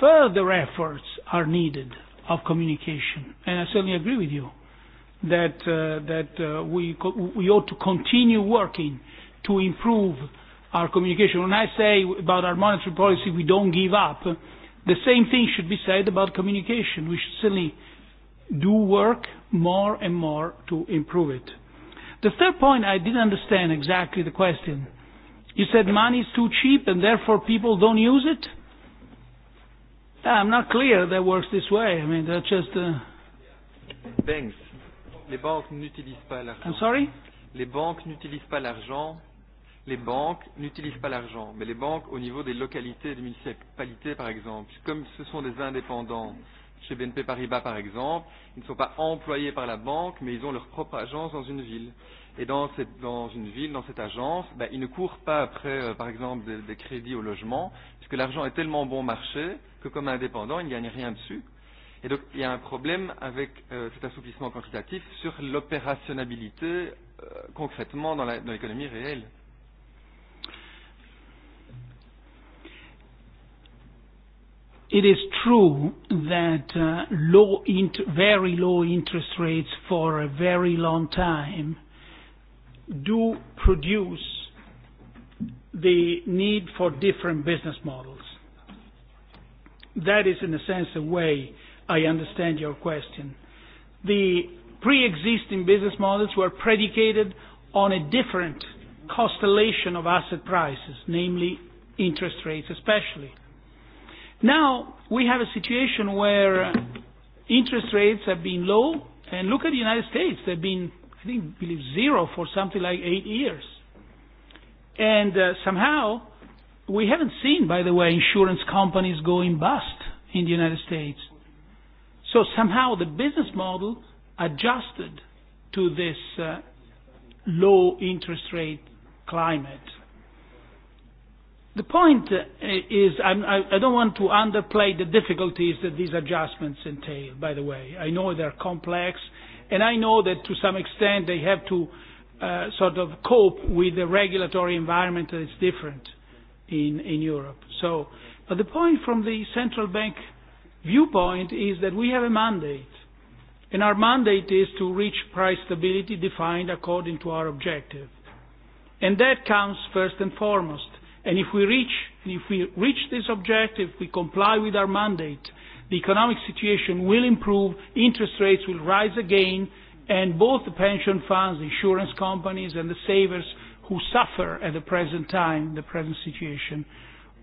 further efforts are needed of communication. And I certainly agree with you that, uh, that uh, we, co- we ought to continue working to improve our communication. When I say about our monetary policy, we don't give up, the same thing should be said about communication. We should certainly do work more and more to improve it. The third point, I didn't understand exactly the question. You said money is too cheap and therefore people don't use it? Ah, I'm not clear that works this way. I mean, that's just. Uh... Banks. Les banques n'utilisent pas l'argent. I'm sorry? Les banques n'utilisent pas l'argent. Les banques n'utilisent pas l'argent, mais les banques au niveau des localités, des municipalités par exemple, comme ce sont des indépendants, chez BNP Paribas par exemple, ils ne sont pas employés par la banque, mais ils ont leur propre agence dans une ville. Et dans, cette, dans une ville, dans cette agence, ben, ils ne courent pas après, euh, par exemple, des, des crédits au logement, puisque l'argent est tellement bon marché que comme indépendant, ils ne gagnent rien dessus. Et donc, il y a un problème avec euh, cet assouplissement quantitatif sur l'opérationnalité euh, concrètement dans l'économie réelle. It is true that uh, low int very low interest rates for a very long time uh, do produce the need for different business models. That is, in a sense, a way I understand your question. The pre-existing business models were predicated on a different constellation of asset prices, namely interest rates especially. Now we have a situation where interest rates have been low, and look at the United States, they've been i think, believe zero for something like eight years. And uh, somehow, we haven't seen, by the way, insurance companies going bust in the United States. So somehow the business model adjusted to this uh, low interest rate climate. The point uh, is, I'm, I, I don't want to underplay the difficulties that these adjustments entail, by the way. I know they're complex And I know that to some extent they have to uh, sort of cope with the regulatory environment that is different in, in Europe. So, but the point from the central bank viewpoint is that we have a mandate. And our mandate is to reach price stability defined according to our objective. And that comes first and foremost. And if we reach, if we reach this objective, we comply with our mandate, the economic situation will improve, interest rates will rise again, and both the pension funds, the insurance companies, and the savers who suffer at the present time, the present situation,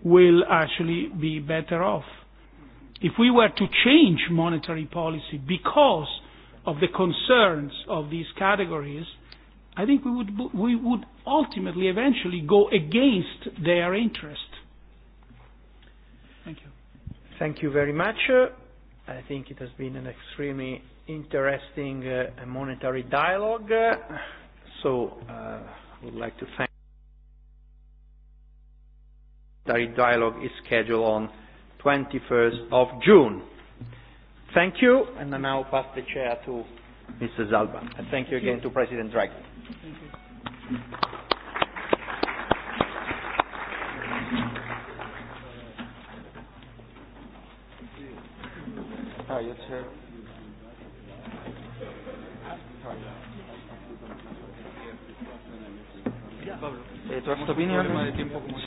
will actually be better off. If we were to change monetary policy because of the concerns of these categories, I think we would, we would ultimately, eventually, go against their interests Thank you very much. I think it has been an extremely interesting uh, monetary dialogue. So uh, I would like to thank monetary dialogue is scheduled on 21st of June. Thank you, and I now pass the chair to Mr. Zalba. And thank you again to President Draghi. Thank you. Pablo. Eh, de ¿no? tiempo como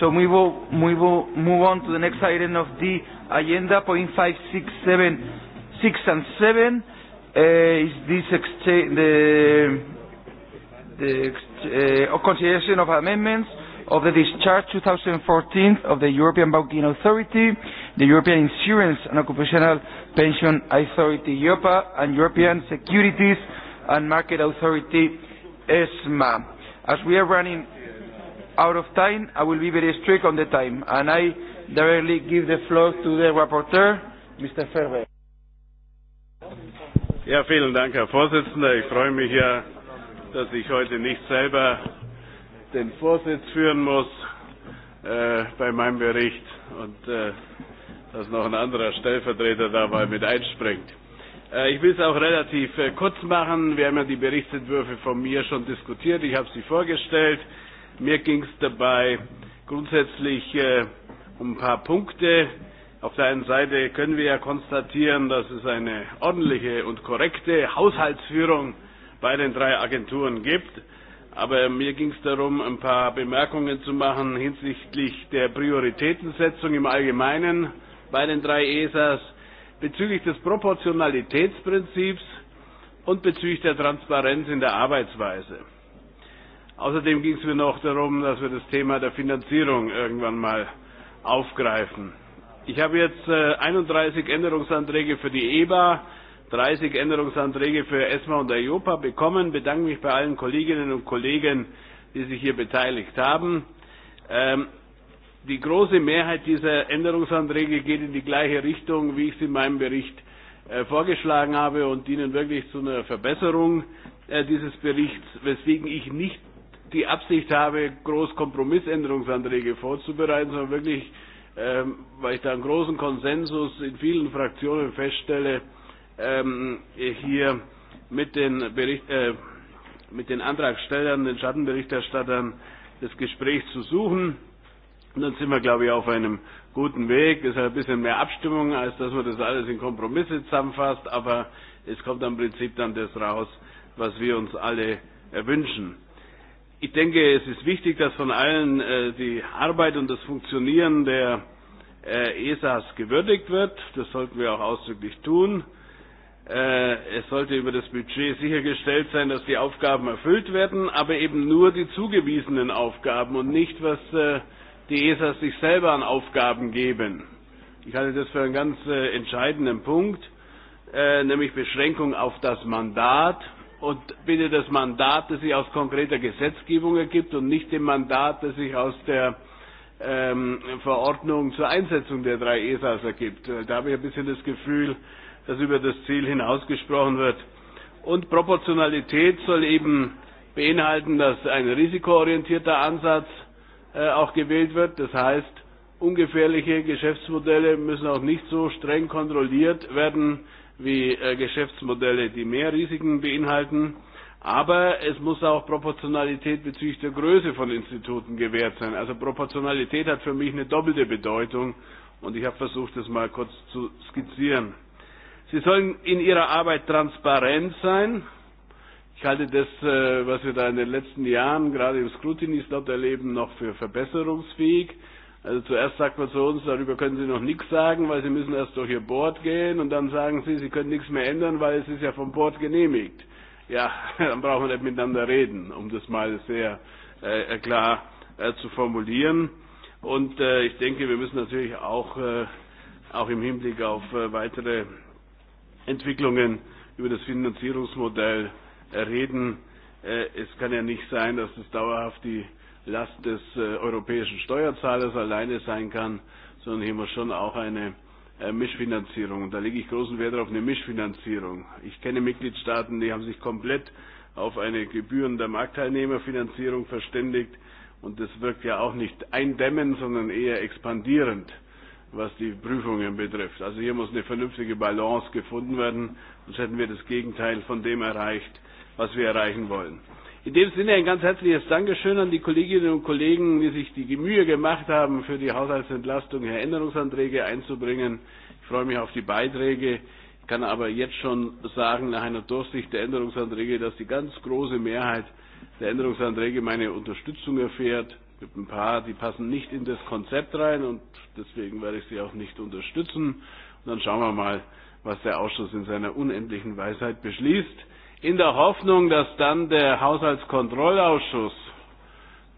So we will, we will move on to the next item of the agenda, point five, six, seven, six and seven uh, is this exchange, the, the uh, consideration of amendments of the discharge 2014 of the European Banking Authority, the European Insurance and Occupational Pension Authority, EIOPA, and European Securities and Market Authority, ESMA. As we are running out of time, I will be very strict on the time, and I directly give the floor to the rapporteur, Mr. Ferber. Ja, vielen Dank, Herr Vorsitzender. Ich freue mich ja, dass ich heute nicht selber den Vorsitz führen muss äh, bei meinem Bericht und äh, dass noch ein anderer Stellvertreter dabei mit einspringt. Äh, ich will es auch relativ äh, kurz machen. Wir haben ja die Berichtsentwürfe von mir schon diskutiert. Ich habe sie vorgestellt. Mir ging es dabei grundsätzlich äh, um ein paar Punkte. Auf der einen Seite können wir ja konstatieren, dass es eine ordentliche und korrekte Haushaltsführung bei den drei Agenturen gibt. Aber mir ging es darum, ein paar Bemerkungen zu machen hinsichtlich der Prioritätensetzung im Allgemeinen bei den drei ESAs, bezüglich des Proportionalitätsprinzips und bezüglich der Transparenz in der Arbeitsweise. Außerdem ging es mir noch darum, dass wir das Thema der Finanzierung irgendwann mal aufgreifen. Ich habe jetzt 31 äh, Änderungsanträge für die EBA, 30 Änderungsanträge für ESMA und EIOPA bekommen. Ich Bedanke mich bei allen Kolleginnen und Kollegen, die sich hier beteiligt haben. Ähm, die große Mehrheit dieser Änderungsanträge geht in die gleiche Richtung, wie ich sie in meinem Bericht äh, vorgeschlagen habe und dienen wirklich zu einer Verbesserung äh, dieses Berichts, weswegen ich nicht die Absicht habe, groß Kompromissänderungsanträge vorzubereiten, sondern wirklich Ähm, weil ich da einen großen Konsensus in vielen Fraktionen feststelle, ähm, hier mit den, Bericht, äh, mit den Antragstellern, den Schattenberichterstattern das Gespräch zu suchen. Und dann sind wir, glaube ich, auf einem guten Weg. Es ist ein bisschen mehr Abstimmung, als dass man das alles in Kompromisse zusammenfasst, aber es kommt am Prinzip dann das raus, was wir uns alle wünschen. Ich denke, es ist wichtig, dass von allen äh, die Arbeit und das Funktionieren der äh, ESAs gewürdigt wird. Das sollten wir auch ausdrücklich tun. Äh, es sollte über das Budget sichergestellt sein, dass die Aufgaben erfüllt werden, aber eben nur die zugewiesenen Aufgaben und nicht, was äh, die ESAs sich selber an Aufgaben geben. Ich halte das für einen ganz äh, entscheidenden Punkt, äh, nämlich Beschränkung auf das Mandat und bitte das Mandat, das sich aus konkreter Gesetzgebung ergibt und nicht dem Mandat, das sich aus der ähm, Verordnung zur Einsetzung der drei ESAs ergibt. Äh, da habe ich ein bisschen das Gefühl, dass über das Ziel hinausgesprochen wird. Und Proportionalität soll eben beinhalten, dass ein risikoorientierter Ansatz äh, auch gewählt wird. Das heißt, ungefährliche Geschäftsmodelle müssen auch nicht so streng kontrolliert werden, wie äh, Geschäftsmodelle, die mehr Risiken beinhalten. Aber es muss auch Proportionalität bezüglich der Größe von Instituten gewährt sein. Also Proportionalität hat für mich eine doppelte Bedeutung und ich habe versucht, das mal kurz zu skizzieren. Sie sollen in ihrer Arbeit transparent sein. Ich halte das, äh, was wir da in den letzten Jahren gerade im Scrutiny-Slot erleben, noch für verbesserungsfähig. Also zuerst sagt man zu uns, darüber können Sie noch nichts sagen, weil Sie müssen erst durch Ihr Board gehen und dann sagen Sie, Sie können nichts mehr ändern, weil es ist ja vom Board genehmigt. Ja, dann brauchen wir nicht miteinander reden, um das mal sehr äh, äh, klar äh, zu formulieren. Und äh, ich denke, wir müssen natürlich auch, äh, auch im Hinblick auf äh, weitere Entwicklungen über das Finanzierungsmodell äh, reden. Äh, es kann ja nicht sein, dass es dauerhaft die Last des äh, europäischen Steuerzahlers alleine sein kann, sondern hier muss schon auch eine äh, Mischfinanzierung. Da lege ich großen Wert auf eine Mischfinanzierung. Ich kenne Mitgliedstaaten, die haben sich komplett auf eine Gebühren der Marktteilnehmerfinanzierung verständigt. Und das wirkt ja auch nicht eindämmend, sondern eher expandierend, was die Prüfungen betrifft. Also hier muss eine vernünftige Balance gefunden werden, sonst hätten wir das Gegenteil von dem erreicht, was wir erreichen wollen. In dem Sinne ein ganz herzliches Dankeschön an die Kolleginnen und Kollegen, die sich die Mühe gemacht haben, für die Haushaltsentlastung hier Änderungsanträge einzubringen. Ich freue mich auf die Beiträge. Ich kann aber jetzt schon sagen, nach einer Durchsicht der Änderungsanträge, dass die ganz große Mehrheit der Änderungsanträge meine Unterstützung erfährt. Es gibt ein paar, die passen nicht in das Konzept rein und deswegen werde ich sie auch nicht unterstützen. Und dann schauen wir mal, was der Ausschuss in seiner unendlichen Weisheit beschließt in der Hoffnung, dass dann der Haushaltskontrollausschuss,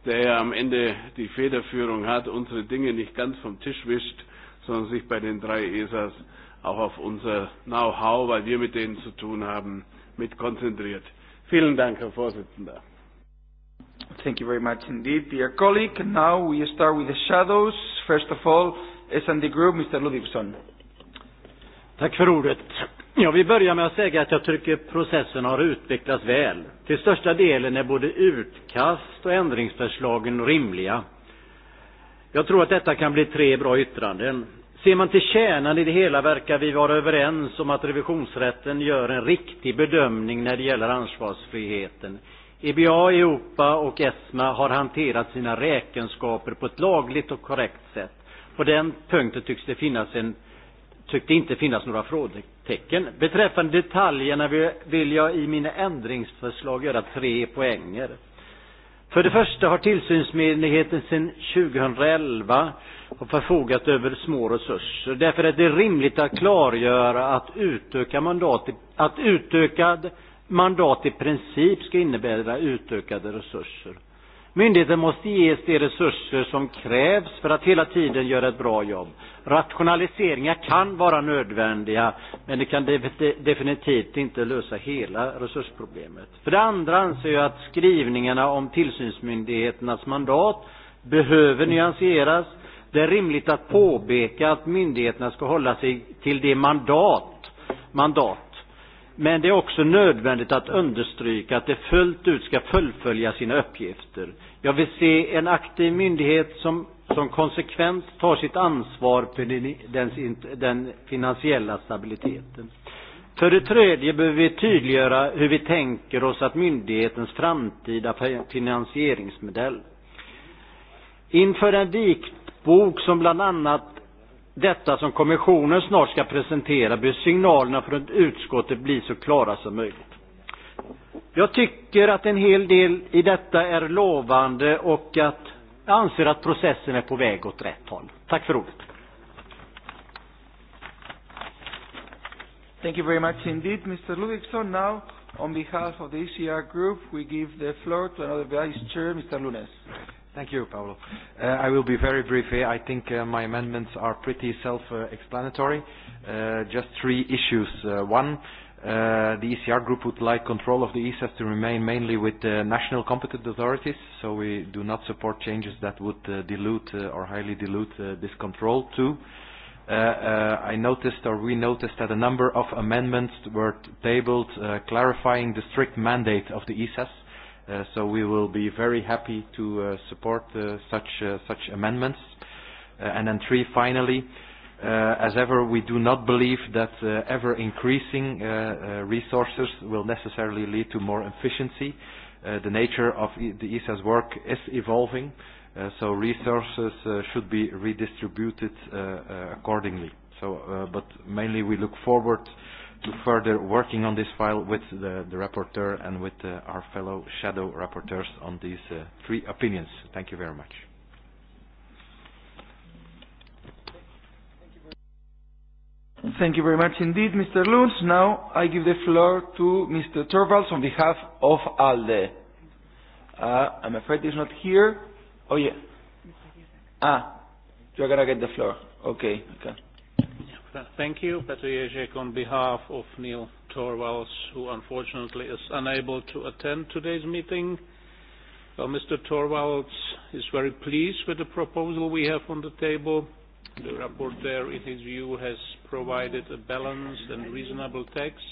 der ja am Ende die Federführung hat, unsere Dinge nicht ganz vom Tisch wischt, sondern sich bei den drei ESAs auch auf unser Know-how, weil wir mit denen zu tun haben, mit konzentriert. Vielen Dank, Herr Vorsitzender. Thank you very much indeed, dear colleague. Now we start with the shadows. First of all, S&D Group, Mr. Ludvigson. Tack för ordet. Jag vi börjar med att säga att jag tycker processen har utvecklats väl. Till största delen är både utkast och ändringsförslagen rimliga. Jag tror att detta kan bli tre bra yttranden. Ser man till kärnan i det hela verkar vi vara överens om att revisionsrätten gör en riktig bedömning när det gäller ansvarsfriheten. EBA, Europa och ESMA har hanterat sina räkenskaper på ett lagligt och korrekt sätt. På den punkten tycks det finnas en tyckte inte finnas några frågetecken. Beträffande detaljerna vill jag i mina ändringsförslag göra tre poänger. För det första har tillsynsmyndigheten sedan 2011 förfogat över små resurser. Därför är det rimligt att klargöra att utöka mandat, att utökad mandat i princip ska innebära utökade resurser. Myndigheten måste ges de resurser som krävs för att hela tiden göra ett bra jobb. Rationaliseringar kan vara nödvändiga, men det kan definitivt inte lösa hela resursproblemet. För det andra anser jag att skrivningarna om tillsynsmyndigheternas mandat behöver nyanseras. Det är rimligt att påpeka att myndigheterna ska hålla sig till det mandat, mandat Men det är också nödvändigt att understryka att det fullt ut ska fullfölja sina uppgifter. Jag vill se en aktiv myndighet som, som konsekvent tar sitt ansvar för den, den, den finansiella stabiliteten. För det tredje behöver vi tydliggöra hur vi tänker oss att myndighetens framtida finansieringsmodell. Inför en vitbok som bland annat detta som kommissionen snart ska presentera bör signalerna från utskottet bli så klara som möjligt. Jag tycker att en hel del i detta är lovande och att jag anser att processen är på väg åt rätt håll. Tack för ordet. Thank you very much indeed, Mr. Ludvigsson. Now, on behalf of the ECR group, we give the floor to another vice chair, Mr. Lunes. Thank you, Paolo. Uh, I will be very brief here. I think uh, my amendments are pretty self-explanatory. Uh, just three issues. Uh, one, uh, Uh, the ECR group would like control of the ESAS to remain mainly with the national competent authorities, so we do not support changes that would uh, dilute uh, or highly dilute uh, this control too. Uh, uh, I noticed or we noticed that a number of amendments were tabled uh, clarifying the strict mandate of the ESAS, uh, so we will be very happy to uh, support uh, such, uh, such amendments. Uh, and then three, finally, uh, Uh, as ever, we do not believe that uh, ever-increasing uh, uh, resources will necessarily lead to more efficiency. Uh, the nature of e, the ESA's work is evolving, uh, so resources uh, should be redistributed uh, uh, accordingly. So, uh, but mainly we look forward to further working on this file with the, the rapporteur and with uh, our fellow shadow rapporteurs on these uh, three opinions. Thank you very much. Thank you very much indeed, Mr. Lunds. Now I give the floor to Mr. Torvalds on behalf of ALDE. Uh, I'm afraid he's not here. Oh, yeah. Ah, you're going to get the floor. Okay, okay. Thank you. Petr Ježek on behalf of Neil Torvalds, who unfortunately is unable to attend today's meeting. Well, Mr. Torvalds is very pleased with the proposal we have on the table the rapporteur, in his view, has provided a balanced and reasonable text.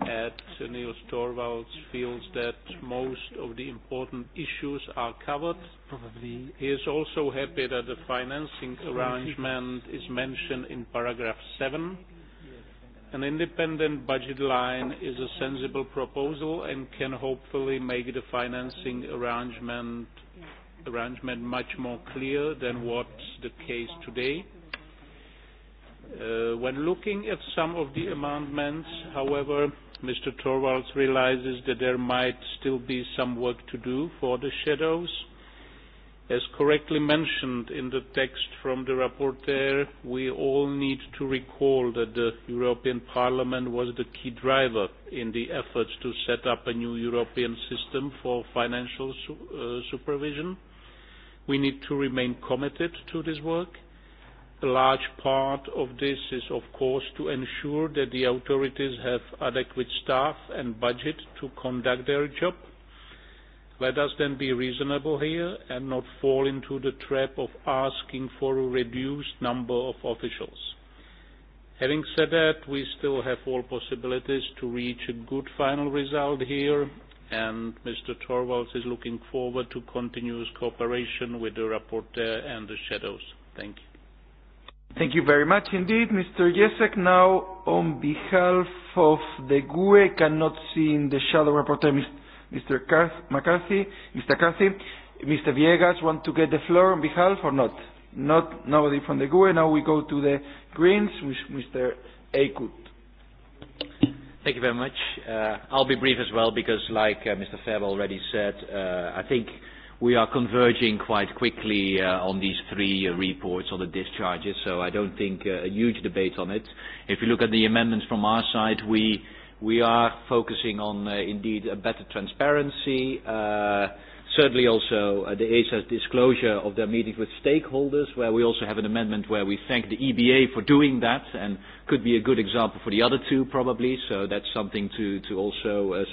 At Niels Torvalds feels that most of the important issues are covered. Probably. He is also happy that the financing arrangement is mentioned in paragraph 7. An independent budget line is a sensible proposal and can hopefully make the financing arrangement arrangement much more clear than what's the case today. Uh, when looking at some of the amendments, however, Mr. Torvalds realizes that there might still be some work to do for the shadows. As correctly mentioned in the text from the rapporteur, we all need to recall that the European Parliament was the key driver in the efforts to set up a new European system for financial su uh, supervision We need to remain committed to this work. A large part of this is, of course, to ensure that the authorities have adequate staff and budget to conduct their job. Let us then be reasonable here and not fall into the trap of asking for a reduced number of officials. Having said that, we still have all possibilities to reach a good final result here, and Mr. Torvalds is looking forward to continuous cooperation with the rapporteur and the shadows. Thank you. Thank you very much indeed, Mr. Jesek. Now, on behalf of the GUE, cannot see in the shadow rapporteur, Mr. Carth McCarthy, Mr. Carthy, Mr. Viegas, want to get the floor on behalf or not? Not nobody from the GUE. Now we go to the Greens, with Mr. Aykut. Thank you very much. Uh, I'll be brief as well because, like uh, Mr. Feb already said, uh, I think we are converging quite quickly uh, on these three uh, reports on the discharges, so I don't think uh, a huge debate on it. If you look at the amendments from our side, we, we are focusing on, uh, indeed, a better transparency, uh, Certainly also uh, the ESA's disclosure of their meetings with stakeholders, where we also have an amendment where we thank the EBA for doing that and could be a good example for the other two probably. So that's something to, to also uh,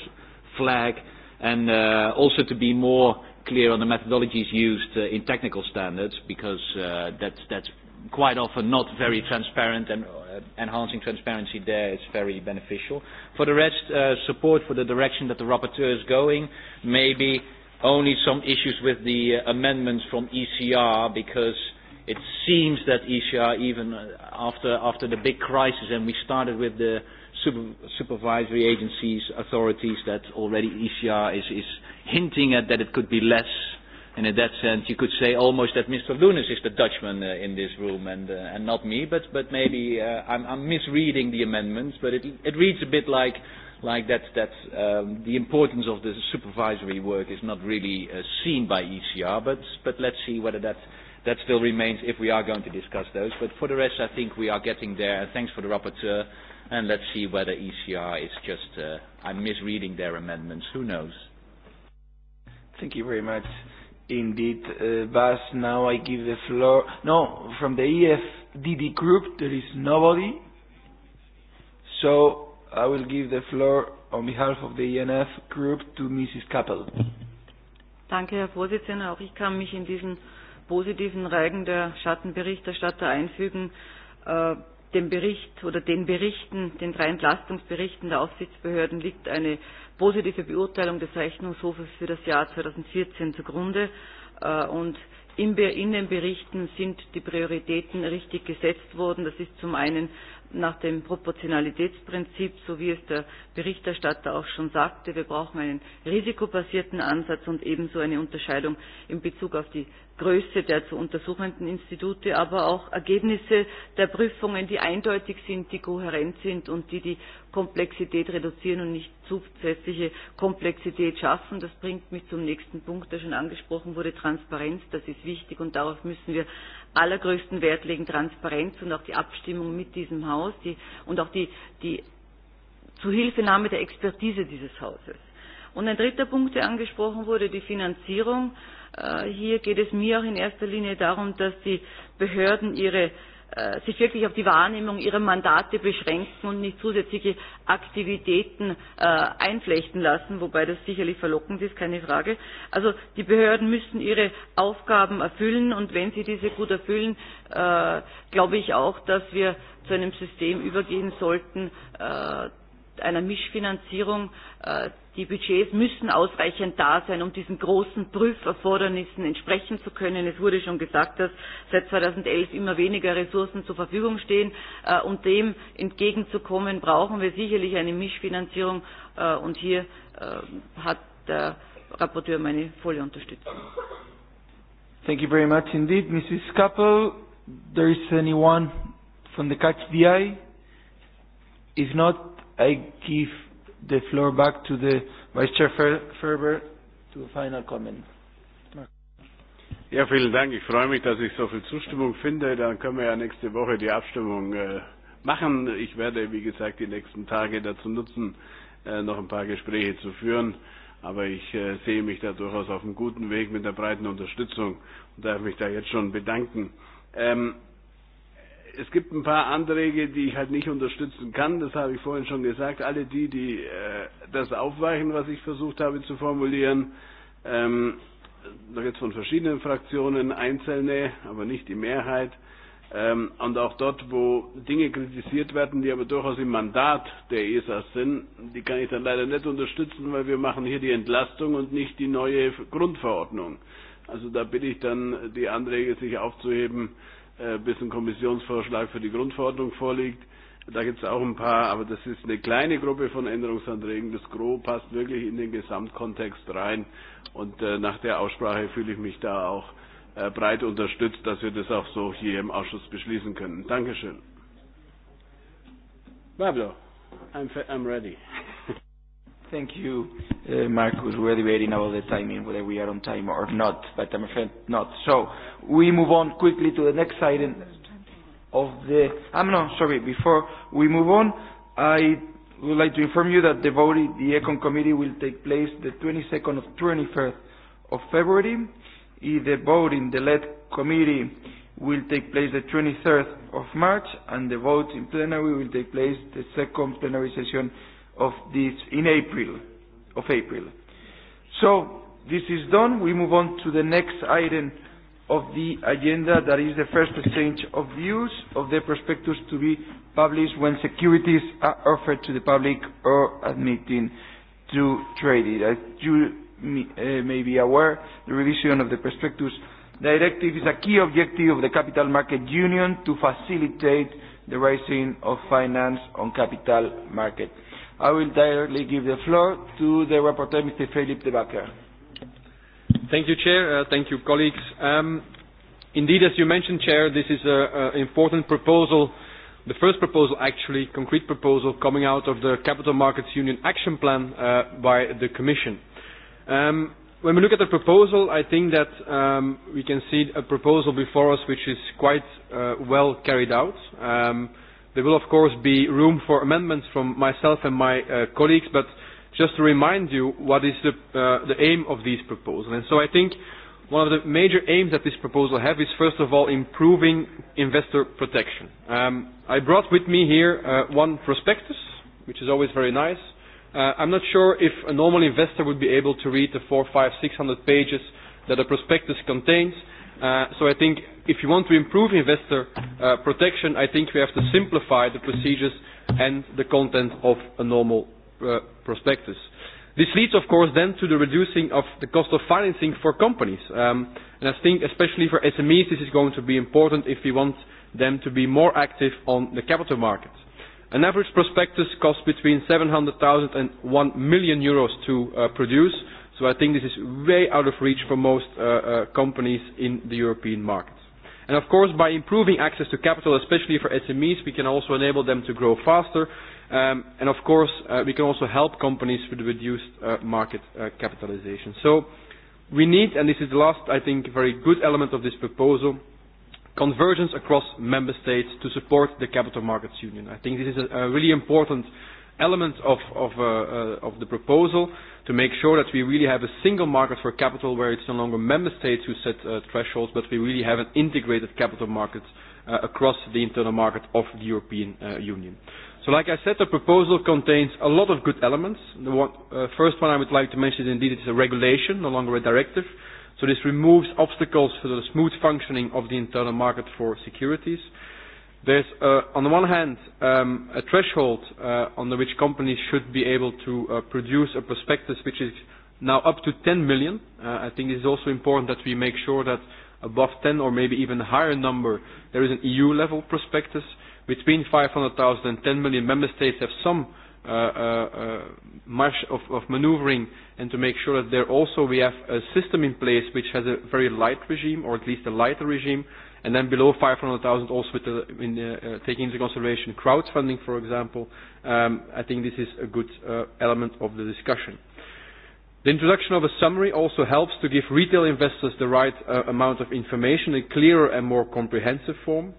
flag and uh, also to be more clear on the methodologies used uh, in technical standards because uh, that's, that's quite often not very transparent and uh, enhancing transparency there is very beneficial. For the rest, uh, support for the direction that the rapporteur is going, maybe only some issues with the uh, amendments from ECR because it seems that ECR, even uh, after, after the big crisis, and we started with the super, supervisory agencies, authorities, that already ECR is, is hinting at that it could be less. And in that sense, you could say almost that Mr. Lunas is the Dutchman uh, in this room and, uh, and not me, but, but maybe uh, I'm, I'm misreading the amendments, but it, it reads a bit like like that, that um, the importance of the supervisory work is not really uh, seen by ECR, but, but let's see whether that, that still remains if we are going to discuss those. But for the rest, I think we are getting there, and thanks for the rapporteur, and let's see whether ECR is just, uh, I'm misreading their amendments, who knows. Thank you very much. Indeed, uh, Bas, now I give the floor. No, from the EFDD group, there is nobody. So i will give the floor on behalf of the ENF Group to Mrs. Kappel. Danke, Herr Vorsitzender. Auch ich kann mich in diesen positiven Reigen der Schattenberichterstatter einfügen. Äh, dem Bericht oder den Berichten, den drei Entlastungsberichten der Aufsichtsbehörden liegt eine positive Beurteilung des Rechnungshofes für das Jahr 2014 zugrunde. Äh, und in, in den Berichten sind die Prioritäten richtig gesetzt worden. Das ist zum einen nach dem Proportionalitätsprinzip, so wie es der Berichterstatter auch schon sagte. Wir brauchen einen risikobasierten Ansatz und ebenso eine Unterscheidung in Bezug auf die Größe der zu untersuchenden Institute, aber auch Ergebnisse der Prüfungen, die eindeutig sind, die kohärent sind und die die Komplexität reduzieren und nicht zusätzliche Komplexität schaffen. Das bringt mich zum nächsten Punkt, der schon angesprochen wurde, Transparenz. Das ist wichtig und darauf müssen wir allergrößten Wert legen, Transparenz und auch die Abstimmung mit diesem Haus die, und auch die, die Zuhilfenahme der Expertise dieses Hauses. Und ein dritter Punkt, der angesprochen wurde, die Finanzierung. Äh, hier geht es mir auch in erster Linie darum, dass die Behörden ihre Äh, sich wirklich auf die Wahrnehmung ihrer Mandate beschränken und nicht zusätzliche Aktivitäten äh, einflechten lassen, wobei das sicherlich verlockend ist, keine Frage. Also die Behörden müssen ihre Aufgaben erfüllen und wenn sie diese gut erfüllen, äh, glaube ich auch, dass wir zu einem System übergehen sollten, äh, einer Mischfinanzierung. Äh, die Budgets müssen ausreichend da sein, um diesen großen Prüferfordernissen entsprechen zu können. Es wurde schon gesagt, dass seit 2011 immer weniger Ressourcen zur Verfügung stehen. Um dem entgegenzukommen, brauchen wir sicherlich eine Mischfinanzierung. Äh, und hier hat der Rapporteur meine volle Unterstützung. Thank you very much indeed, Mrs. Kappel. There is anyone from the Catch the Eye? If not, i give the floor back to the Vice Chair Fer Ferber to a final comment. Ja, vielen Dank. Ich freue mich, dass ich so viel Zustimmung finde. Dann können wir ja nächste Woche die Abstimmung äh, machen. Ich werde, wie gesagt, die nächsten Tage dazu nutzen, äh, noch ein paar Gespräche zu führen. Aber ich äh, sehe mich da durchaus auf einem guten Weg mit der breiten Unterstützung und darf mich da jetzt schon bedanken. Ähm, es gibt ein paar Anträge, die ich halt nicht unterstützen kann. Das habe ich vorhin schon gesagt. Alle die, die äh, das aufweichen, was ich versucht habe zu formulieren, ähm, noch jetzt von verschiedenen Fraktionen, einzelne, aber nicht die Mehrheit. Ähm, und auch dort, wo Dinge kritisiert werden, die aber durchaus im Mandat der ESA sind, die kann ich dann leider nicht unterstützen, weil wir machen hier die Entlastung und nicht die neue Grundverordnung. Also da bitte ich dann die Anträge, sich aufzuheben, Äh, bis ein Kommissionsvorschlag für die Grundverordnung vorliegt. Da gibt es auch ein paar, aber das ist eine kleine Gruppe von Änderungsanträgen. Das Gros passt wirklich in den Gesamtkontext rein. Und äh, nach der Aussprache fühle ich mich da auch äh, breit unterstützt, dass wir das auch so hier im Ausschuss beschließen können. Dankeschön. Pablo, I'm, I'm ready. Thank you, uh, Marcus. We're debating about the timing, whether we are on time or not, but I'm afraid not. So we move on quickly to the next item of the... I'm ah, no, sorry. Before we move on, I would like to inform you that the vote the Econ Committee will take place the 22nd of 21st of February. The vote in the LED Committee will take place the 23rd of March, and the vote in plenary will take place the second plenary session of this in April. Of April. So this is done. We move on to the next item of the agenda, that is the first exchange of views of the prospectus to be published when securities are offered to the public or admitting to trade it. As you may uh, be aware, the revision of the prospectus directive is a key objective of the Capital Market Union to facilitate the raising of finance on capital markets. I will directly give the floor to the rapporteur, Mr. Philippe de Backer. Thank you, Chair. Uh, thank you, colleagues. Um, indeed, as you mentioned, Chair, this is an important proposal, the first proposal actually, concrete proposal coming out of the Capital Markets Union Action Plan uh, by the Commission. Um, when we look at the proposal, I think that um, we can see a proposal before us which is quite uh, well carried out. Um, There will, of course, be room for amendments from myself and my uh, colleagues, but just to remind you what is the, uh, the aim of these proposals. And so I think one of the major aims that this proposal has is, first of all, improving investor protection. Um, I brought with me here uh, one prospectus, which is always very nice. Uh, I'm not sure if a normal investor would be able to read the four, five, six hundred pages that a prospectus contains. Uh, so I think if you want to improve investor uh, protection, I think we have to simplify the procedures and the content of a normal uh, prospectus. This leads, of course, then to the reducing of the cost of financing for companies. Um, and I think especially for SMEs, this is going to be important if we want them to be more active on the capital markets. An average prospectus costs between 700,000 and 1 million euros to uh, produce, so I think this is way out of reach for most uh, uh, companies in the European market. And of course, by improving access to capital, especially for SMEs, we can also enable them to grow faster. Um, and of course, uh, we can also help companies with reduced uh, market uh, capitalization. So we need, and this is the last, I think, very good element of this proposal, convergence across member states to support the capital markets union. I think this is a, a really important elements of, of, uh, uh, of the proposal to make sure that we really have a single market for capital where it's no longer member states who set uh, thresholds, but we really have an integrated capital market uh, across the internal market of the European uh, Union. So like I said, the proposal contains a lot of good elements. The one, uh, first one I would like to mention is indeed it's a regulation, no longer a directive. So this removes obstacles for the smooth functioning of the internal market for securities. Uh, There's, uh, on the one hand, um, a threshold uh, under which companies should be able to uh, produce a prospectus which is now up to 10 million. Uh, I think it is also important that we make sure that above 10 or maybe even higher number, there is an EU-level prospectus. Between 500,000 and 10 million member states have some uh, uh, uh of, of maneuvering and to make sure that there also we have a system in place which has a very light regime or at least a lighter regime And then below 500,000 also with the, in the, uh, uh, taking into consideration crowdfunding, for example, um, I think this is a good uh, element of the discussion. The introduction of a summary also helps to give retail investors the right uh, amount of information in clearer and more comprehensive form.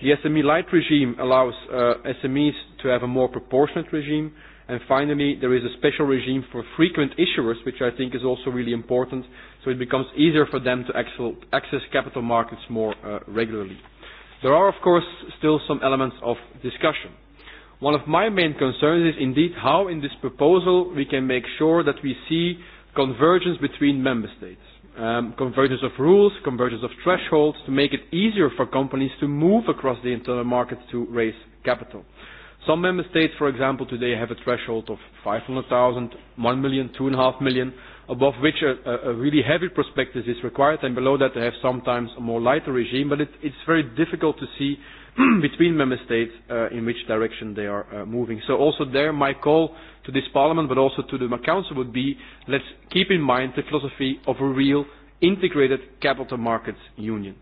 The SME light regime allows uh, SMEs to have a more proportionate regime And finally, there is a special regime for frequent issuers, which I think is also really important, so it becomes easier for them to access capital markets more uh, regularly. There are, of course, still some elements of discussion. One of my main concerns is indeed how in this proposal we can make sure that we see convergence between member states. Um, convergence of rules, convergence of thresholds to make it easier for companies to move across the internal market to raise capital. Some member states, for example, today have a threshold of 500,000, 1 million, 2.5 million, above which a, a really heavy prospectus is required, and below that they have sometimes a more lighter regime, but it, it's very difficult to see between member states uh, in which direction they are uh, moving. So also there, my call to this parliament, but also to the council would be, let's keep in mind the philosophy of a real integrated capital markets union.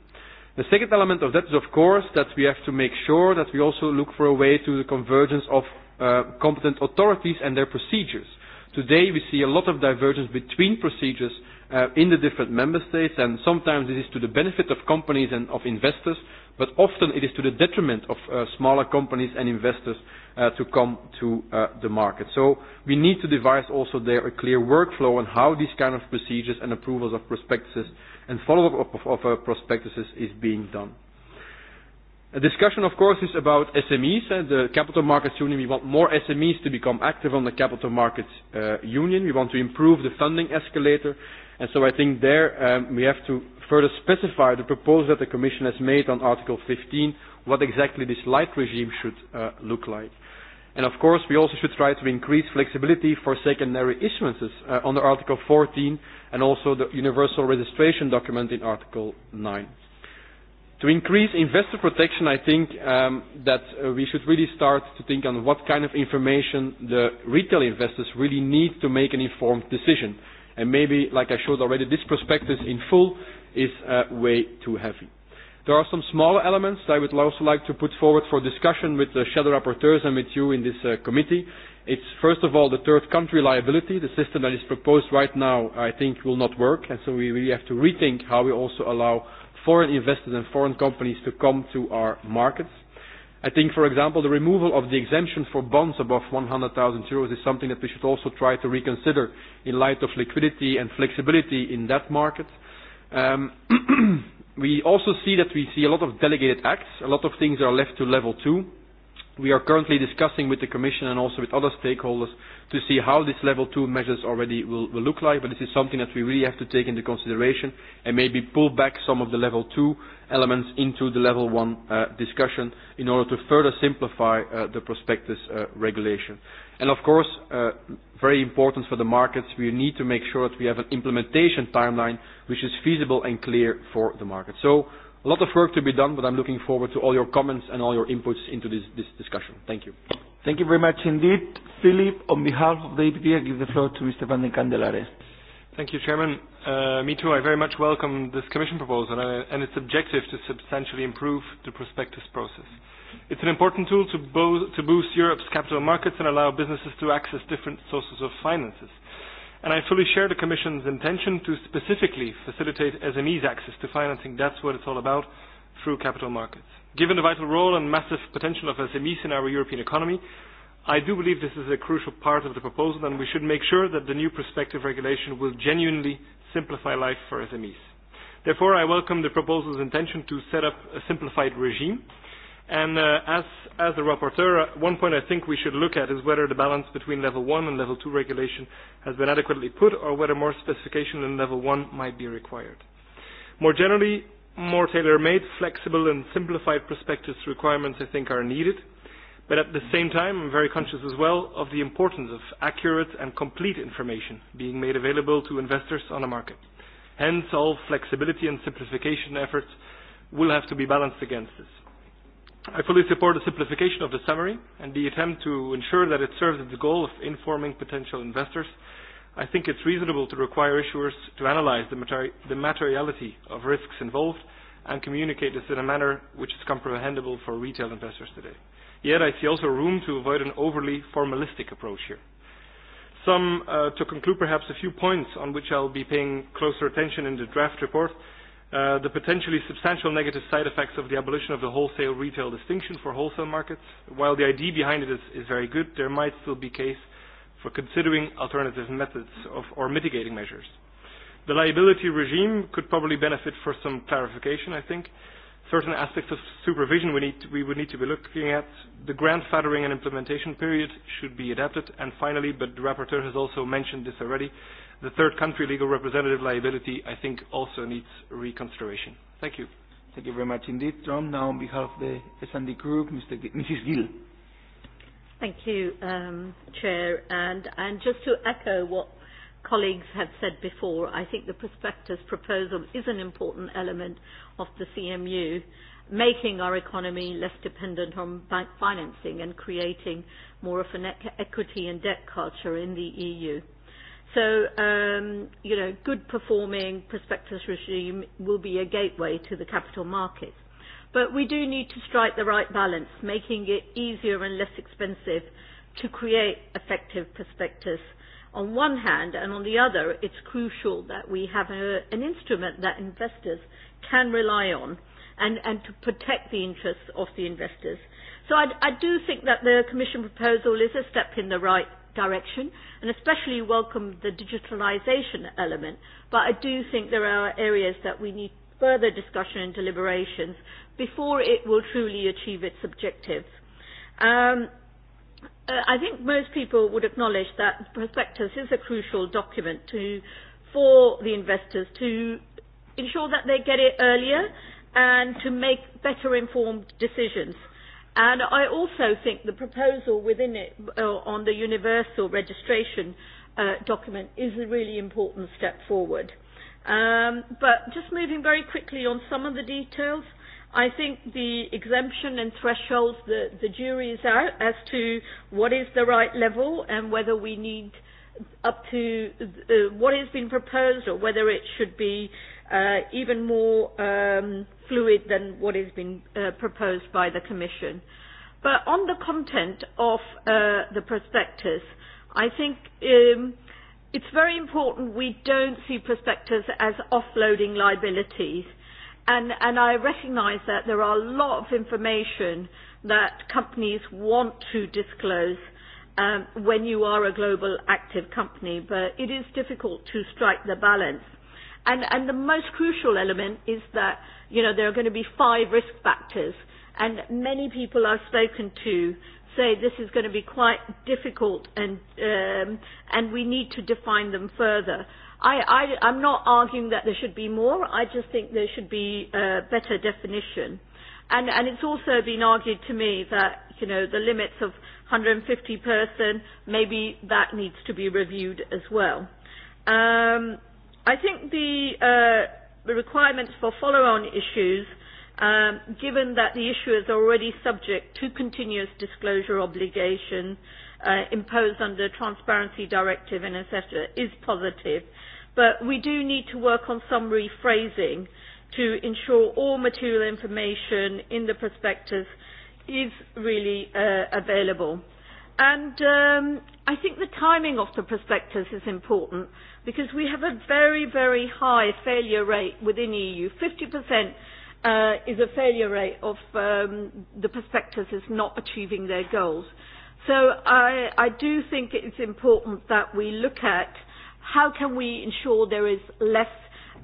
The second element of that is, of course, that we have to make sure that we also look for a way to the convergence of uh, competent authorities and their procedures. Today we see a lot of divergence between procedures uh, in the different member states and sometimes it is to the benefit of companies and of investors but often it is to the detriment of uh, smaller companies and investors uh, to come to uh, the market. So we need to devise also there a clear workflow on how these kind of procedures and approvals of prospectuses and follow-up of, of uh, prospectuses is being done. A discussion, of course, is about SMEs. Uh, the Capital Markets Union, we want more SMEs to become active on the Capital Markets uh, Union. We want to improve the funding escalator. And so I think there um, we have to further specify the proposal that the Commission has made on Article 15, what exactly this light regime should uh, look like. And of course, we also should try to increase flexibility for secondary issuances uh, under Article 14 and also the universal registration document in Article 9. To increase investor protection, I think um, that uh, we should really start to think on what kind of information the retail investors really need to make an informed decision. And maybe, like I showed already, this prospectus in full is uh, way too heavy. There are some smaller elements I would also like to put forward for discussion with the shadow rapporteurs and with you in this uh, committee. It's first of all the third country liability. The system that is proposed right now I think will not work and so we really have to rethink how we also allow foreign investors and foreign companies to come to our markets. I think, for example, the removal of the exemption for bonds above 100,000 euros is something that we should also try to reconsider in light of liquidity and flexibility in that market. Um, we also see that we see a lot of delegated acts. A lot of things are left to level two. We are currently discussing with the Commission and also with other stakeholders to see how this level two measures already will, will look like, but this is something that we really have to take into consideration and maybe pull back some of the level two elements into the level one uh, discussion in order to further simplify uh, the prospectus uh, regulation. And of course, uh, very important for the markets. We need to make sure that we have an implementation timeline which is feasible and clear for the market. So a lot of work to be done, but I'm looking forward to all your comments and all your inputs into this, this discussion. Thank you. Thank you very much indeed. Philip, on behalf of the EPP, I give the floor to Mr. Van den Candelare. Thank you, Chairman. Uh, me too. I very much welcome this Commission proposal and, uh, and its objective to substantially improve the prospectus process. It's an important tool to, bo to boost Europe's capital markets and allow businesses to access different sources of finances. And I fully share the Commission's intention to specifically facilitate SMEs access to financing. That's what it's all about through capital markets. Given the vital role and massive potential of SMEs in our European economy, I do believe this is a crucial part of the proposal and we should make sure that the new prospective regulation will genuinely simplify life for SMEs. Therefore, I welcome the proposal's intention to set up a simplified regime And uh, as, as a rapporteur, uh, one point I think we should look at is whether the balance between level one and level two regulation has been adequately put or whether more specification in level one might be required. More generally, more tailor-made, flexible and simplified prospectus requirements I think are needed. But at the same time, I'm very conscious as well of the importance of accurate and complete information being made available to investors on the market. Hence, all flexibility and simplification efforts will have to be balanced against this. I fully support the simplification of the summary and the attempt to ensure that it serves its goal of informing potential investors. I think it's reasonable to require issuers to analyze the, materi the materiality of risks involved and communicate this in a manner which is comprehensible for retail investors today. Yet I see also room to avoid an overly formalistic approach here. Some, uh, to conclude perhaps a few points on which I'll be paying closer attention in the draft report, Uh, the potentially substantial negative side effects of the abolition of the wholesale retail distinction for wholesale markets. While the idea behind it is, is very good, there might still be case for considering alternative methods of, or mitigating measures. The liability regime could probably benefit for some clarification, I think. Certain aspects of supervision we, need to, we would need to be looking at. The grandfathering and implementation period should be adapted. And finally, but the rapporteur has also mentioned this already, the third country legal representative liability, I think, also needs reconsideration. Thank you. Thank you very much indeed, Tom. Now, on behalf of the S&D Group, Mr. G Mrs. Gill. Thank you, um, Chair. And, and just to echo what colleagues have said before, I think the prospectus proposal is an important element of the CMU, making our economy less dependent on bank financing and creating more of an e-, equity and debt culture in the EU. So, um, you know, good performing prospectus regime will be a gateway to the capital markets. But we do need to strike the right balance, making it easier and less expensive to create effective prospectus on one hand, and on the other, it's crucial that we have a, an instrument that investors can rely on and, and to protect the interests of the investors. So I, I do think that the Commission proposal is a step in the right direction and especially welcome the digitalization element. But I do think there are areas that we need further discussion and deliberations before it will truly achieve its objectives. Um, uh, I think most people would acknowledge that the prospectus is a crucial document to, for the investors to ensure that they get it earlier and to make better informed decisions. And I also think the proposal within it uh, on the universal registration uh, document is a really important step forward. Um, but just moving very quickly on some of the details, I think the exemption and thresholds, the, the jury is out as to what is the right level and whether we need up to uh, what has been proposed or whether it should be uh, uh, even more um, fluid than what has been uh, proposed by the Commission. But on the content of uh, the prospectus, I think um, it's very important we don't see prospectus as offloading liabilities. And, and I recognise that there are a lot of information that companies want to disclose um, when you are a global active company, but it is difficult to strike the balance. And, and the most crucial element is that, you know, there are going to be five risk factors. And many people I've spoken to say this is going to be quite difficult and, um, and we need to define them further. I, I, I'm not arguing that there should be more. I just think there should be a better definition. And, and it's also been argued to me that, you know, the limits of 150 person, maybe that needs to be reviewed as well. Um, i think the, uh, the requirements for follow-on issues, um, given that the issue is already subject to continuous disclosure obligation uh, imposed under Transparency Directive and etc., is positive. But we do need to work on some rephrasing to ensure all material information in the prospectus is really uh, available. And um, I think the timing of the prospectus is important because we have a very, very high failure rate within EU. 50% uh, is a failure rate of um, the prospectus is not achieving their goals. So I, I do think it's important that we look at how can we ensure there is less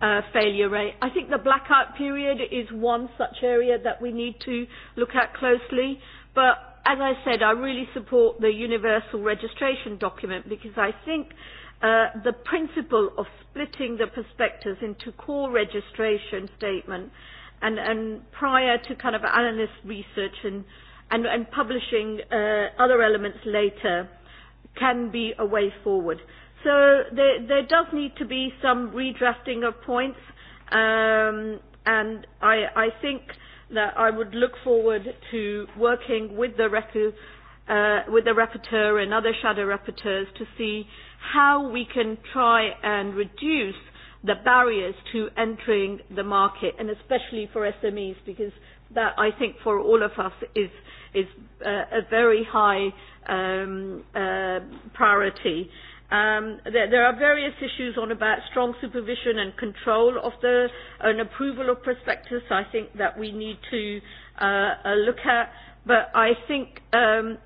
uh, failure rate. I think the blackout period is one such area that we need to look at closely. But as I said, I really support the universal registration document because I think Uh, the principle of splitting the prospectus into core registration statement and, and prior to kind of analyst research and, and, and publishing uh, other elements later can be a way forward. So there, there does need to be some redrafting of points, um, and I, I think that I would look forward to working with the, recu- uh, with the rapporteur and other shadow rapporteurs to see uh, how we can try and reduce the barriers to entering the market, and especially for SMEs, because that I think for all of us is is uh, a very high um, uh, priority. Um, there, there are various issues on about strong supervision and control of the an approval of prospectus. I think that we need to uh, uh, look at, but I think um,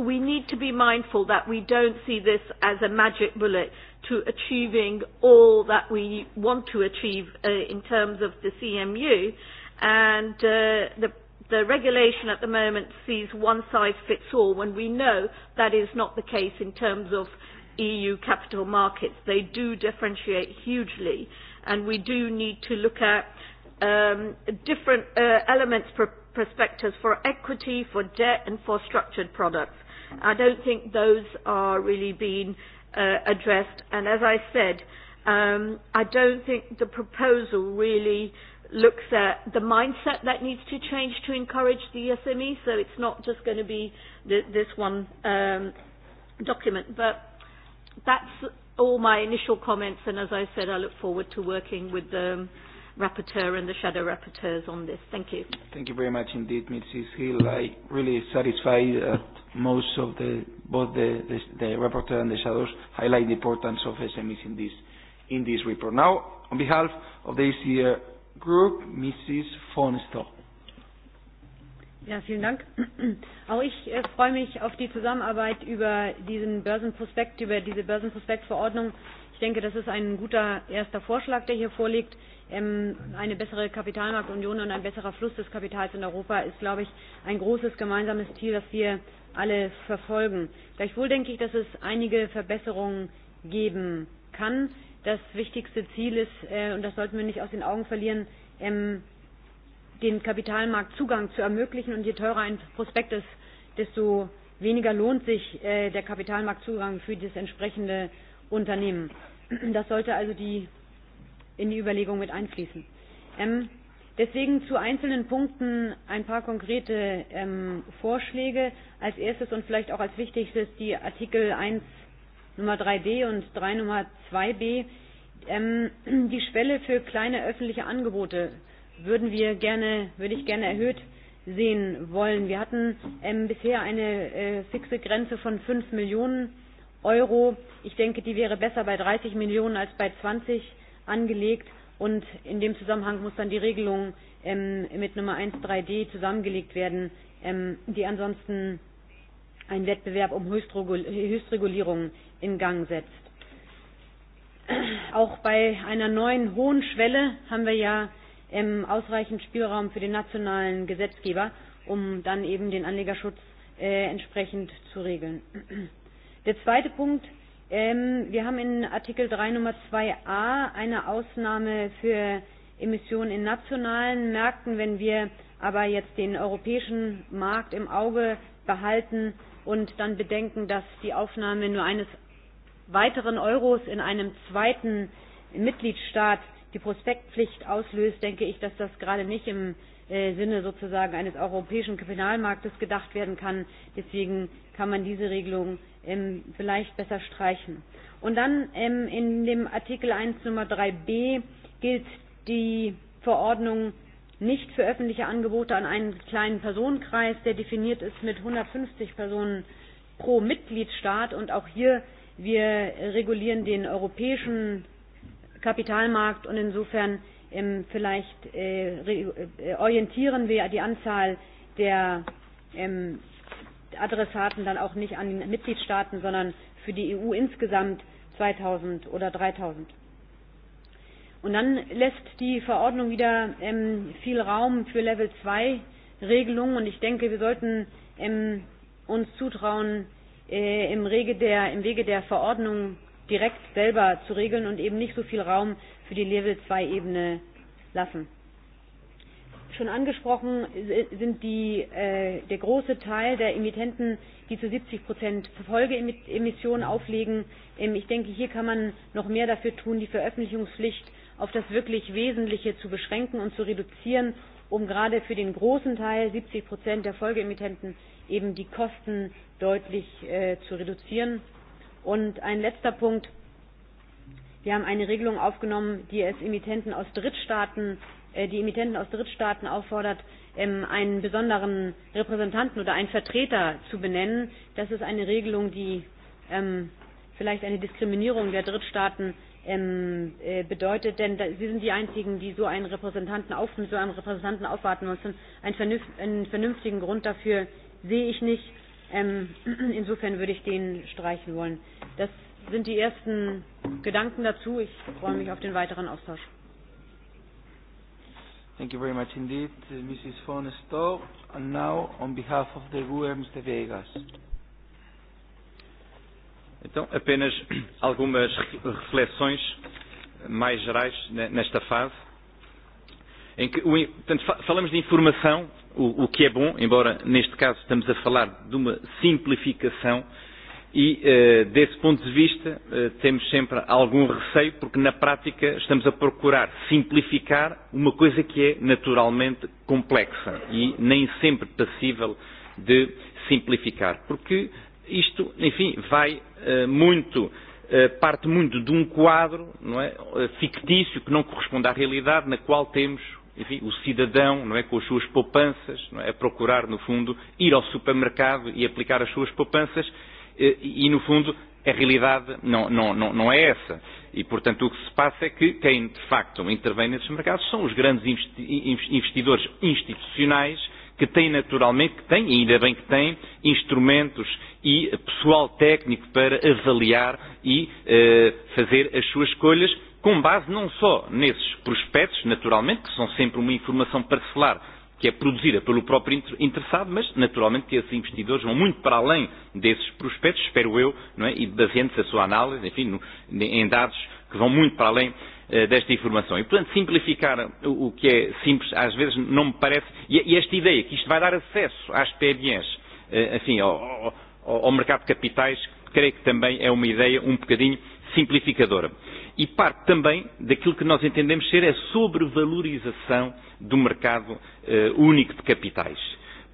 we need to be mindful that we don't see this as a magic bullet to achieving all that we want to achieve uh, in terms of the CMU. And uh, the, the regulation at the moment sees one size fits all when we know that is not the case in terms of EU capital markets. They do differentiate hugely and we do need to look at um, different uh, elements per prospectus for equity, for debt and for structured products i don't think those are really being uh, addressed. And as I said, um, I don't think the proposal really looks at the mindset that needs to change to encourage the SME. So it's not just going to be th- this one um, document. But that's all my initial comments. And as I said, I look forward to working with the. Um, rapporteur and the shadow rapporteurs on this. Thank you. Thank you very much indeed, Mrs. Hill. I really satisfied that most of the, both the, the, the rapporteur and the shadows highlight the importance of SMEs in this, in this report. Now, on behalf of the ECR Group, Mrs. von Stock. Ja, vielen Dank. Auch ich äh, freue mich auf die Zusammenarbeit über diesen Börsenprospekt, über diese Börsenprospektverordnung. verordnung ich denke, das ist ein guter erster Vorschlag, der hier vorliegt. Ähm, eine bessere Kapitalmarktunion und ein besserer Fluss des Kapitals in Europa ist, glaube ich, ein großes gemeinsames Ziel, das wir alle verfolgen. Gleichwohl denke ich, dass es einige Verbesserungen geben kann. Das wichtigste Ziel ist, äh, und das sollten wir nicht aus den Augen verlieren, ähm, den Kapitalmarktzugang zu ermöglichen. Und je teurer ein Prospekt ist, desto weniger lohnt sich äh, der Kapitalmarktzugang für das entsprechende Unternehmen. Das sollte also die, in die Überlegung mit einfließen. Ähm, deswegen zu einzelnen Punkten ein paar konkrete ähm, Vorschläge. Als erstes und vielleicht auch als wichtigstes die Artikel 1 Nummer 3 B und 3 Nummer 2b. Ähm, die Schwelle für kleine öffentliche Angebote würden wir gerne, würde ich gerne erhöht sehen wollen. Wir hatten ähm, bisher eine äh, fixe Grenze von 5 Millionen Euro. Ich denke, die wäre besser bei 30 Millionen als bei 20 angelegt. Und in dem Zusammenhang muss dann die Regelung ähm, mit Nummer drei d zusammengelegt werden, ähm, die ansonsten einen Wettbewerb um Höchstregulierung in Gang setzt. Auch bei einer neuen hohen Schwelle haben wir ja ähm, ausreichend Spielraum für den nationalen Gesetzgeber, um dann eben den Anlegerschutz äh, entsprechend zu regeln. Der zweite Punkt, ähm, wir haben in Artikel 3 Nummer 2a eine Ausnahme für Emissionen in nationalen Märkten. Wenn wir aber jetzt den europäischen Markt im Auge behalten und dann bedenken, dass die Aufnahme nur eines weiteren Euros in einem zweiten Mitgliedstaat die Prospektpflicht auslöst, denke ich, dass das gerade nicht im Äh, Sinne sozusagen eines europäischen Kapitalmarktes gedacht werden kann. Deswegen kann man diese Regelung ähm, vielleicht besser streichen. Und dann ähm, in dem Artikel 1 Nummer 3b gilt die Verordnung nicht für öffentliche Angebote an einen kleinen Personenkreis, der definiert ist mit 150 Personen pro Mitgliedstaat. Und auch hier, wir regulieren den europäischen Kapitalmarkt und insofern ähm, vielleicht äh, äh, orientieren wir die Anzahl der ähm, Adressaten dann auch nicht an den Mitgliedstaaten, sondern für die EU insgesamt 2000 oder 3000. Und dann lässt die Verordnung wieder ähm, viel Raum für Level 2 Regelungen und ich denke, wir sollten ähm, uns zutrauen, äh, im, Rege der, im Wege der Verordnung direkt selber zu regeln und eben nicht so viel Raum für die Level-2-Ebene lassen. Schon angesprochen äh, sind die, äh, der große Teil der Emittenten, die zu 70 Prozent Folgeemissionen auflegen. Ähm, ich denke, hier kann man noch mehr dafür tun, die Veröffentlichungspflicht auf das wirklich Wesentliche zu beschränken und zu reduzieren, um gerade für den großen Teil, 70 Prozent der Folgeemittenten, eben die Kosten deutlich äh, zu reduzieren. Und ein letzter Punkt, Wir haben eine Regelung aufgenommen, die es Emittenten aus Drittstaaten, äh, die Emittenten aus Drittstaaten auffordert, ähm, einen besonderen Repräsentanten oder einen Vertreter zu benennen. Das ist eine Regelung, die ähm, vielleicht eine Diskriminierung der Drittstaaten ähm, äh, bedeutet, denn da, sie sind die einzigen, die so einen Repräsentanten auf, so einem Repräsentanten aufwarten müssen. einen vernünftigen Grund dafür sehe ich nicht. Ähm, insofern würde ich den streichen wollen. Das sind die ersten Gedanken dazu. Ich freue mich auf den weiteren Austausch. Thank you very much indeed, Mrs. von Stoll. And now, on behalf of the GUE, Mr. Vegas. Então, apenas algumas reflexões mais gerais nesta fase. Em que, portanto, falamos de informação, o, o que é bom, embora neste caso estamos a falar de uma simplificação uh, e, eh, desse ponto de vista, eh, temos sempre algum receio, porque na prática estamos a procurar simplificar uma coisa que é naturalmente complexa e nem sempre passível de simplificar. Porque isto, enfim, vai eh, muito parte muito de um quadro não é, fictício que não corresponde à realidade na qual temos enfim, o cidadão, não é, com as suas poupanças, não é, a procurar, no fundo, ir ao supermercado e aplicar as suas poupanças E, e, e, no fundo, a realidade não, não, não, não é essa. E, portanto, o que se passa é que quem, de facto, intervém nesses mercados são os grandes investidores institucionais que têm, naturalmente, que têm, e ainda bem que têm, instrumentos e pessoal técnico para avaliar e eh, fazer as suas escolhas com base não só nesses prospectos, naturalmente, que são sempre uma informação parcelar que é produzida pelo próprio interessado, mas naturalmente que esses investidores vão muito para além desses prospectos, espero eu, não é? e baseando-se a sua análise, enfim, no, em dados que vão muito para além uh, desta informação. E, portanto, simplificar o, o que é simples, às vezes não me parece, e, e esta ideia que isto vai dar acesso às PMEs, uh, eh, enfim, ao, ao, ao mercado de capitais, creio que também é uma ideia um bocadinho simplificadora. E parte também daquilo que nós entendemos ser a sobrevalorização do mercado eh, único de capitais.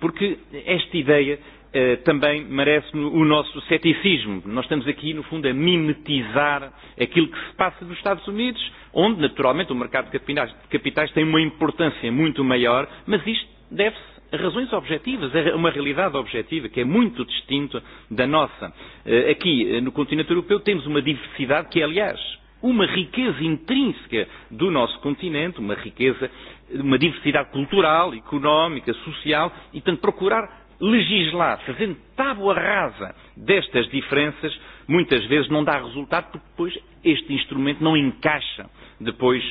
Porque esta ideia eh, também merece o nosso ceticismo. Nós estamos aqui, no fundo, a mimetizar aquilo que se passa nos Estados Unidos, onde, naturalmente, o mercado de capitais, de capitais tem uma importância muito maior, mas isto deve-se a razões objetivas, a uma realidade objetiva que é muito distinta da nossa. Eh, aqui, no continente europeu, temos uma diversidade que é, aliás, uma riqueza intrínseca do nosso continente, uma riqueza uma diversidade cultural, económica, social e, portanto, procurar legislar, fazendo tábua rasa destas diferenças, muitas vezes não dá resultado porque depois este instrumento não encaixa depois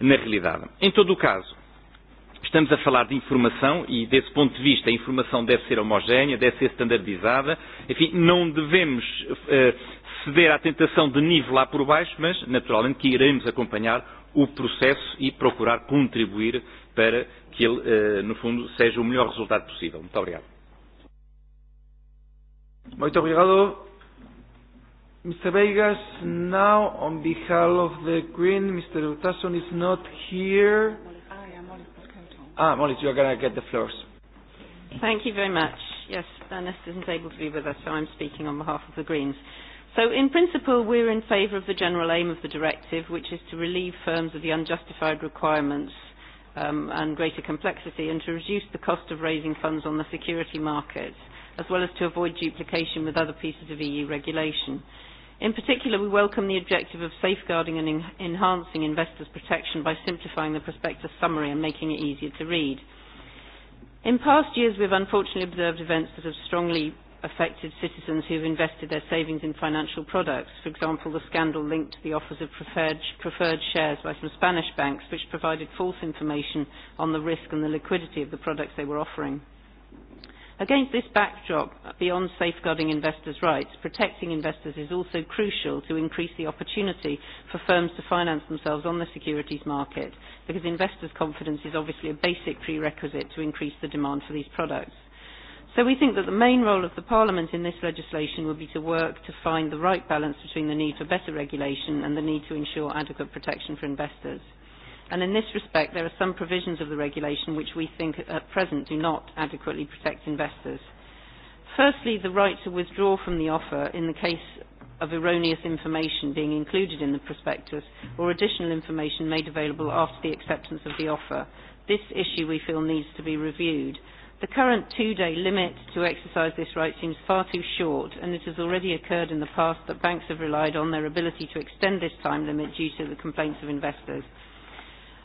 na realidade. Em todo o caso, estamos a falar de informação e, desse ponto de vista, a informação deve ser homogénea, deve ser standardizada, enfim, não devemos uh, ceder à tentação de nivelar por baixo, mas, naturalmente, que iremos acompanhar o processo e procurar contribuir para que ele, eh, no fundo, seja o melhor resultado possível. Muito obrigado. Muito obrigado. Mr. Vegas, now on behalf of the Queen, Mr. Utason is not here. Ah, Molly, you are going to get the floors. Thank you very much. Yes, Ernest isn't able to be with us, so I'm speaking on behalf of the Greens. So in principle, we're in favour of the general aim of the directive, which is to relieve firms of the unjustified requirements um, and greater complexity and to reduce the cost of raising funds on the security markets, as well as to avoid duplication with other pieces of EU regulation. In particular, we welcome the objective of safeguarding and en enhancing investors' protection by simplifying the prospectus summary and making it easier to read. In past years, we've unfortunately observed events that have strongly affected citizens who have invested their savings in financial products. For example, the scandal linked to the offers of preferred, preferred shares by some Spanish banks, which provided false information on the risk and the liquidity of the products they were offering. Against this backdrop, beyond safeguarding investors' rights, protecting investors is also crucial to increase the opportunity for firms to finance themselves on the securities market, because investors' confidence is obviously a basic prerequisite to increase the demand for these products. So we think that the main role of the Parliament in this legislation would be to work to find the right balance between the need for better regulation and the need to ensure adequate protection for investors. And in this respect, there are some provisions of the regulation which we think at present do not adequately protect investors. Firstly, the right to withdraw from the offer in the case of erroneous information being included in the prospectus or additional information made available after the acceptance of the offer. This issue we feel needs to be reviewed The current two-day limit to exercise this right seems far too short, and it has already occurred in the past that banks have relied on their ability to extend this time limit due to the complaints of investors.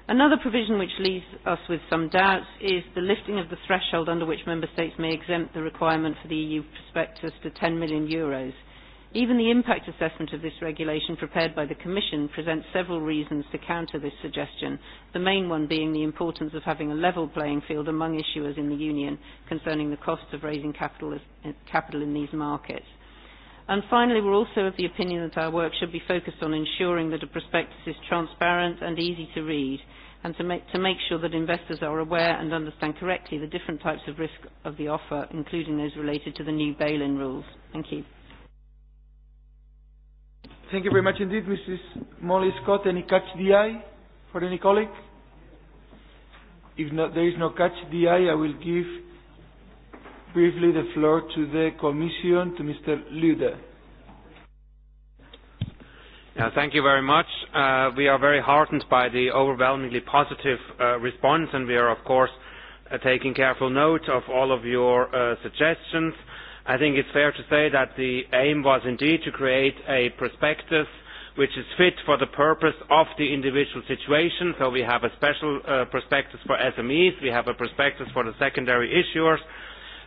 Another provision which leaves us with some doubts is the lifting of the threshold under which member states may exempt the requirement for the EU prospectus to 10 million euros. Even the impact assessment of this regulation prepared by the Commission presents several reasons to counter this suggestion, the main one being the importance of having a level playing field among issuers in the Union concerning the costs of raising capital, capital in these markets. And finally, we're also of the opinion that our work should be focused on ensuring that a prospectus is transparent and easy to read, and to make, to make sure that investors are aware and understand correctly the different types of risk of the offer, including those related to the new bail-in rules. Thank you. Thank you very much indeed, Mrs. Molly Scott. Any catch the eye for any colleague? If not, there is no catch the eye, I will give briefly the floor to the Commission, to Mr. Luder. Uh, thank you very much. Uh, we are very heartened by the overwhelmingly positive uh, response, and we are, of course, uh, taking careful note of all of your uh, suggestions. I think it's fair to say that the aim was indeed to create a prospectus which is fit for the purpose of the individual situation. So we have a special uh, prospectus for SMEs, we have a prospectus for the secondary issuers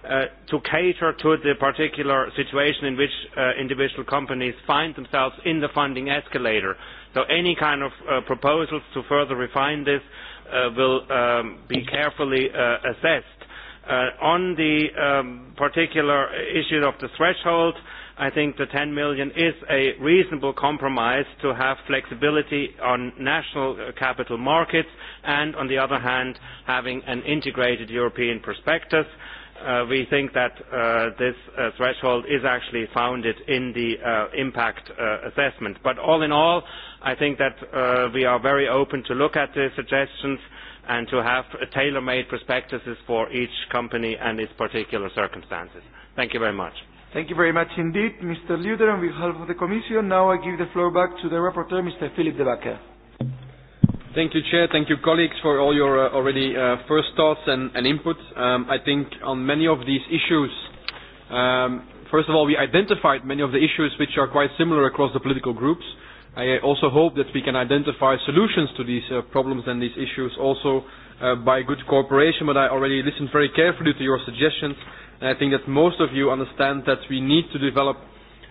uh, to cater to the particular situation in which uh, individual companies find themselves in the funding escalator. So any kind of uh, proposals to further refine this uh, will um, be carefully uh, assessed Uh, on the um, particular issue of the threshold, I think the 10 million is a reasonable compromise to have flexibility on national uh, capital markets and, on the other hand, having an integrated European prospectus. Uh, we think that this threshold is actually founded in the impact assessment. But all in all, I think that we are very open to look at the suggestions and to have tailor-made prospectuses for each company and its particular circumstances. Thank you very much. Thank you very much indeed, Mr. Luder, on behalf of the Commission. Now I give the floor back to the rapporteur, Mr. Philip de Backer. Thank you, Chair. Thank you, colleagues, for all your uh, already uh, first thoughts and, and input. Um, I think on many of these issues, um, first of all, we identified many of the issues which are quite similar across the political groups. I also hope that we can identify solutions to these uh, problems and these issues also uh, by good cooperation, but I already listened very carefully to your suggestions, and I think that most of you understand that we need to develop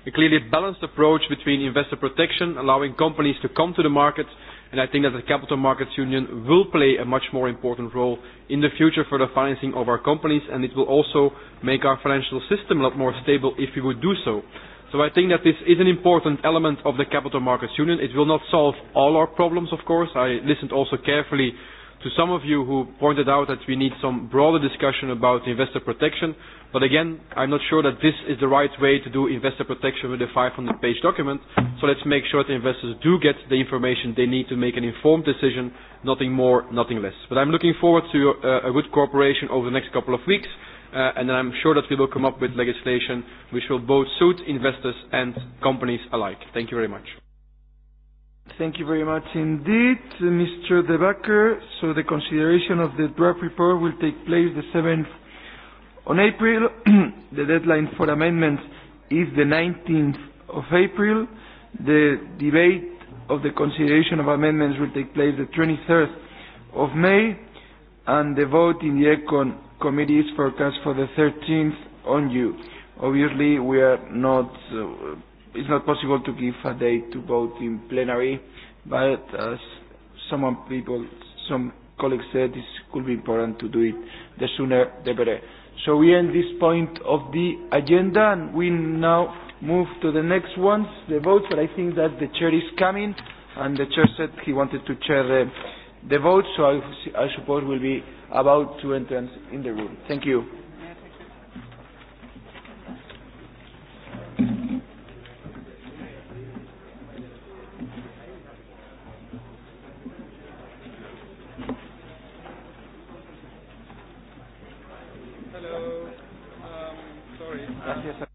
a clearly balanced approach between investor protection, allowing companies to come to the market, and I think that the Capital Markets Union will play a much more important role in the future for the financing of our companies, and it will also make our financial system a lot more stable if we would do so. So I think that this is an important element of the Capital Markets Union. It will not solve all our problems, of course. I listened also carefully to some of you who pointed out that we need some broader discussion about investor protection. But again, I'm not sure that this is the right way to do investor protection with a 500-page document. So let's make sure that investors do get the information they need to make an informed decision, nothing more, nothing less. But I'm looking forward to uh, a good cooperation over the next couple of weeks uh, and I'm sure that we will come up with legislation which will both suit investors and companies alike. Thank you very much. Thank you very much indeed, Mr. De Backer. So the consideration of the draft report will take place the 7th on April. the deadline for amendments is the 19th of April. The debate of the consideration of amendments will take place the 23rd of May, and the vote in the ECON committee's forecast for the 13th on you. Obviously, we are not, uh, it's not possible to give a date to vote in plenary, but as some people, some colleagues said, this could be important to do it the sooner the better. So we end this point of the agenda and we now move to the next ones, the votes, but I think that the chair is coming and the chair said he wanted to chair the the vote, so I, I suppose will be about to enter in the room. Thank you. Hello. Um, sorry. Gracias.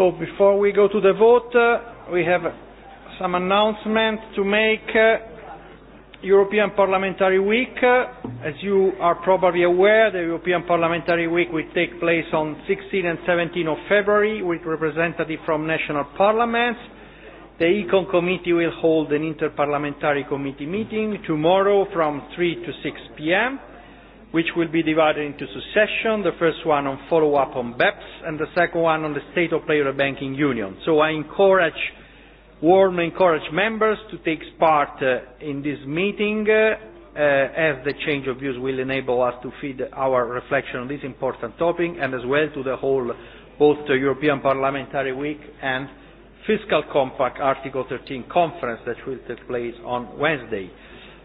So before we go to the vote, uh, we have some announcement to make. Uh, European Parliamentary Week. Uh, as you are probably aware, the European Parliamentary Week will take place on 16 and 17 of February with representatives from national parliaments. The Econ Committee will hold an interparliamentary committee meeting tomorrow from 3 to 6 p.m which will be divided into two sessions, the first one on follow-up on BEPS and the second one on the state of play of the banking union. So I encourage, warmly encourage members to take part uh, in this meeting uh, uh, as the change of views will enable us to feed our reflection on this important topic and as well to the whole, both the European Parliamentary Week and Fiscal Compact Article 13 conference that will take place on Wednesday.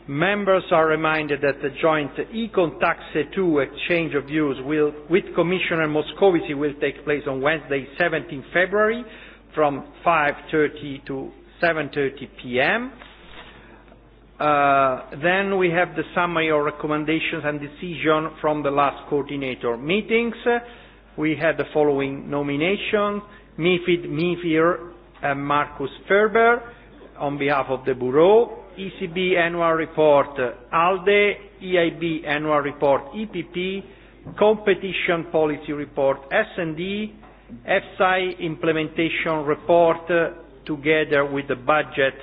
Members are reminded that the joint Econ Taxe 2 exchange of views will, with Commissioner Moscovici will take place on Wednesday, 17 February from 5.30 to 7.30 p.m. Uh, then we have the summary of recommendations and decision from the last coordinator meetings. We had the following nominations. Mifid Mifir and Markus Ferber on behalf of the Bureau ECB annual report, ALDE, EIB annual report, EPP, competition policy report, S&D, FSI implementation report uh, together with the budget,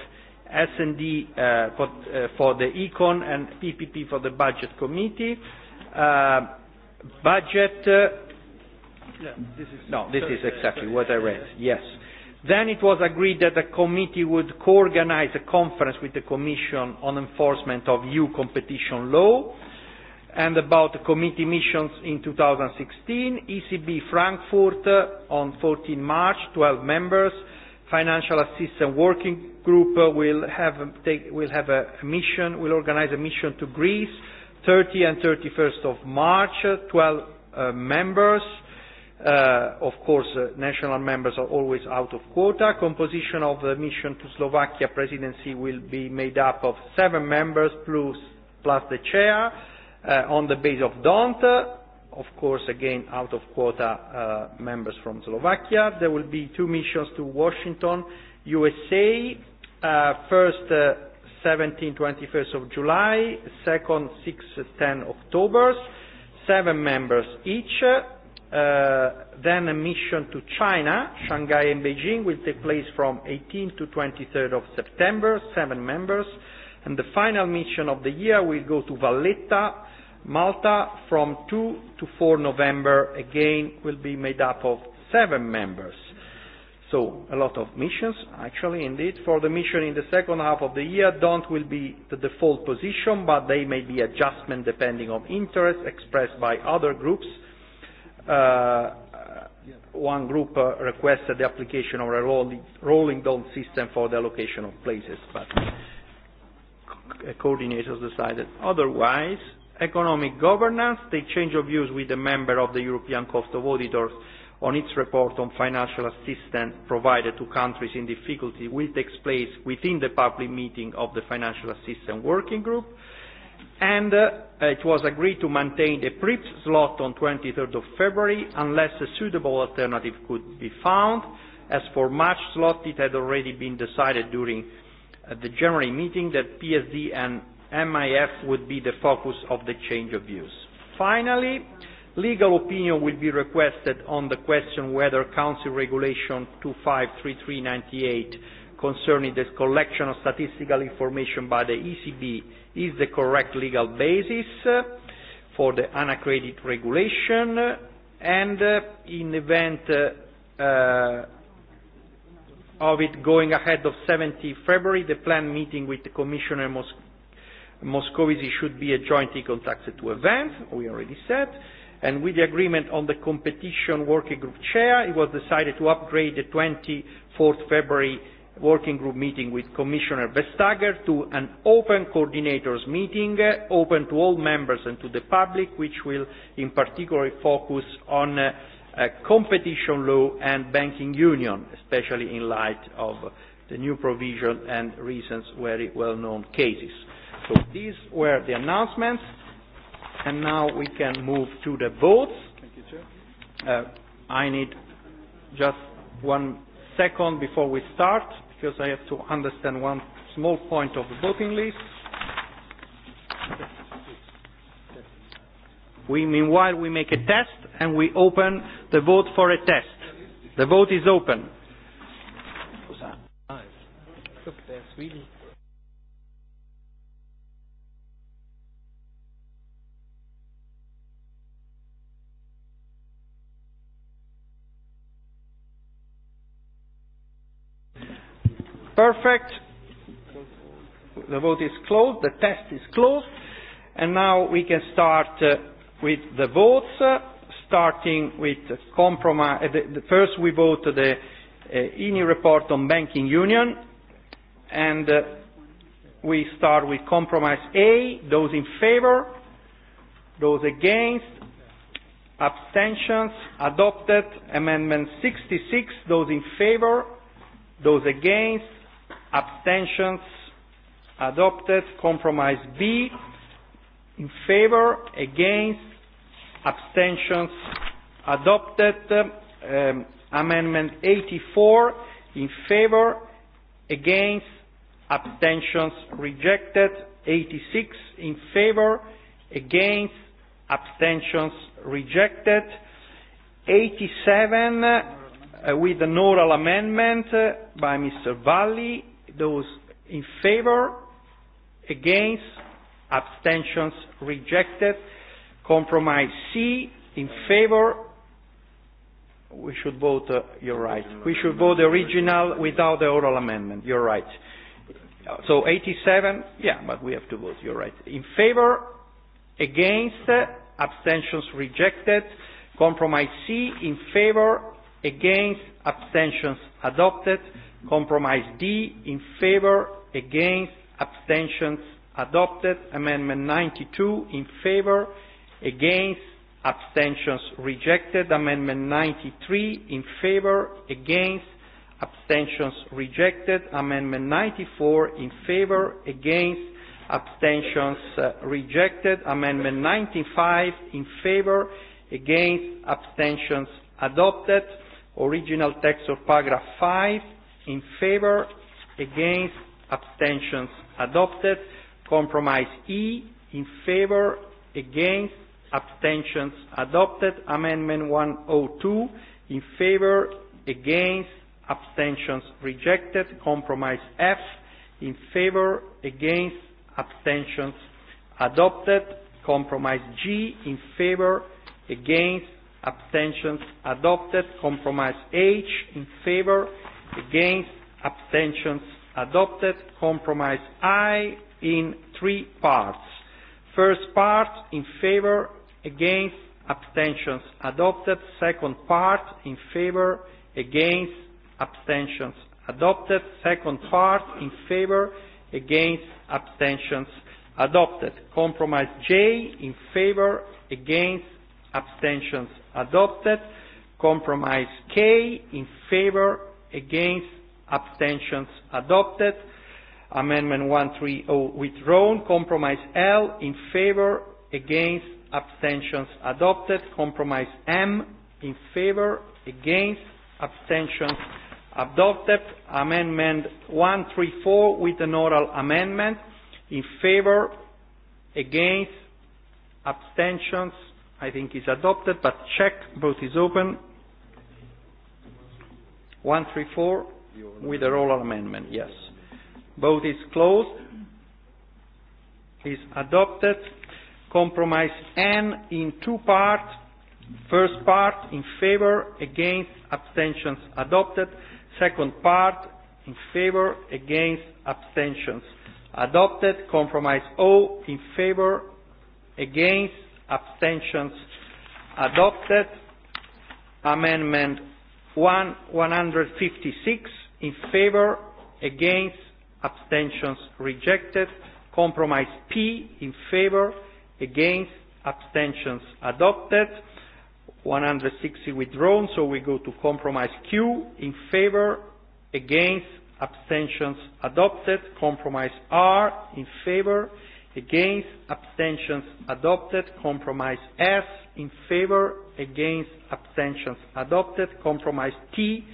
S&D uh, for, uh, for the Econ and PPP for the budget committee. Uh, budget, uh, this is, no, this is exactly what I read, yes. Then it was agreed that the committee would co-organize a conference with the Commission on enforcement of EU competition law and about the committee missions in 2016, ECB Frankfurt uh, on 14 March, 12 members, financial assistance working group uh, will have, um, take, will have a mission, will organize a mission to Greece, 30 and 31st of March, 12 uh, uh, members, Uh, of course, uh, national members are always out of quota. Composition of the mission to Slovakia presidency will be made up of seven members plus, plus the chair uh, on the base of DONT. Of course, again, out of quota uh, members from Slovakia. There will be two missions to Washington, USA. Uh, first, uh, 17, 21st of July, second, 6, 10 October, seven members each. Uh, Uh, then a mission to China, Shanghai and Beijing, will take place from 18 to 23rd of September, seven members. And the final mission of the year will go to Valletta, Malta, from 2 to 4 November, again, will be made up of seven members. So, a lot of missions, actually, indeed. For the mission in the second half of the year, don't will be the default position, but they may be adjustment depending on interest expressed by other groups Uh, one group uh, requested the application of a rolling, rolling down system for the allocation of places, but uh, coordinators decided otherwise. Economic governance, the change of views with a member of the European Court of Auditors on its report on financial assistance provided to countries in difficulty will take place within the public meeting of the Financial Assistance Working Group and uh, it was agreed to maintain the PRIP slot on 23rd of February unless a suitable alternative could be found. As for March slot, it had already been decided during uh, the January meeting that PSD and MIF would be the focus of the change of views. Finally, legal opinion will be requested on the question whether Council Regulation 253398 concerning the collection of statistical information by the ECB is the correct legal basis uh, for the anacredit regulation and uh, in event uh, uh, of it going ahead of 70 February, the planned meeting with the Commissioner Mos Moscovici should be a joint e-contact to event, we already said, and with the agreement on the competition working group chair, it was decided to upgrade the 24th February working group meeting with Commissioner Vestager to an open coordinators meeting uh, open to all members and to the public which will in particular focus on uh, uh, competition law and banking union, especially in light of the new provision and recent very well-known cases. So these were the announcements and now we can move to the votes. Thank you, Chair. Uh, I need just one Second, before we start, because I have to understand one small point of the voting list, we meanwhile we make a test and we open the vote for a test. The vote is open. really perfect. The vote is closed. The test is closed. And now we can start uh, with the votes, uh, starting with compromise. Uh, the, the first, we vote the uh, INI report on banking union, and uh, we start with compromise A. Those in favor, those against, abstentions, adopted. Amendment 66. Those in favor, those against, abstentions adopted. Compromise B in favor, against, abstentions adopted. Um, amendment 84 in favor, against, abstentions rejected. 86 in favor, against, abstentions rejected. 87 uh, with an oral amendment uh, by Mr. Valli Those in favor, against, abstentions rejected. Compromise C in favor. We should vote, uh, you're right. We should vote the original without the oral amendment. You're right. So 87, yeah, but we have to vote. You're right. In favor, against, uh, abstentions rejected. Compromise C in favor, against, abstentions adopted. Compromise D in favor, against, abstentions adopted. Amendment 92 in favor, against, abstentions rejected. Amendment 93 in favor, against, abstentions rejected. Amendment 94 in favor, against, abstentions uh, rejected. Amendment 95 in favor, against, abstentions adopted. Original text of paragraph 5 in favor, against, abstentions adopted. Compromise E, in favor, against, abstentions adopted. Amendment 102, in favor, against, abstentions rejected. Compromise F, in favor, against, abstentions adopted. Compromise G, in favor, against, abstentions adopted. Compromise H, in favor, against, abstentions adopted. Compromise I in three parts. First part, in favor, against, abstentions adopted. Second part, in favor, against, abstentions adopted. Second part, in favor, against, abstentions adopted. Compromise J, in favor, against, abstentions adopted. Compromise K, in favor, against, abstentions adopted. Amendment 130 withdrawn. Compromise L in favor, against, abstentions adopted. Compromise M in favor, against, abstentions adopted. Amendment 134 with an oral amendment in favor, against, abstentions. I think is adopted, but check. Vote is open. 134 with a roll amendment, yes. Vote is closed. Is adopted. Compromise N in two parts. First part in favor, against, abstentions adopted. Second part in favor, against, abstentions adopted. Compromise O in favor, against, abstentions adopted. Amendment One fifty six in favor, against, abstentions rejected. Compromise P in favor, against, abstentions adopted. One hundred sixty withdrawn, so we go to compromise Q in favor, against, abstentions adopted. Compromise R in favor, against, abstentions adopted. Compromise S in favor, against abstentions adopted. Compromise T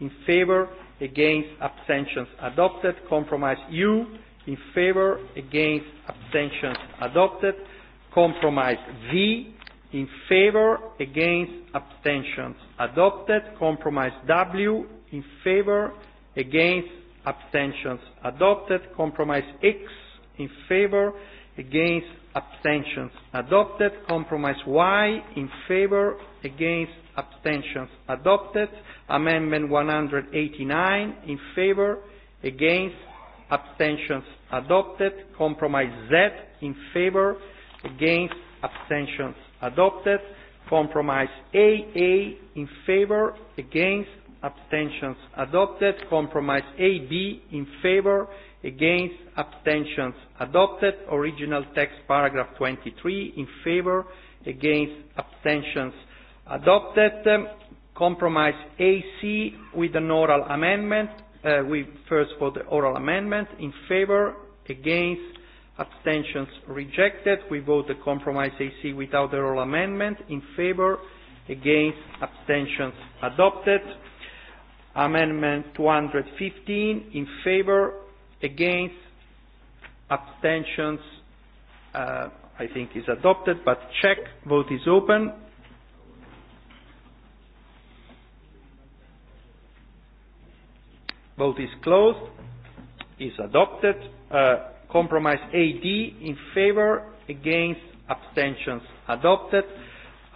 in favor against abstentions adopted. Compromise U in favor against abstentions adopted. Compromise V in favor against abstentions adopted. Compromise W in favor against abstentions adopted. Compromise X in favor against abstentions adopted. Compromise Y in favor, against abstentions adopted. Amendment 189 in favor, against abstentions adopted. Compromise Z in favor, against abstentions adopted. Compromise AA in favor, against abstentions adopted. Compromise AB in favor, against against abstentions adopted original text paragraph 23 in favor against abstentions adopted um, compromise AC with an oral amendment uh, we first for the oral amendment in favor against abstentions rejected we vote the compromise AC without the oral amendment in favor against abstentions adopted amendment 215 in favor against, abstentions, uh, I think is adopted, but check, vote is open. Vote is closed, is adopted. Uh, compromise AD in favor, against, abstentions, adopted.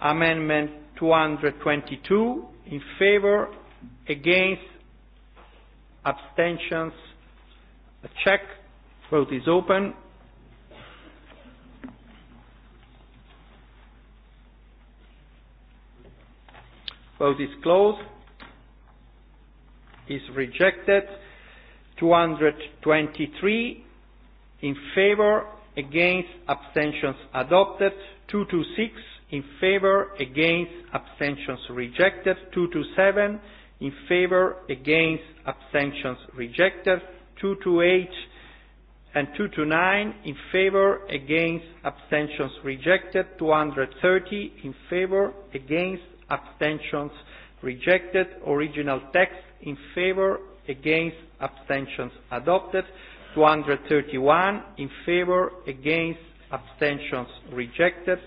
Amendment 222 in favor, against, abstentions, a check. Vote is open. Vote is closed. Is rejected. 223 in favor, against, abstentions adopted. 226 in favor, against, abstentions rejected. 227 in favor, against, abstentions rejected. 228 and 229 in favor against abstentions rejected 230 in favor against abstentions rejected original text in favor against abstentions adopted 231 in favor against abstentions rejected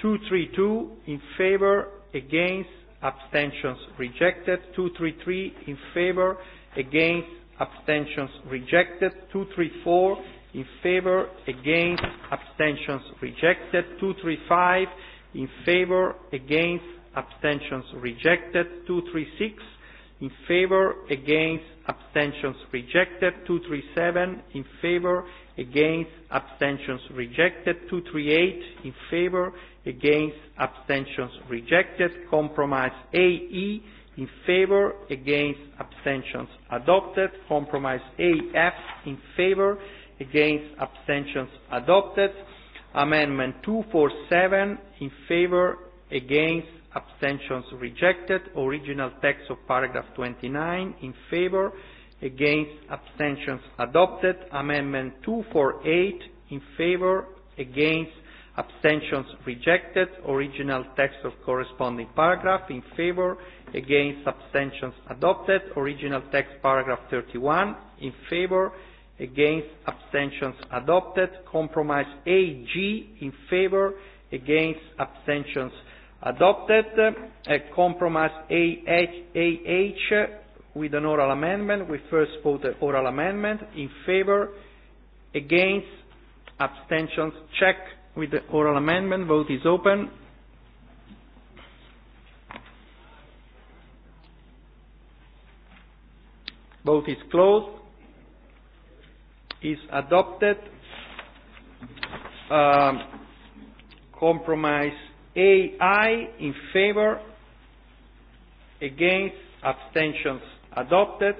232 in favor against abstentions rejected 233 in favor against abstentions rejected. 234 in favor, against, abstentions rejected. 235 in favor, against, abstentions rejected. 236 in favor, against, abstentions rejected. 237 in favor, against, abstentions rejected. 238 in favor, against, abstentions rejected. Compromise AE in favor against abstentions adopted compromise AF in favor against abstentions adopted amendment 247 in favor against abstentions rejected original text of paragraph 29 in favor against abstentions adopted amendment 248 in favor against abstentions rejected, original text of corresponding paragraph in favor, against abstentions adopted, original text paragraph 31 in favor, against abstentions adopted, compromise AG in favor, against abstentions adopted, a compromise AH, AH with an oral amendment, we first vote the oral amendment in favor, against abstentions check with the oral amendment. Vote is open. Vote is closed. Is adopted. Um, compromise AI in favor, against, abstentions adopted.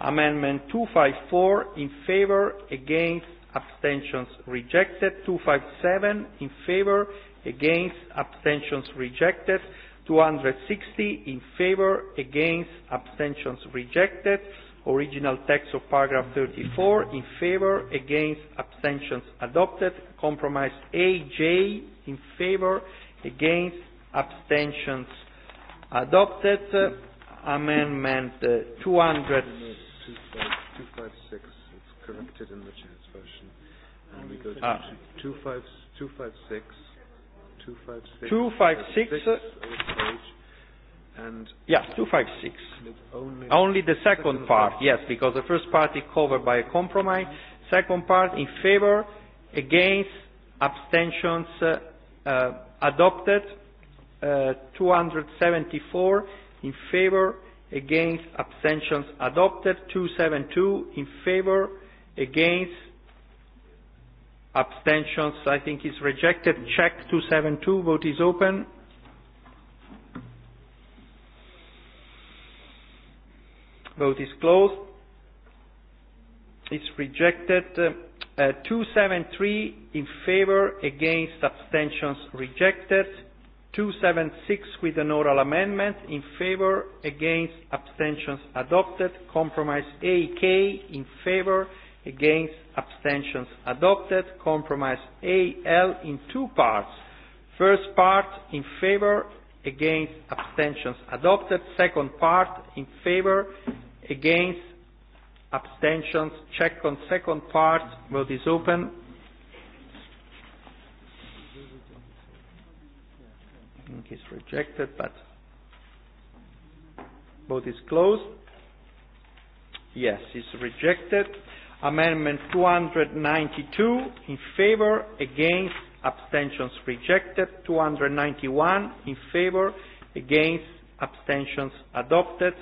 Amendment 254 in favor, against, abstentions rejected. 257 in favor, against, abstentions rejected. 260 in favor, against, abstentions rejected. Original text of paragraph 34 in favor, against, abstentions adopted. Compromise AJ in favor, against, abstentions adopted. Uh, amendment uh, 200. 256. It's corrected in the chat. Ah. 256, 256, uh, yeah, 256. Only, the second, part, yes, because the first part is covered by a compromise. Second part, in favor, against, abstentions uh, uh, adopted. Uh, 274 in favor, against, abstentions adopted. 272 in favor, against, Abstentions, I think is rejected. Check 272. Vote is open. Vote is closed. It's rejected. Uh, 273 uh, in favor, against, abstentions rejected. 276 with an oral amendment in favor, against, abstentions adopted. Compromise AK in favor, against, abstentions adopted. Compromise AL in two parts. First part in favor, against abstentions adopted. Second part in favor, against abstentions. Check on second part. Vote is open. I think it's rejected, but vote is closed. Yes, it's rejected. Amendment 292 in favor, against, abstentions rejected. 291 in favor, against, abstentions adopted.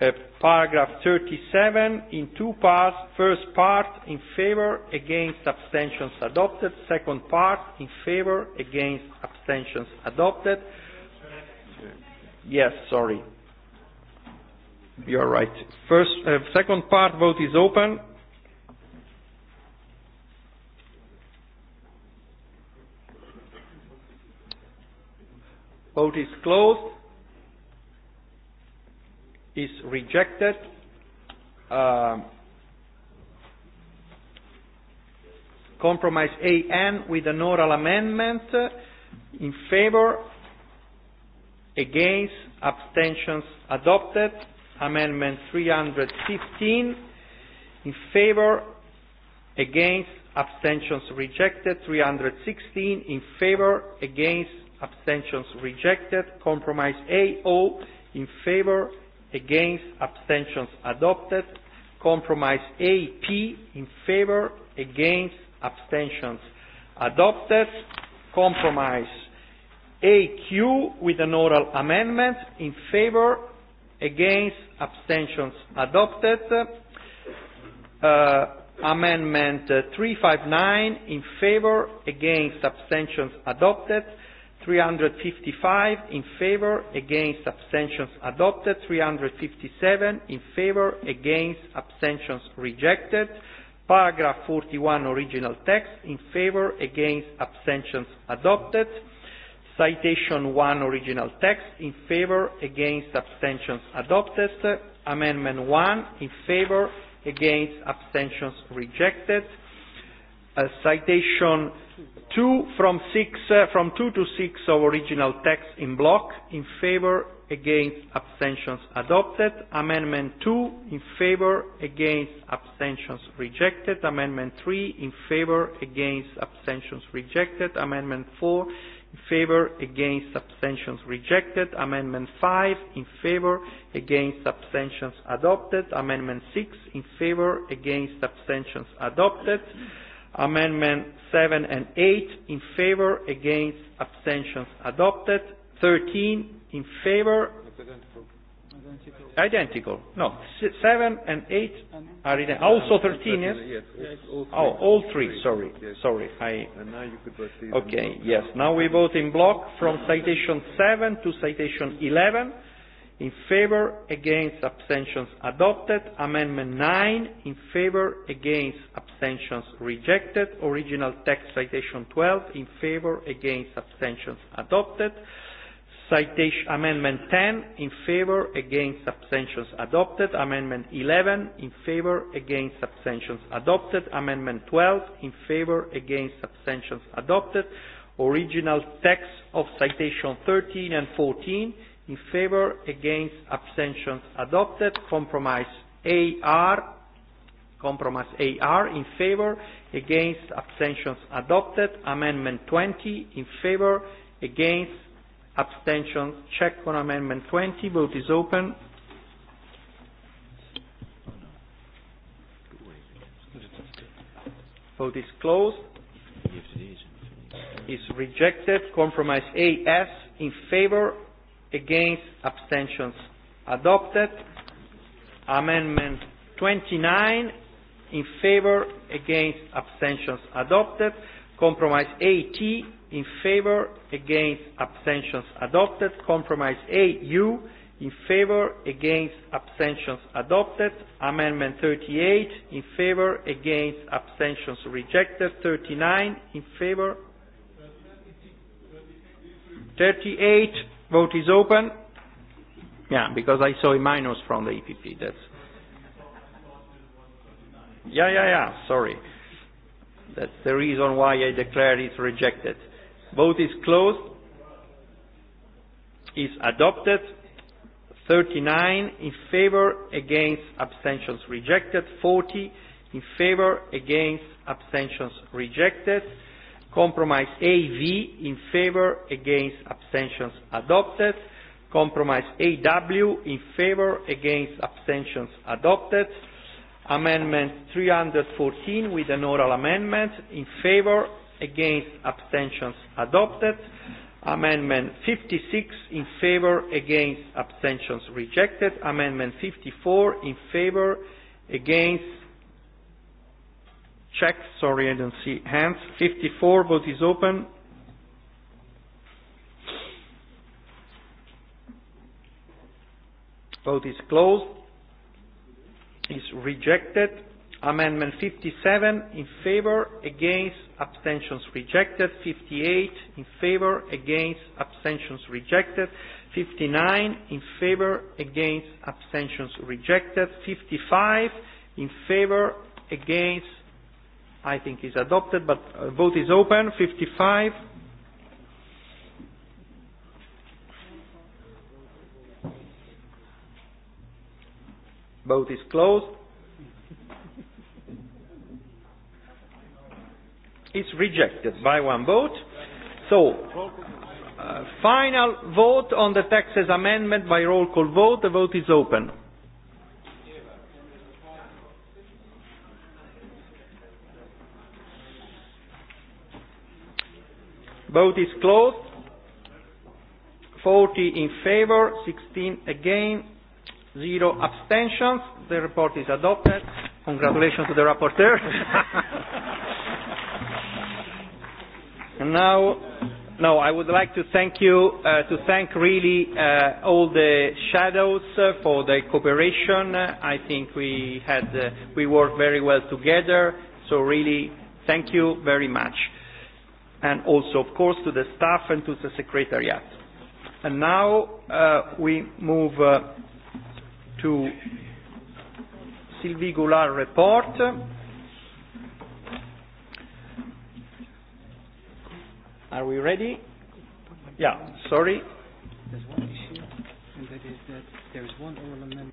Uh, paragraph 37 in two parts. First part in favor, against, abstentions adopted. Second part in favor, against, abstentions adopted. Yes, sorry. You're right. First, uh, second part vote is open. Vote is closed. Is rejected. Um, compromise AN with an oral amendment in favor, against, abstentions adopted. Amendment 315 in favor, against, abstentions rejected. 316 in favor, against, abstentions rejected. Compromise AO in favor, against, abstentions adopted. Compromise AP in favor, against, abstentions adopted. Compromise AQ with an oral amendment in favor, against, abstentions adopted. Uh, amendment uh, 359 in favor, against, abstentions adopted. 355 in favor, against abstentions adopted. 357 in favor, against abstentions rejected. Paragraph 41 original text in favor, against abstentions adopted. Citation 1 original text in favor, against abstentions adopted. Amendment 1 in favor, against abstentions rejected. A citation two from six uh, from two to six of original text in block in favor against abstentions adopted amendment two in favor against abstentions rejected amendment three in favor against abstentions rejected amendment four in favor against abstentions rejected amendment five in favor against abstentions adopted amendment six in favor against abstentions adopted Amendment 7 and 8 in favor, against, abstentions adopted. 13 in favor. Identical. Identical. No, 7 and 8 are identical. Also 13, yes? yes all Oh, all three, sorry. Yes. Sorry. I... And now you could Okay, yes. Now we vote in block from citation 7 to citation 11 in favor against abstentions adopted amendment 9 in favor against abstentions rejected original text citation 12 in favor against abstentions adopted citation amendment 10 in favor against abstentions adopted amendment 11 in favor against abstentions adopted amendment 12 in favor against abstentions adopted original text of citation 13 and 14 in favor, against, abstentions adopted. Compromise AR, compromise AR in favor, against, abstentions adopted. Amendment 20 in favor, against, abstentions. Check on Amendment 20. Vote is open. Vote is closed. Is rejected. Compromise AS in favor, against abstentions adopted amendment 29 in favor against abstentions adopted compromise 80 in favor against abstentions adopted compromise AU in favor against abstentions adopted amendment 38 in favor against abstentions rejected 39 in favor 38 Vote is open. Yeah, because I saw a minus from the EPP. That's. Yeah, yeah, yeah. Sorry. That's the reason why I declare it rejected. Vote is closed. Is adopted. 39 in favor, against, abstentions rejected. 40 in favor, against, abstentions rejected. Compromise AV in favor against abstentions adopted. Compromise AW in favor against abstentions adopted. Amendment 314 with an oral amendment in favor against abstentions adopted. Amendment 56 in favor against abstentions rejected. Amendment 54 in favor against Check. Sorry, I don't see hands. 54. Vote is open. Vote is closed. Is rejected. Amendment 57 in favor, against, abstentions rejected. 58 in favor, against, abstentions rejected. 59 in favor, against, abstentions rejected. 55 in favor, against, i think is adopted, but uh, vote is open. 55. Vote is closed. It's rejected by one vote. So, uh, final vote on the taxes amendment by roll call vote. The vote is open. Vote is closed. 40 in favor, 16 again, zero abstentions. The report is adopted. Congratulations to the rapporteur. and now, no, I would like to thank you, uh, to thank really uh, all the shadows uh, for the cooperation. Uh, I think we had, uh, we worked very well together. So really, thank you very much and also, of course, to the staff and to the secretariat. And now uh, we move uh, to Sylvie Goulard report. Are we ready? Yeah, sorry. There's one issue, and that is that there is one oral amendment.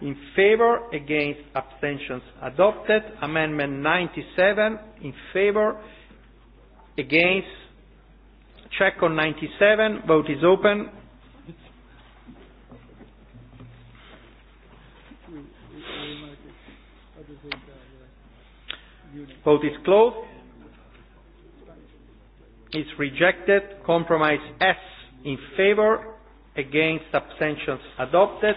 in favor, against abstentions adopted. Amendment 97 in favor, against. Check on 97. Vote is open. Vote is closed. It's rejected. Compromise S in favor, against abstentions adopted.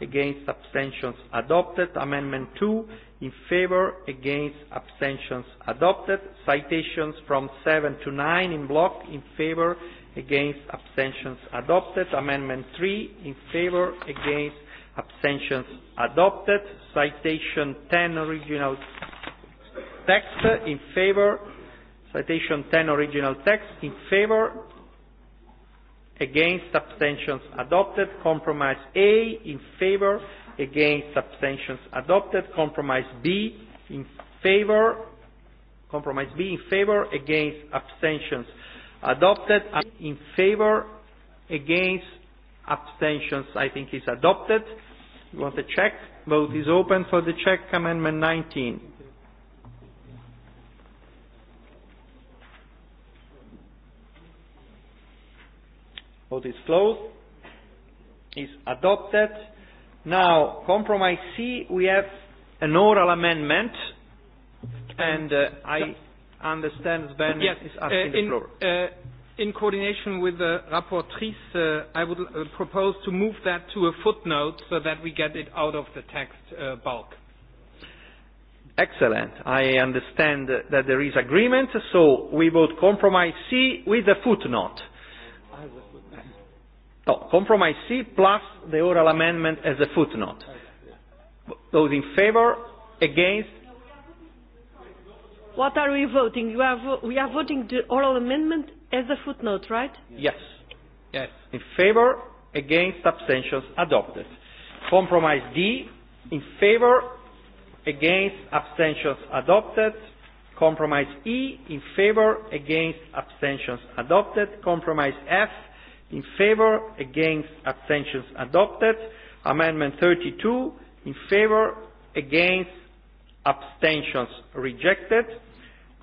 against abstentions adopted. Amendment 2 in favor, against abstentions adopted. Citations from 7 to 9 in block in favor, against abstentions adopted. Amendment 3 in favor, against abstentions adopted. Citation 10 original text in favor. Citation 10 original text in favor, against abstentions adopted compromise A in favor against abstentions adopted compromise B in favor compromise B in favor against abstentions adopted in favor against abstentions I think is adopted you want to check vote is open for the check amendment 19 Vote is closed. Is adopted. Now, compromise C, we have an oral amendment, and uh, I understand Sven yes, is asking uh, in, the floor. Uh, in coordination with the rapporteur uh, I would uh, propose to move that to a footnote so that we get it out of the text uh, bulk. Excellent. I understand that there is agreement, so we vote compromise C with a footnote. No compromise C plus the oral amendment as a footnote. Those in favor, against? What are we voting? You are vo we are voting the oral amendment as a footnote, right? Yes. Yes. In favor, against, abstentions, adopted. Compromise D, in favor, against, abstentions, adopted. Compromise E, in favor, against, abstentions, adopted. Compromise F, in favour against abstentions adopted amendment 32 in favour against abstentions rejected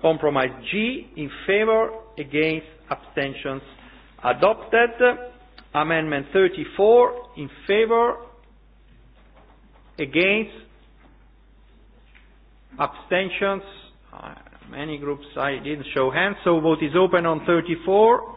compromise G in favour against abstentions adopted amendment 34 in favour against abstentions uh, many groups I didn't show hands so vote is open on 34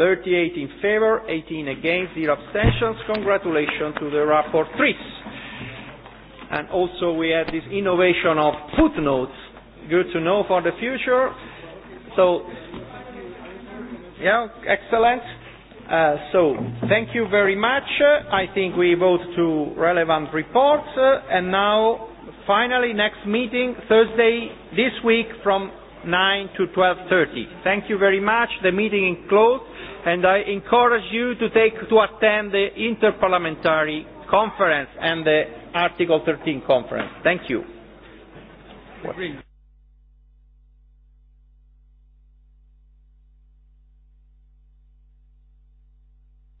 38 in favor, 18 against, zero abstentions. Congratulations to the rapporteurs. And also we had this innovation of footnotes. Good to know for the future. So, yeah, excellent. Uh, so, thank you very much. Uh, I think we vote to relevant reports. Uh, and now, finally, next meeting, Thursday this week from 9 to 12.30. Thank you very much. The meeting is closed and I encourage you to take to attend the Interparliamentary Conference and the Article 13 Conference. Thank you.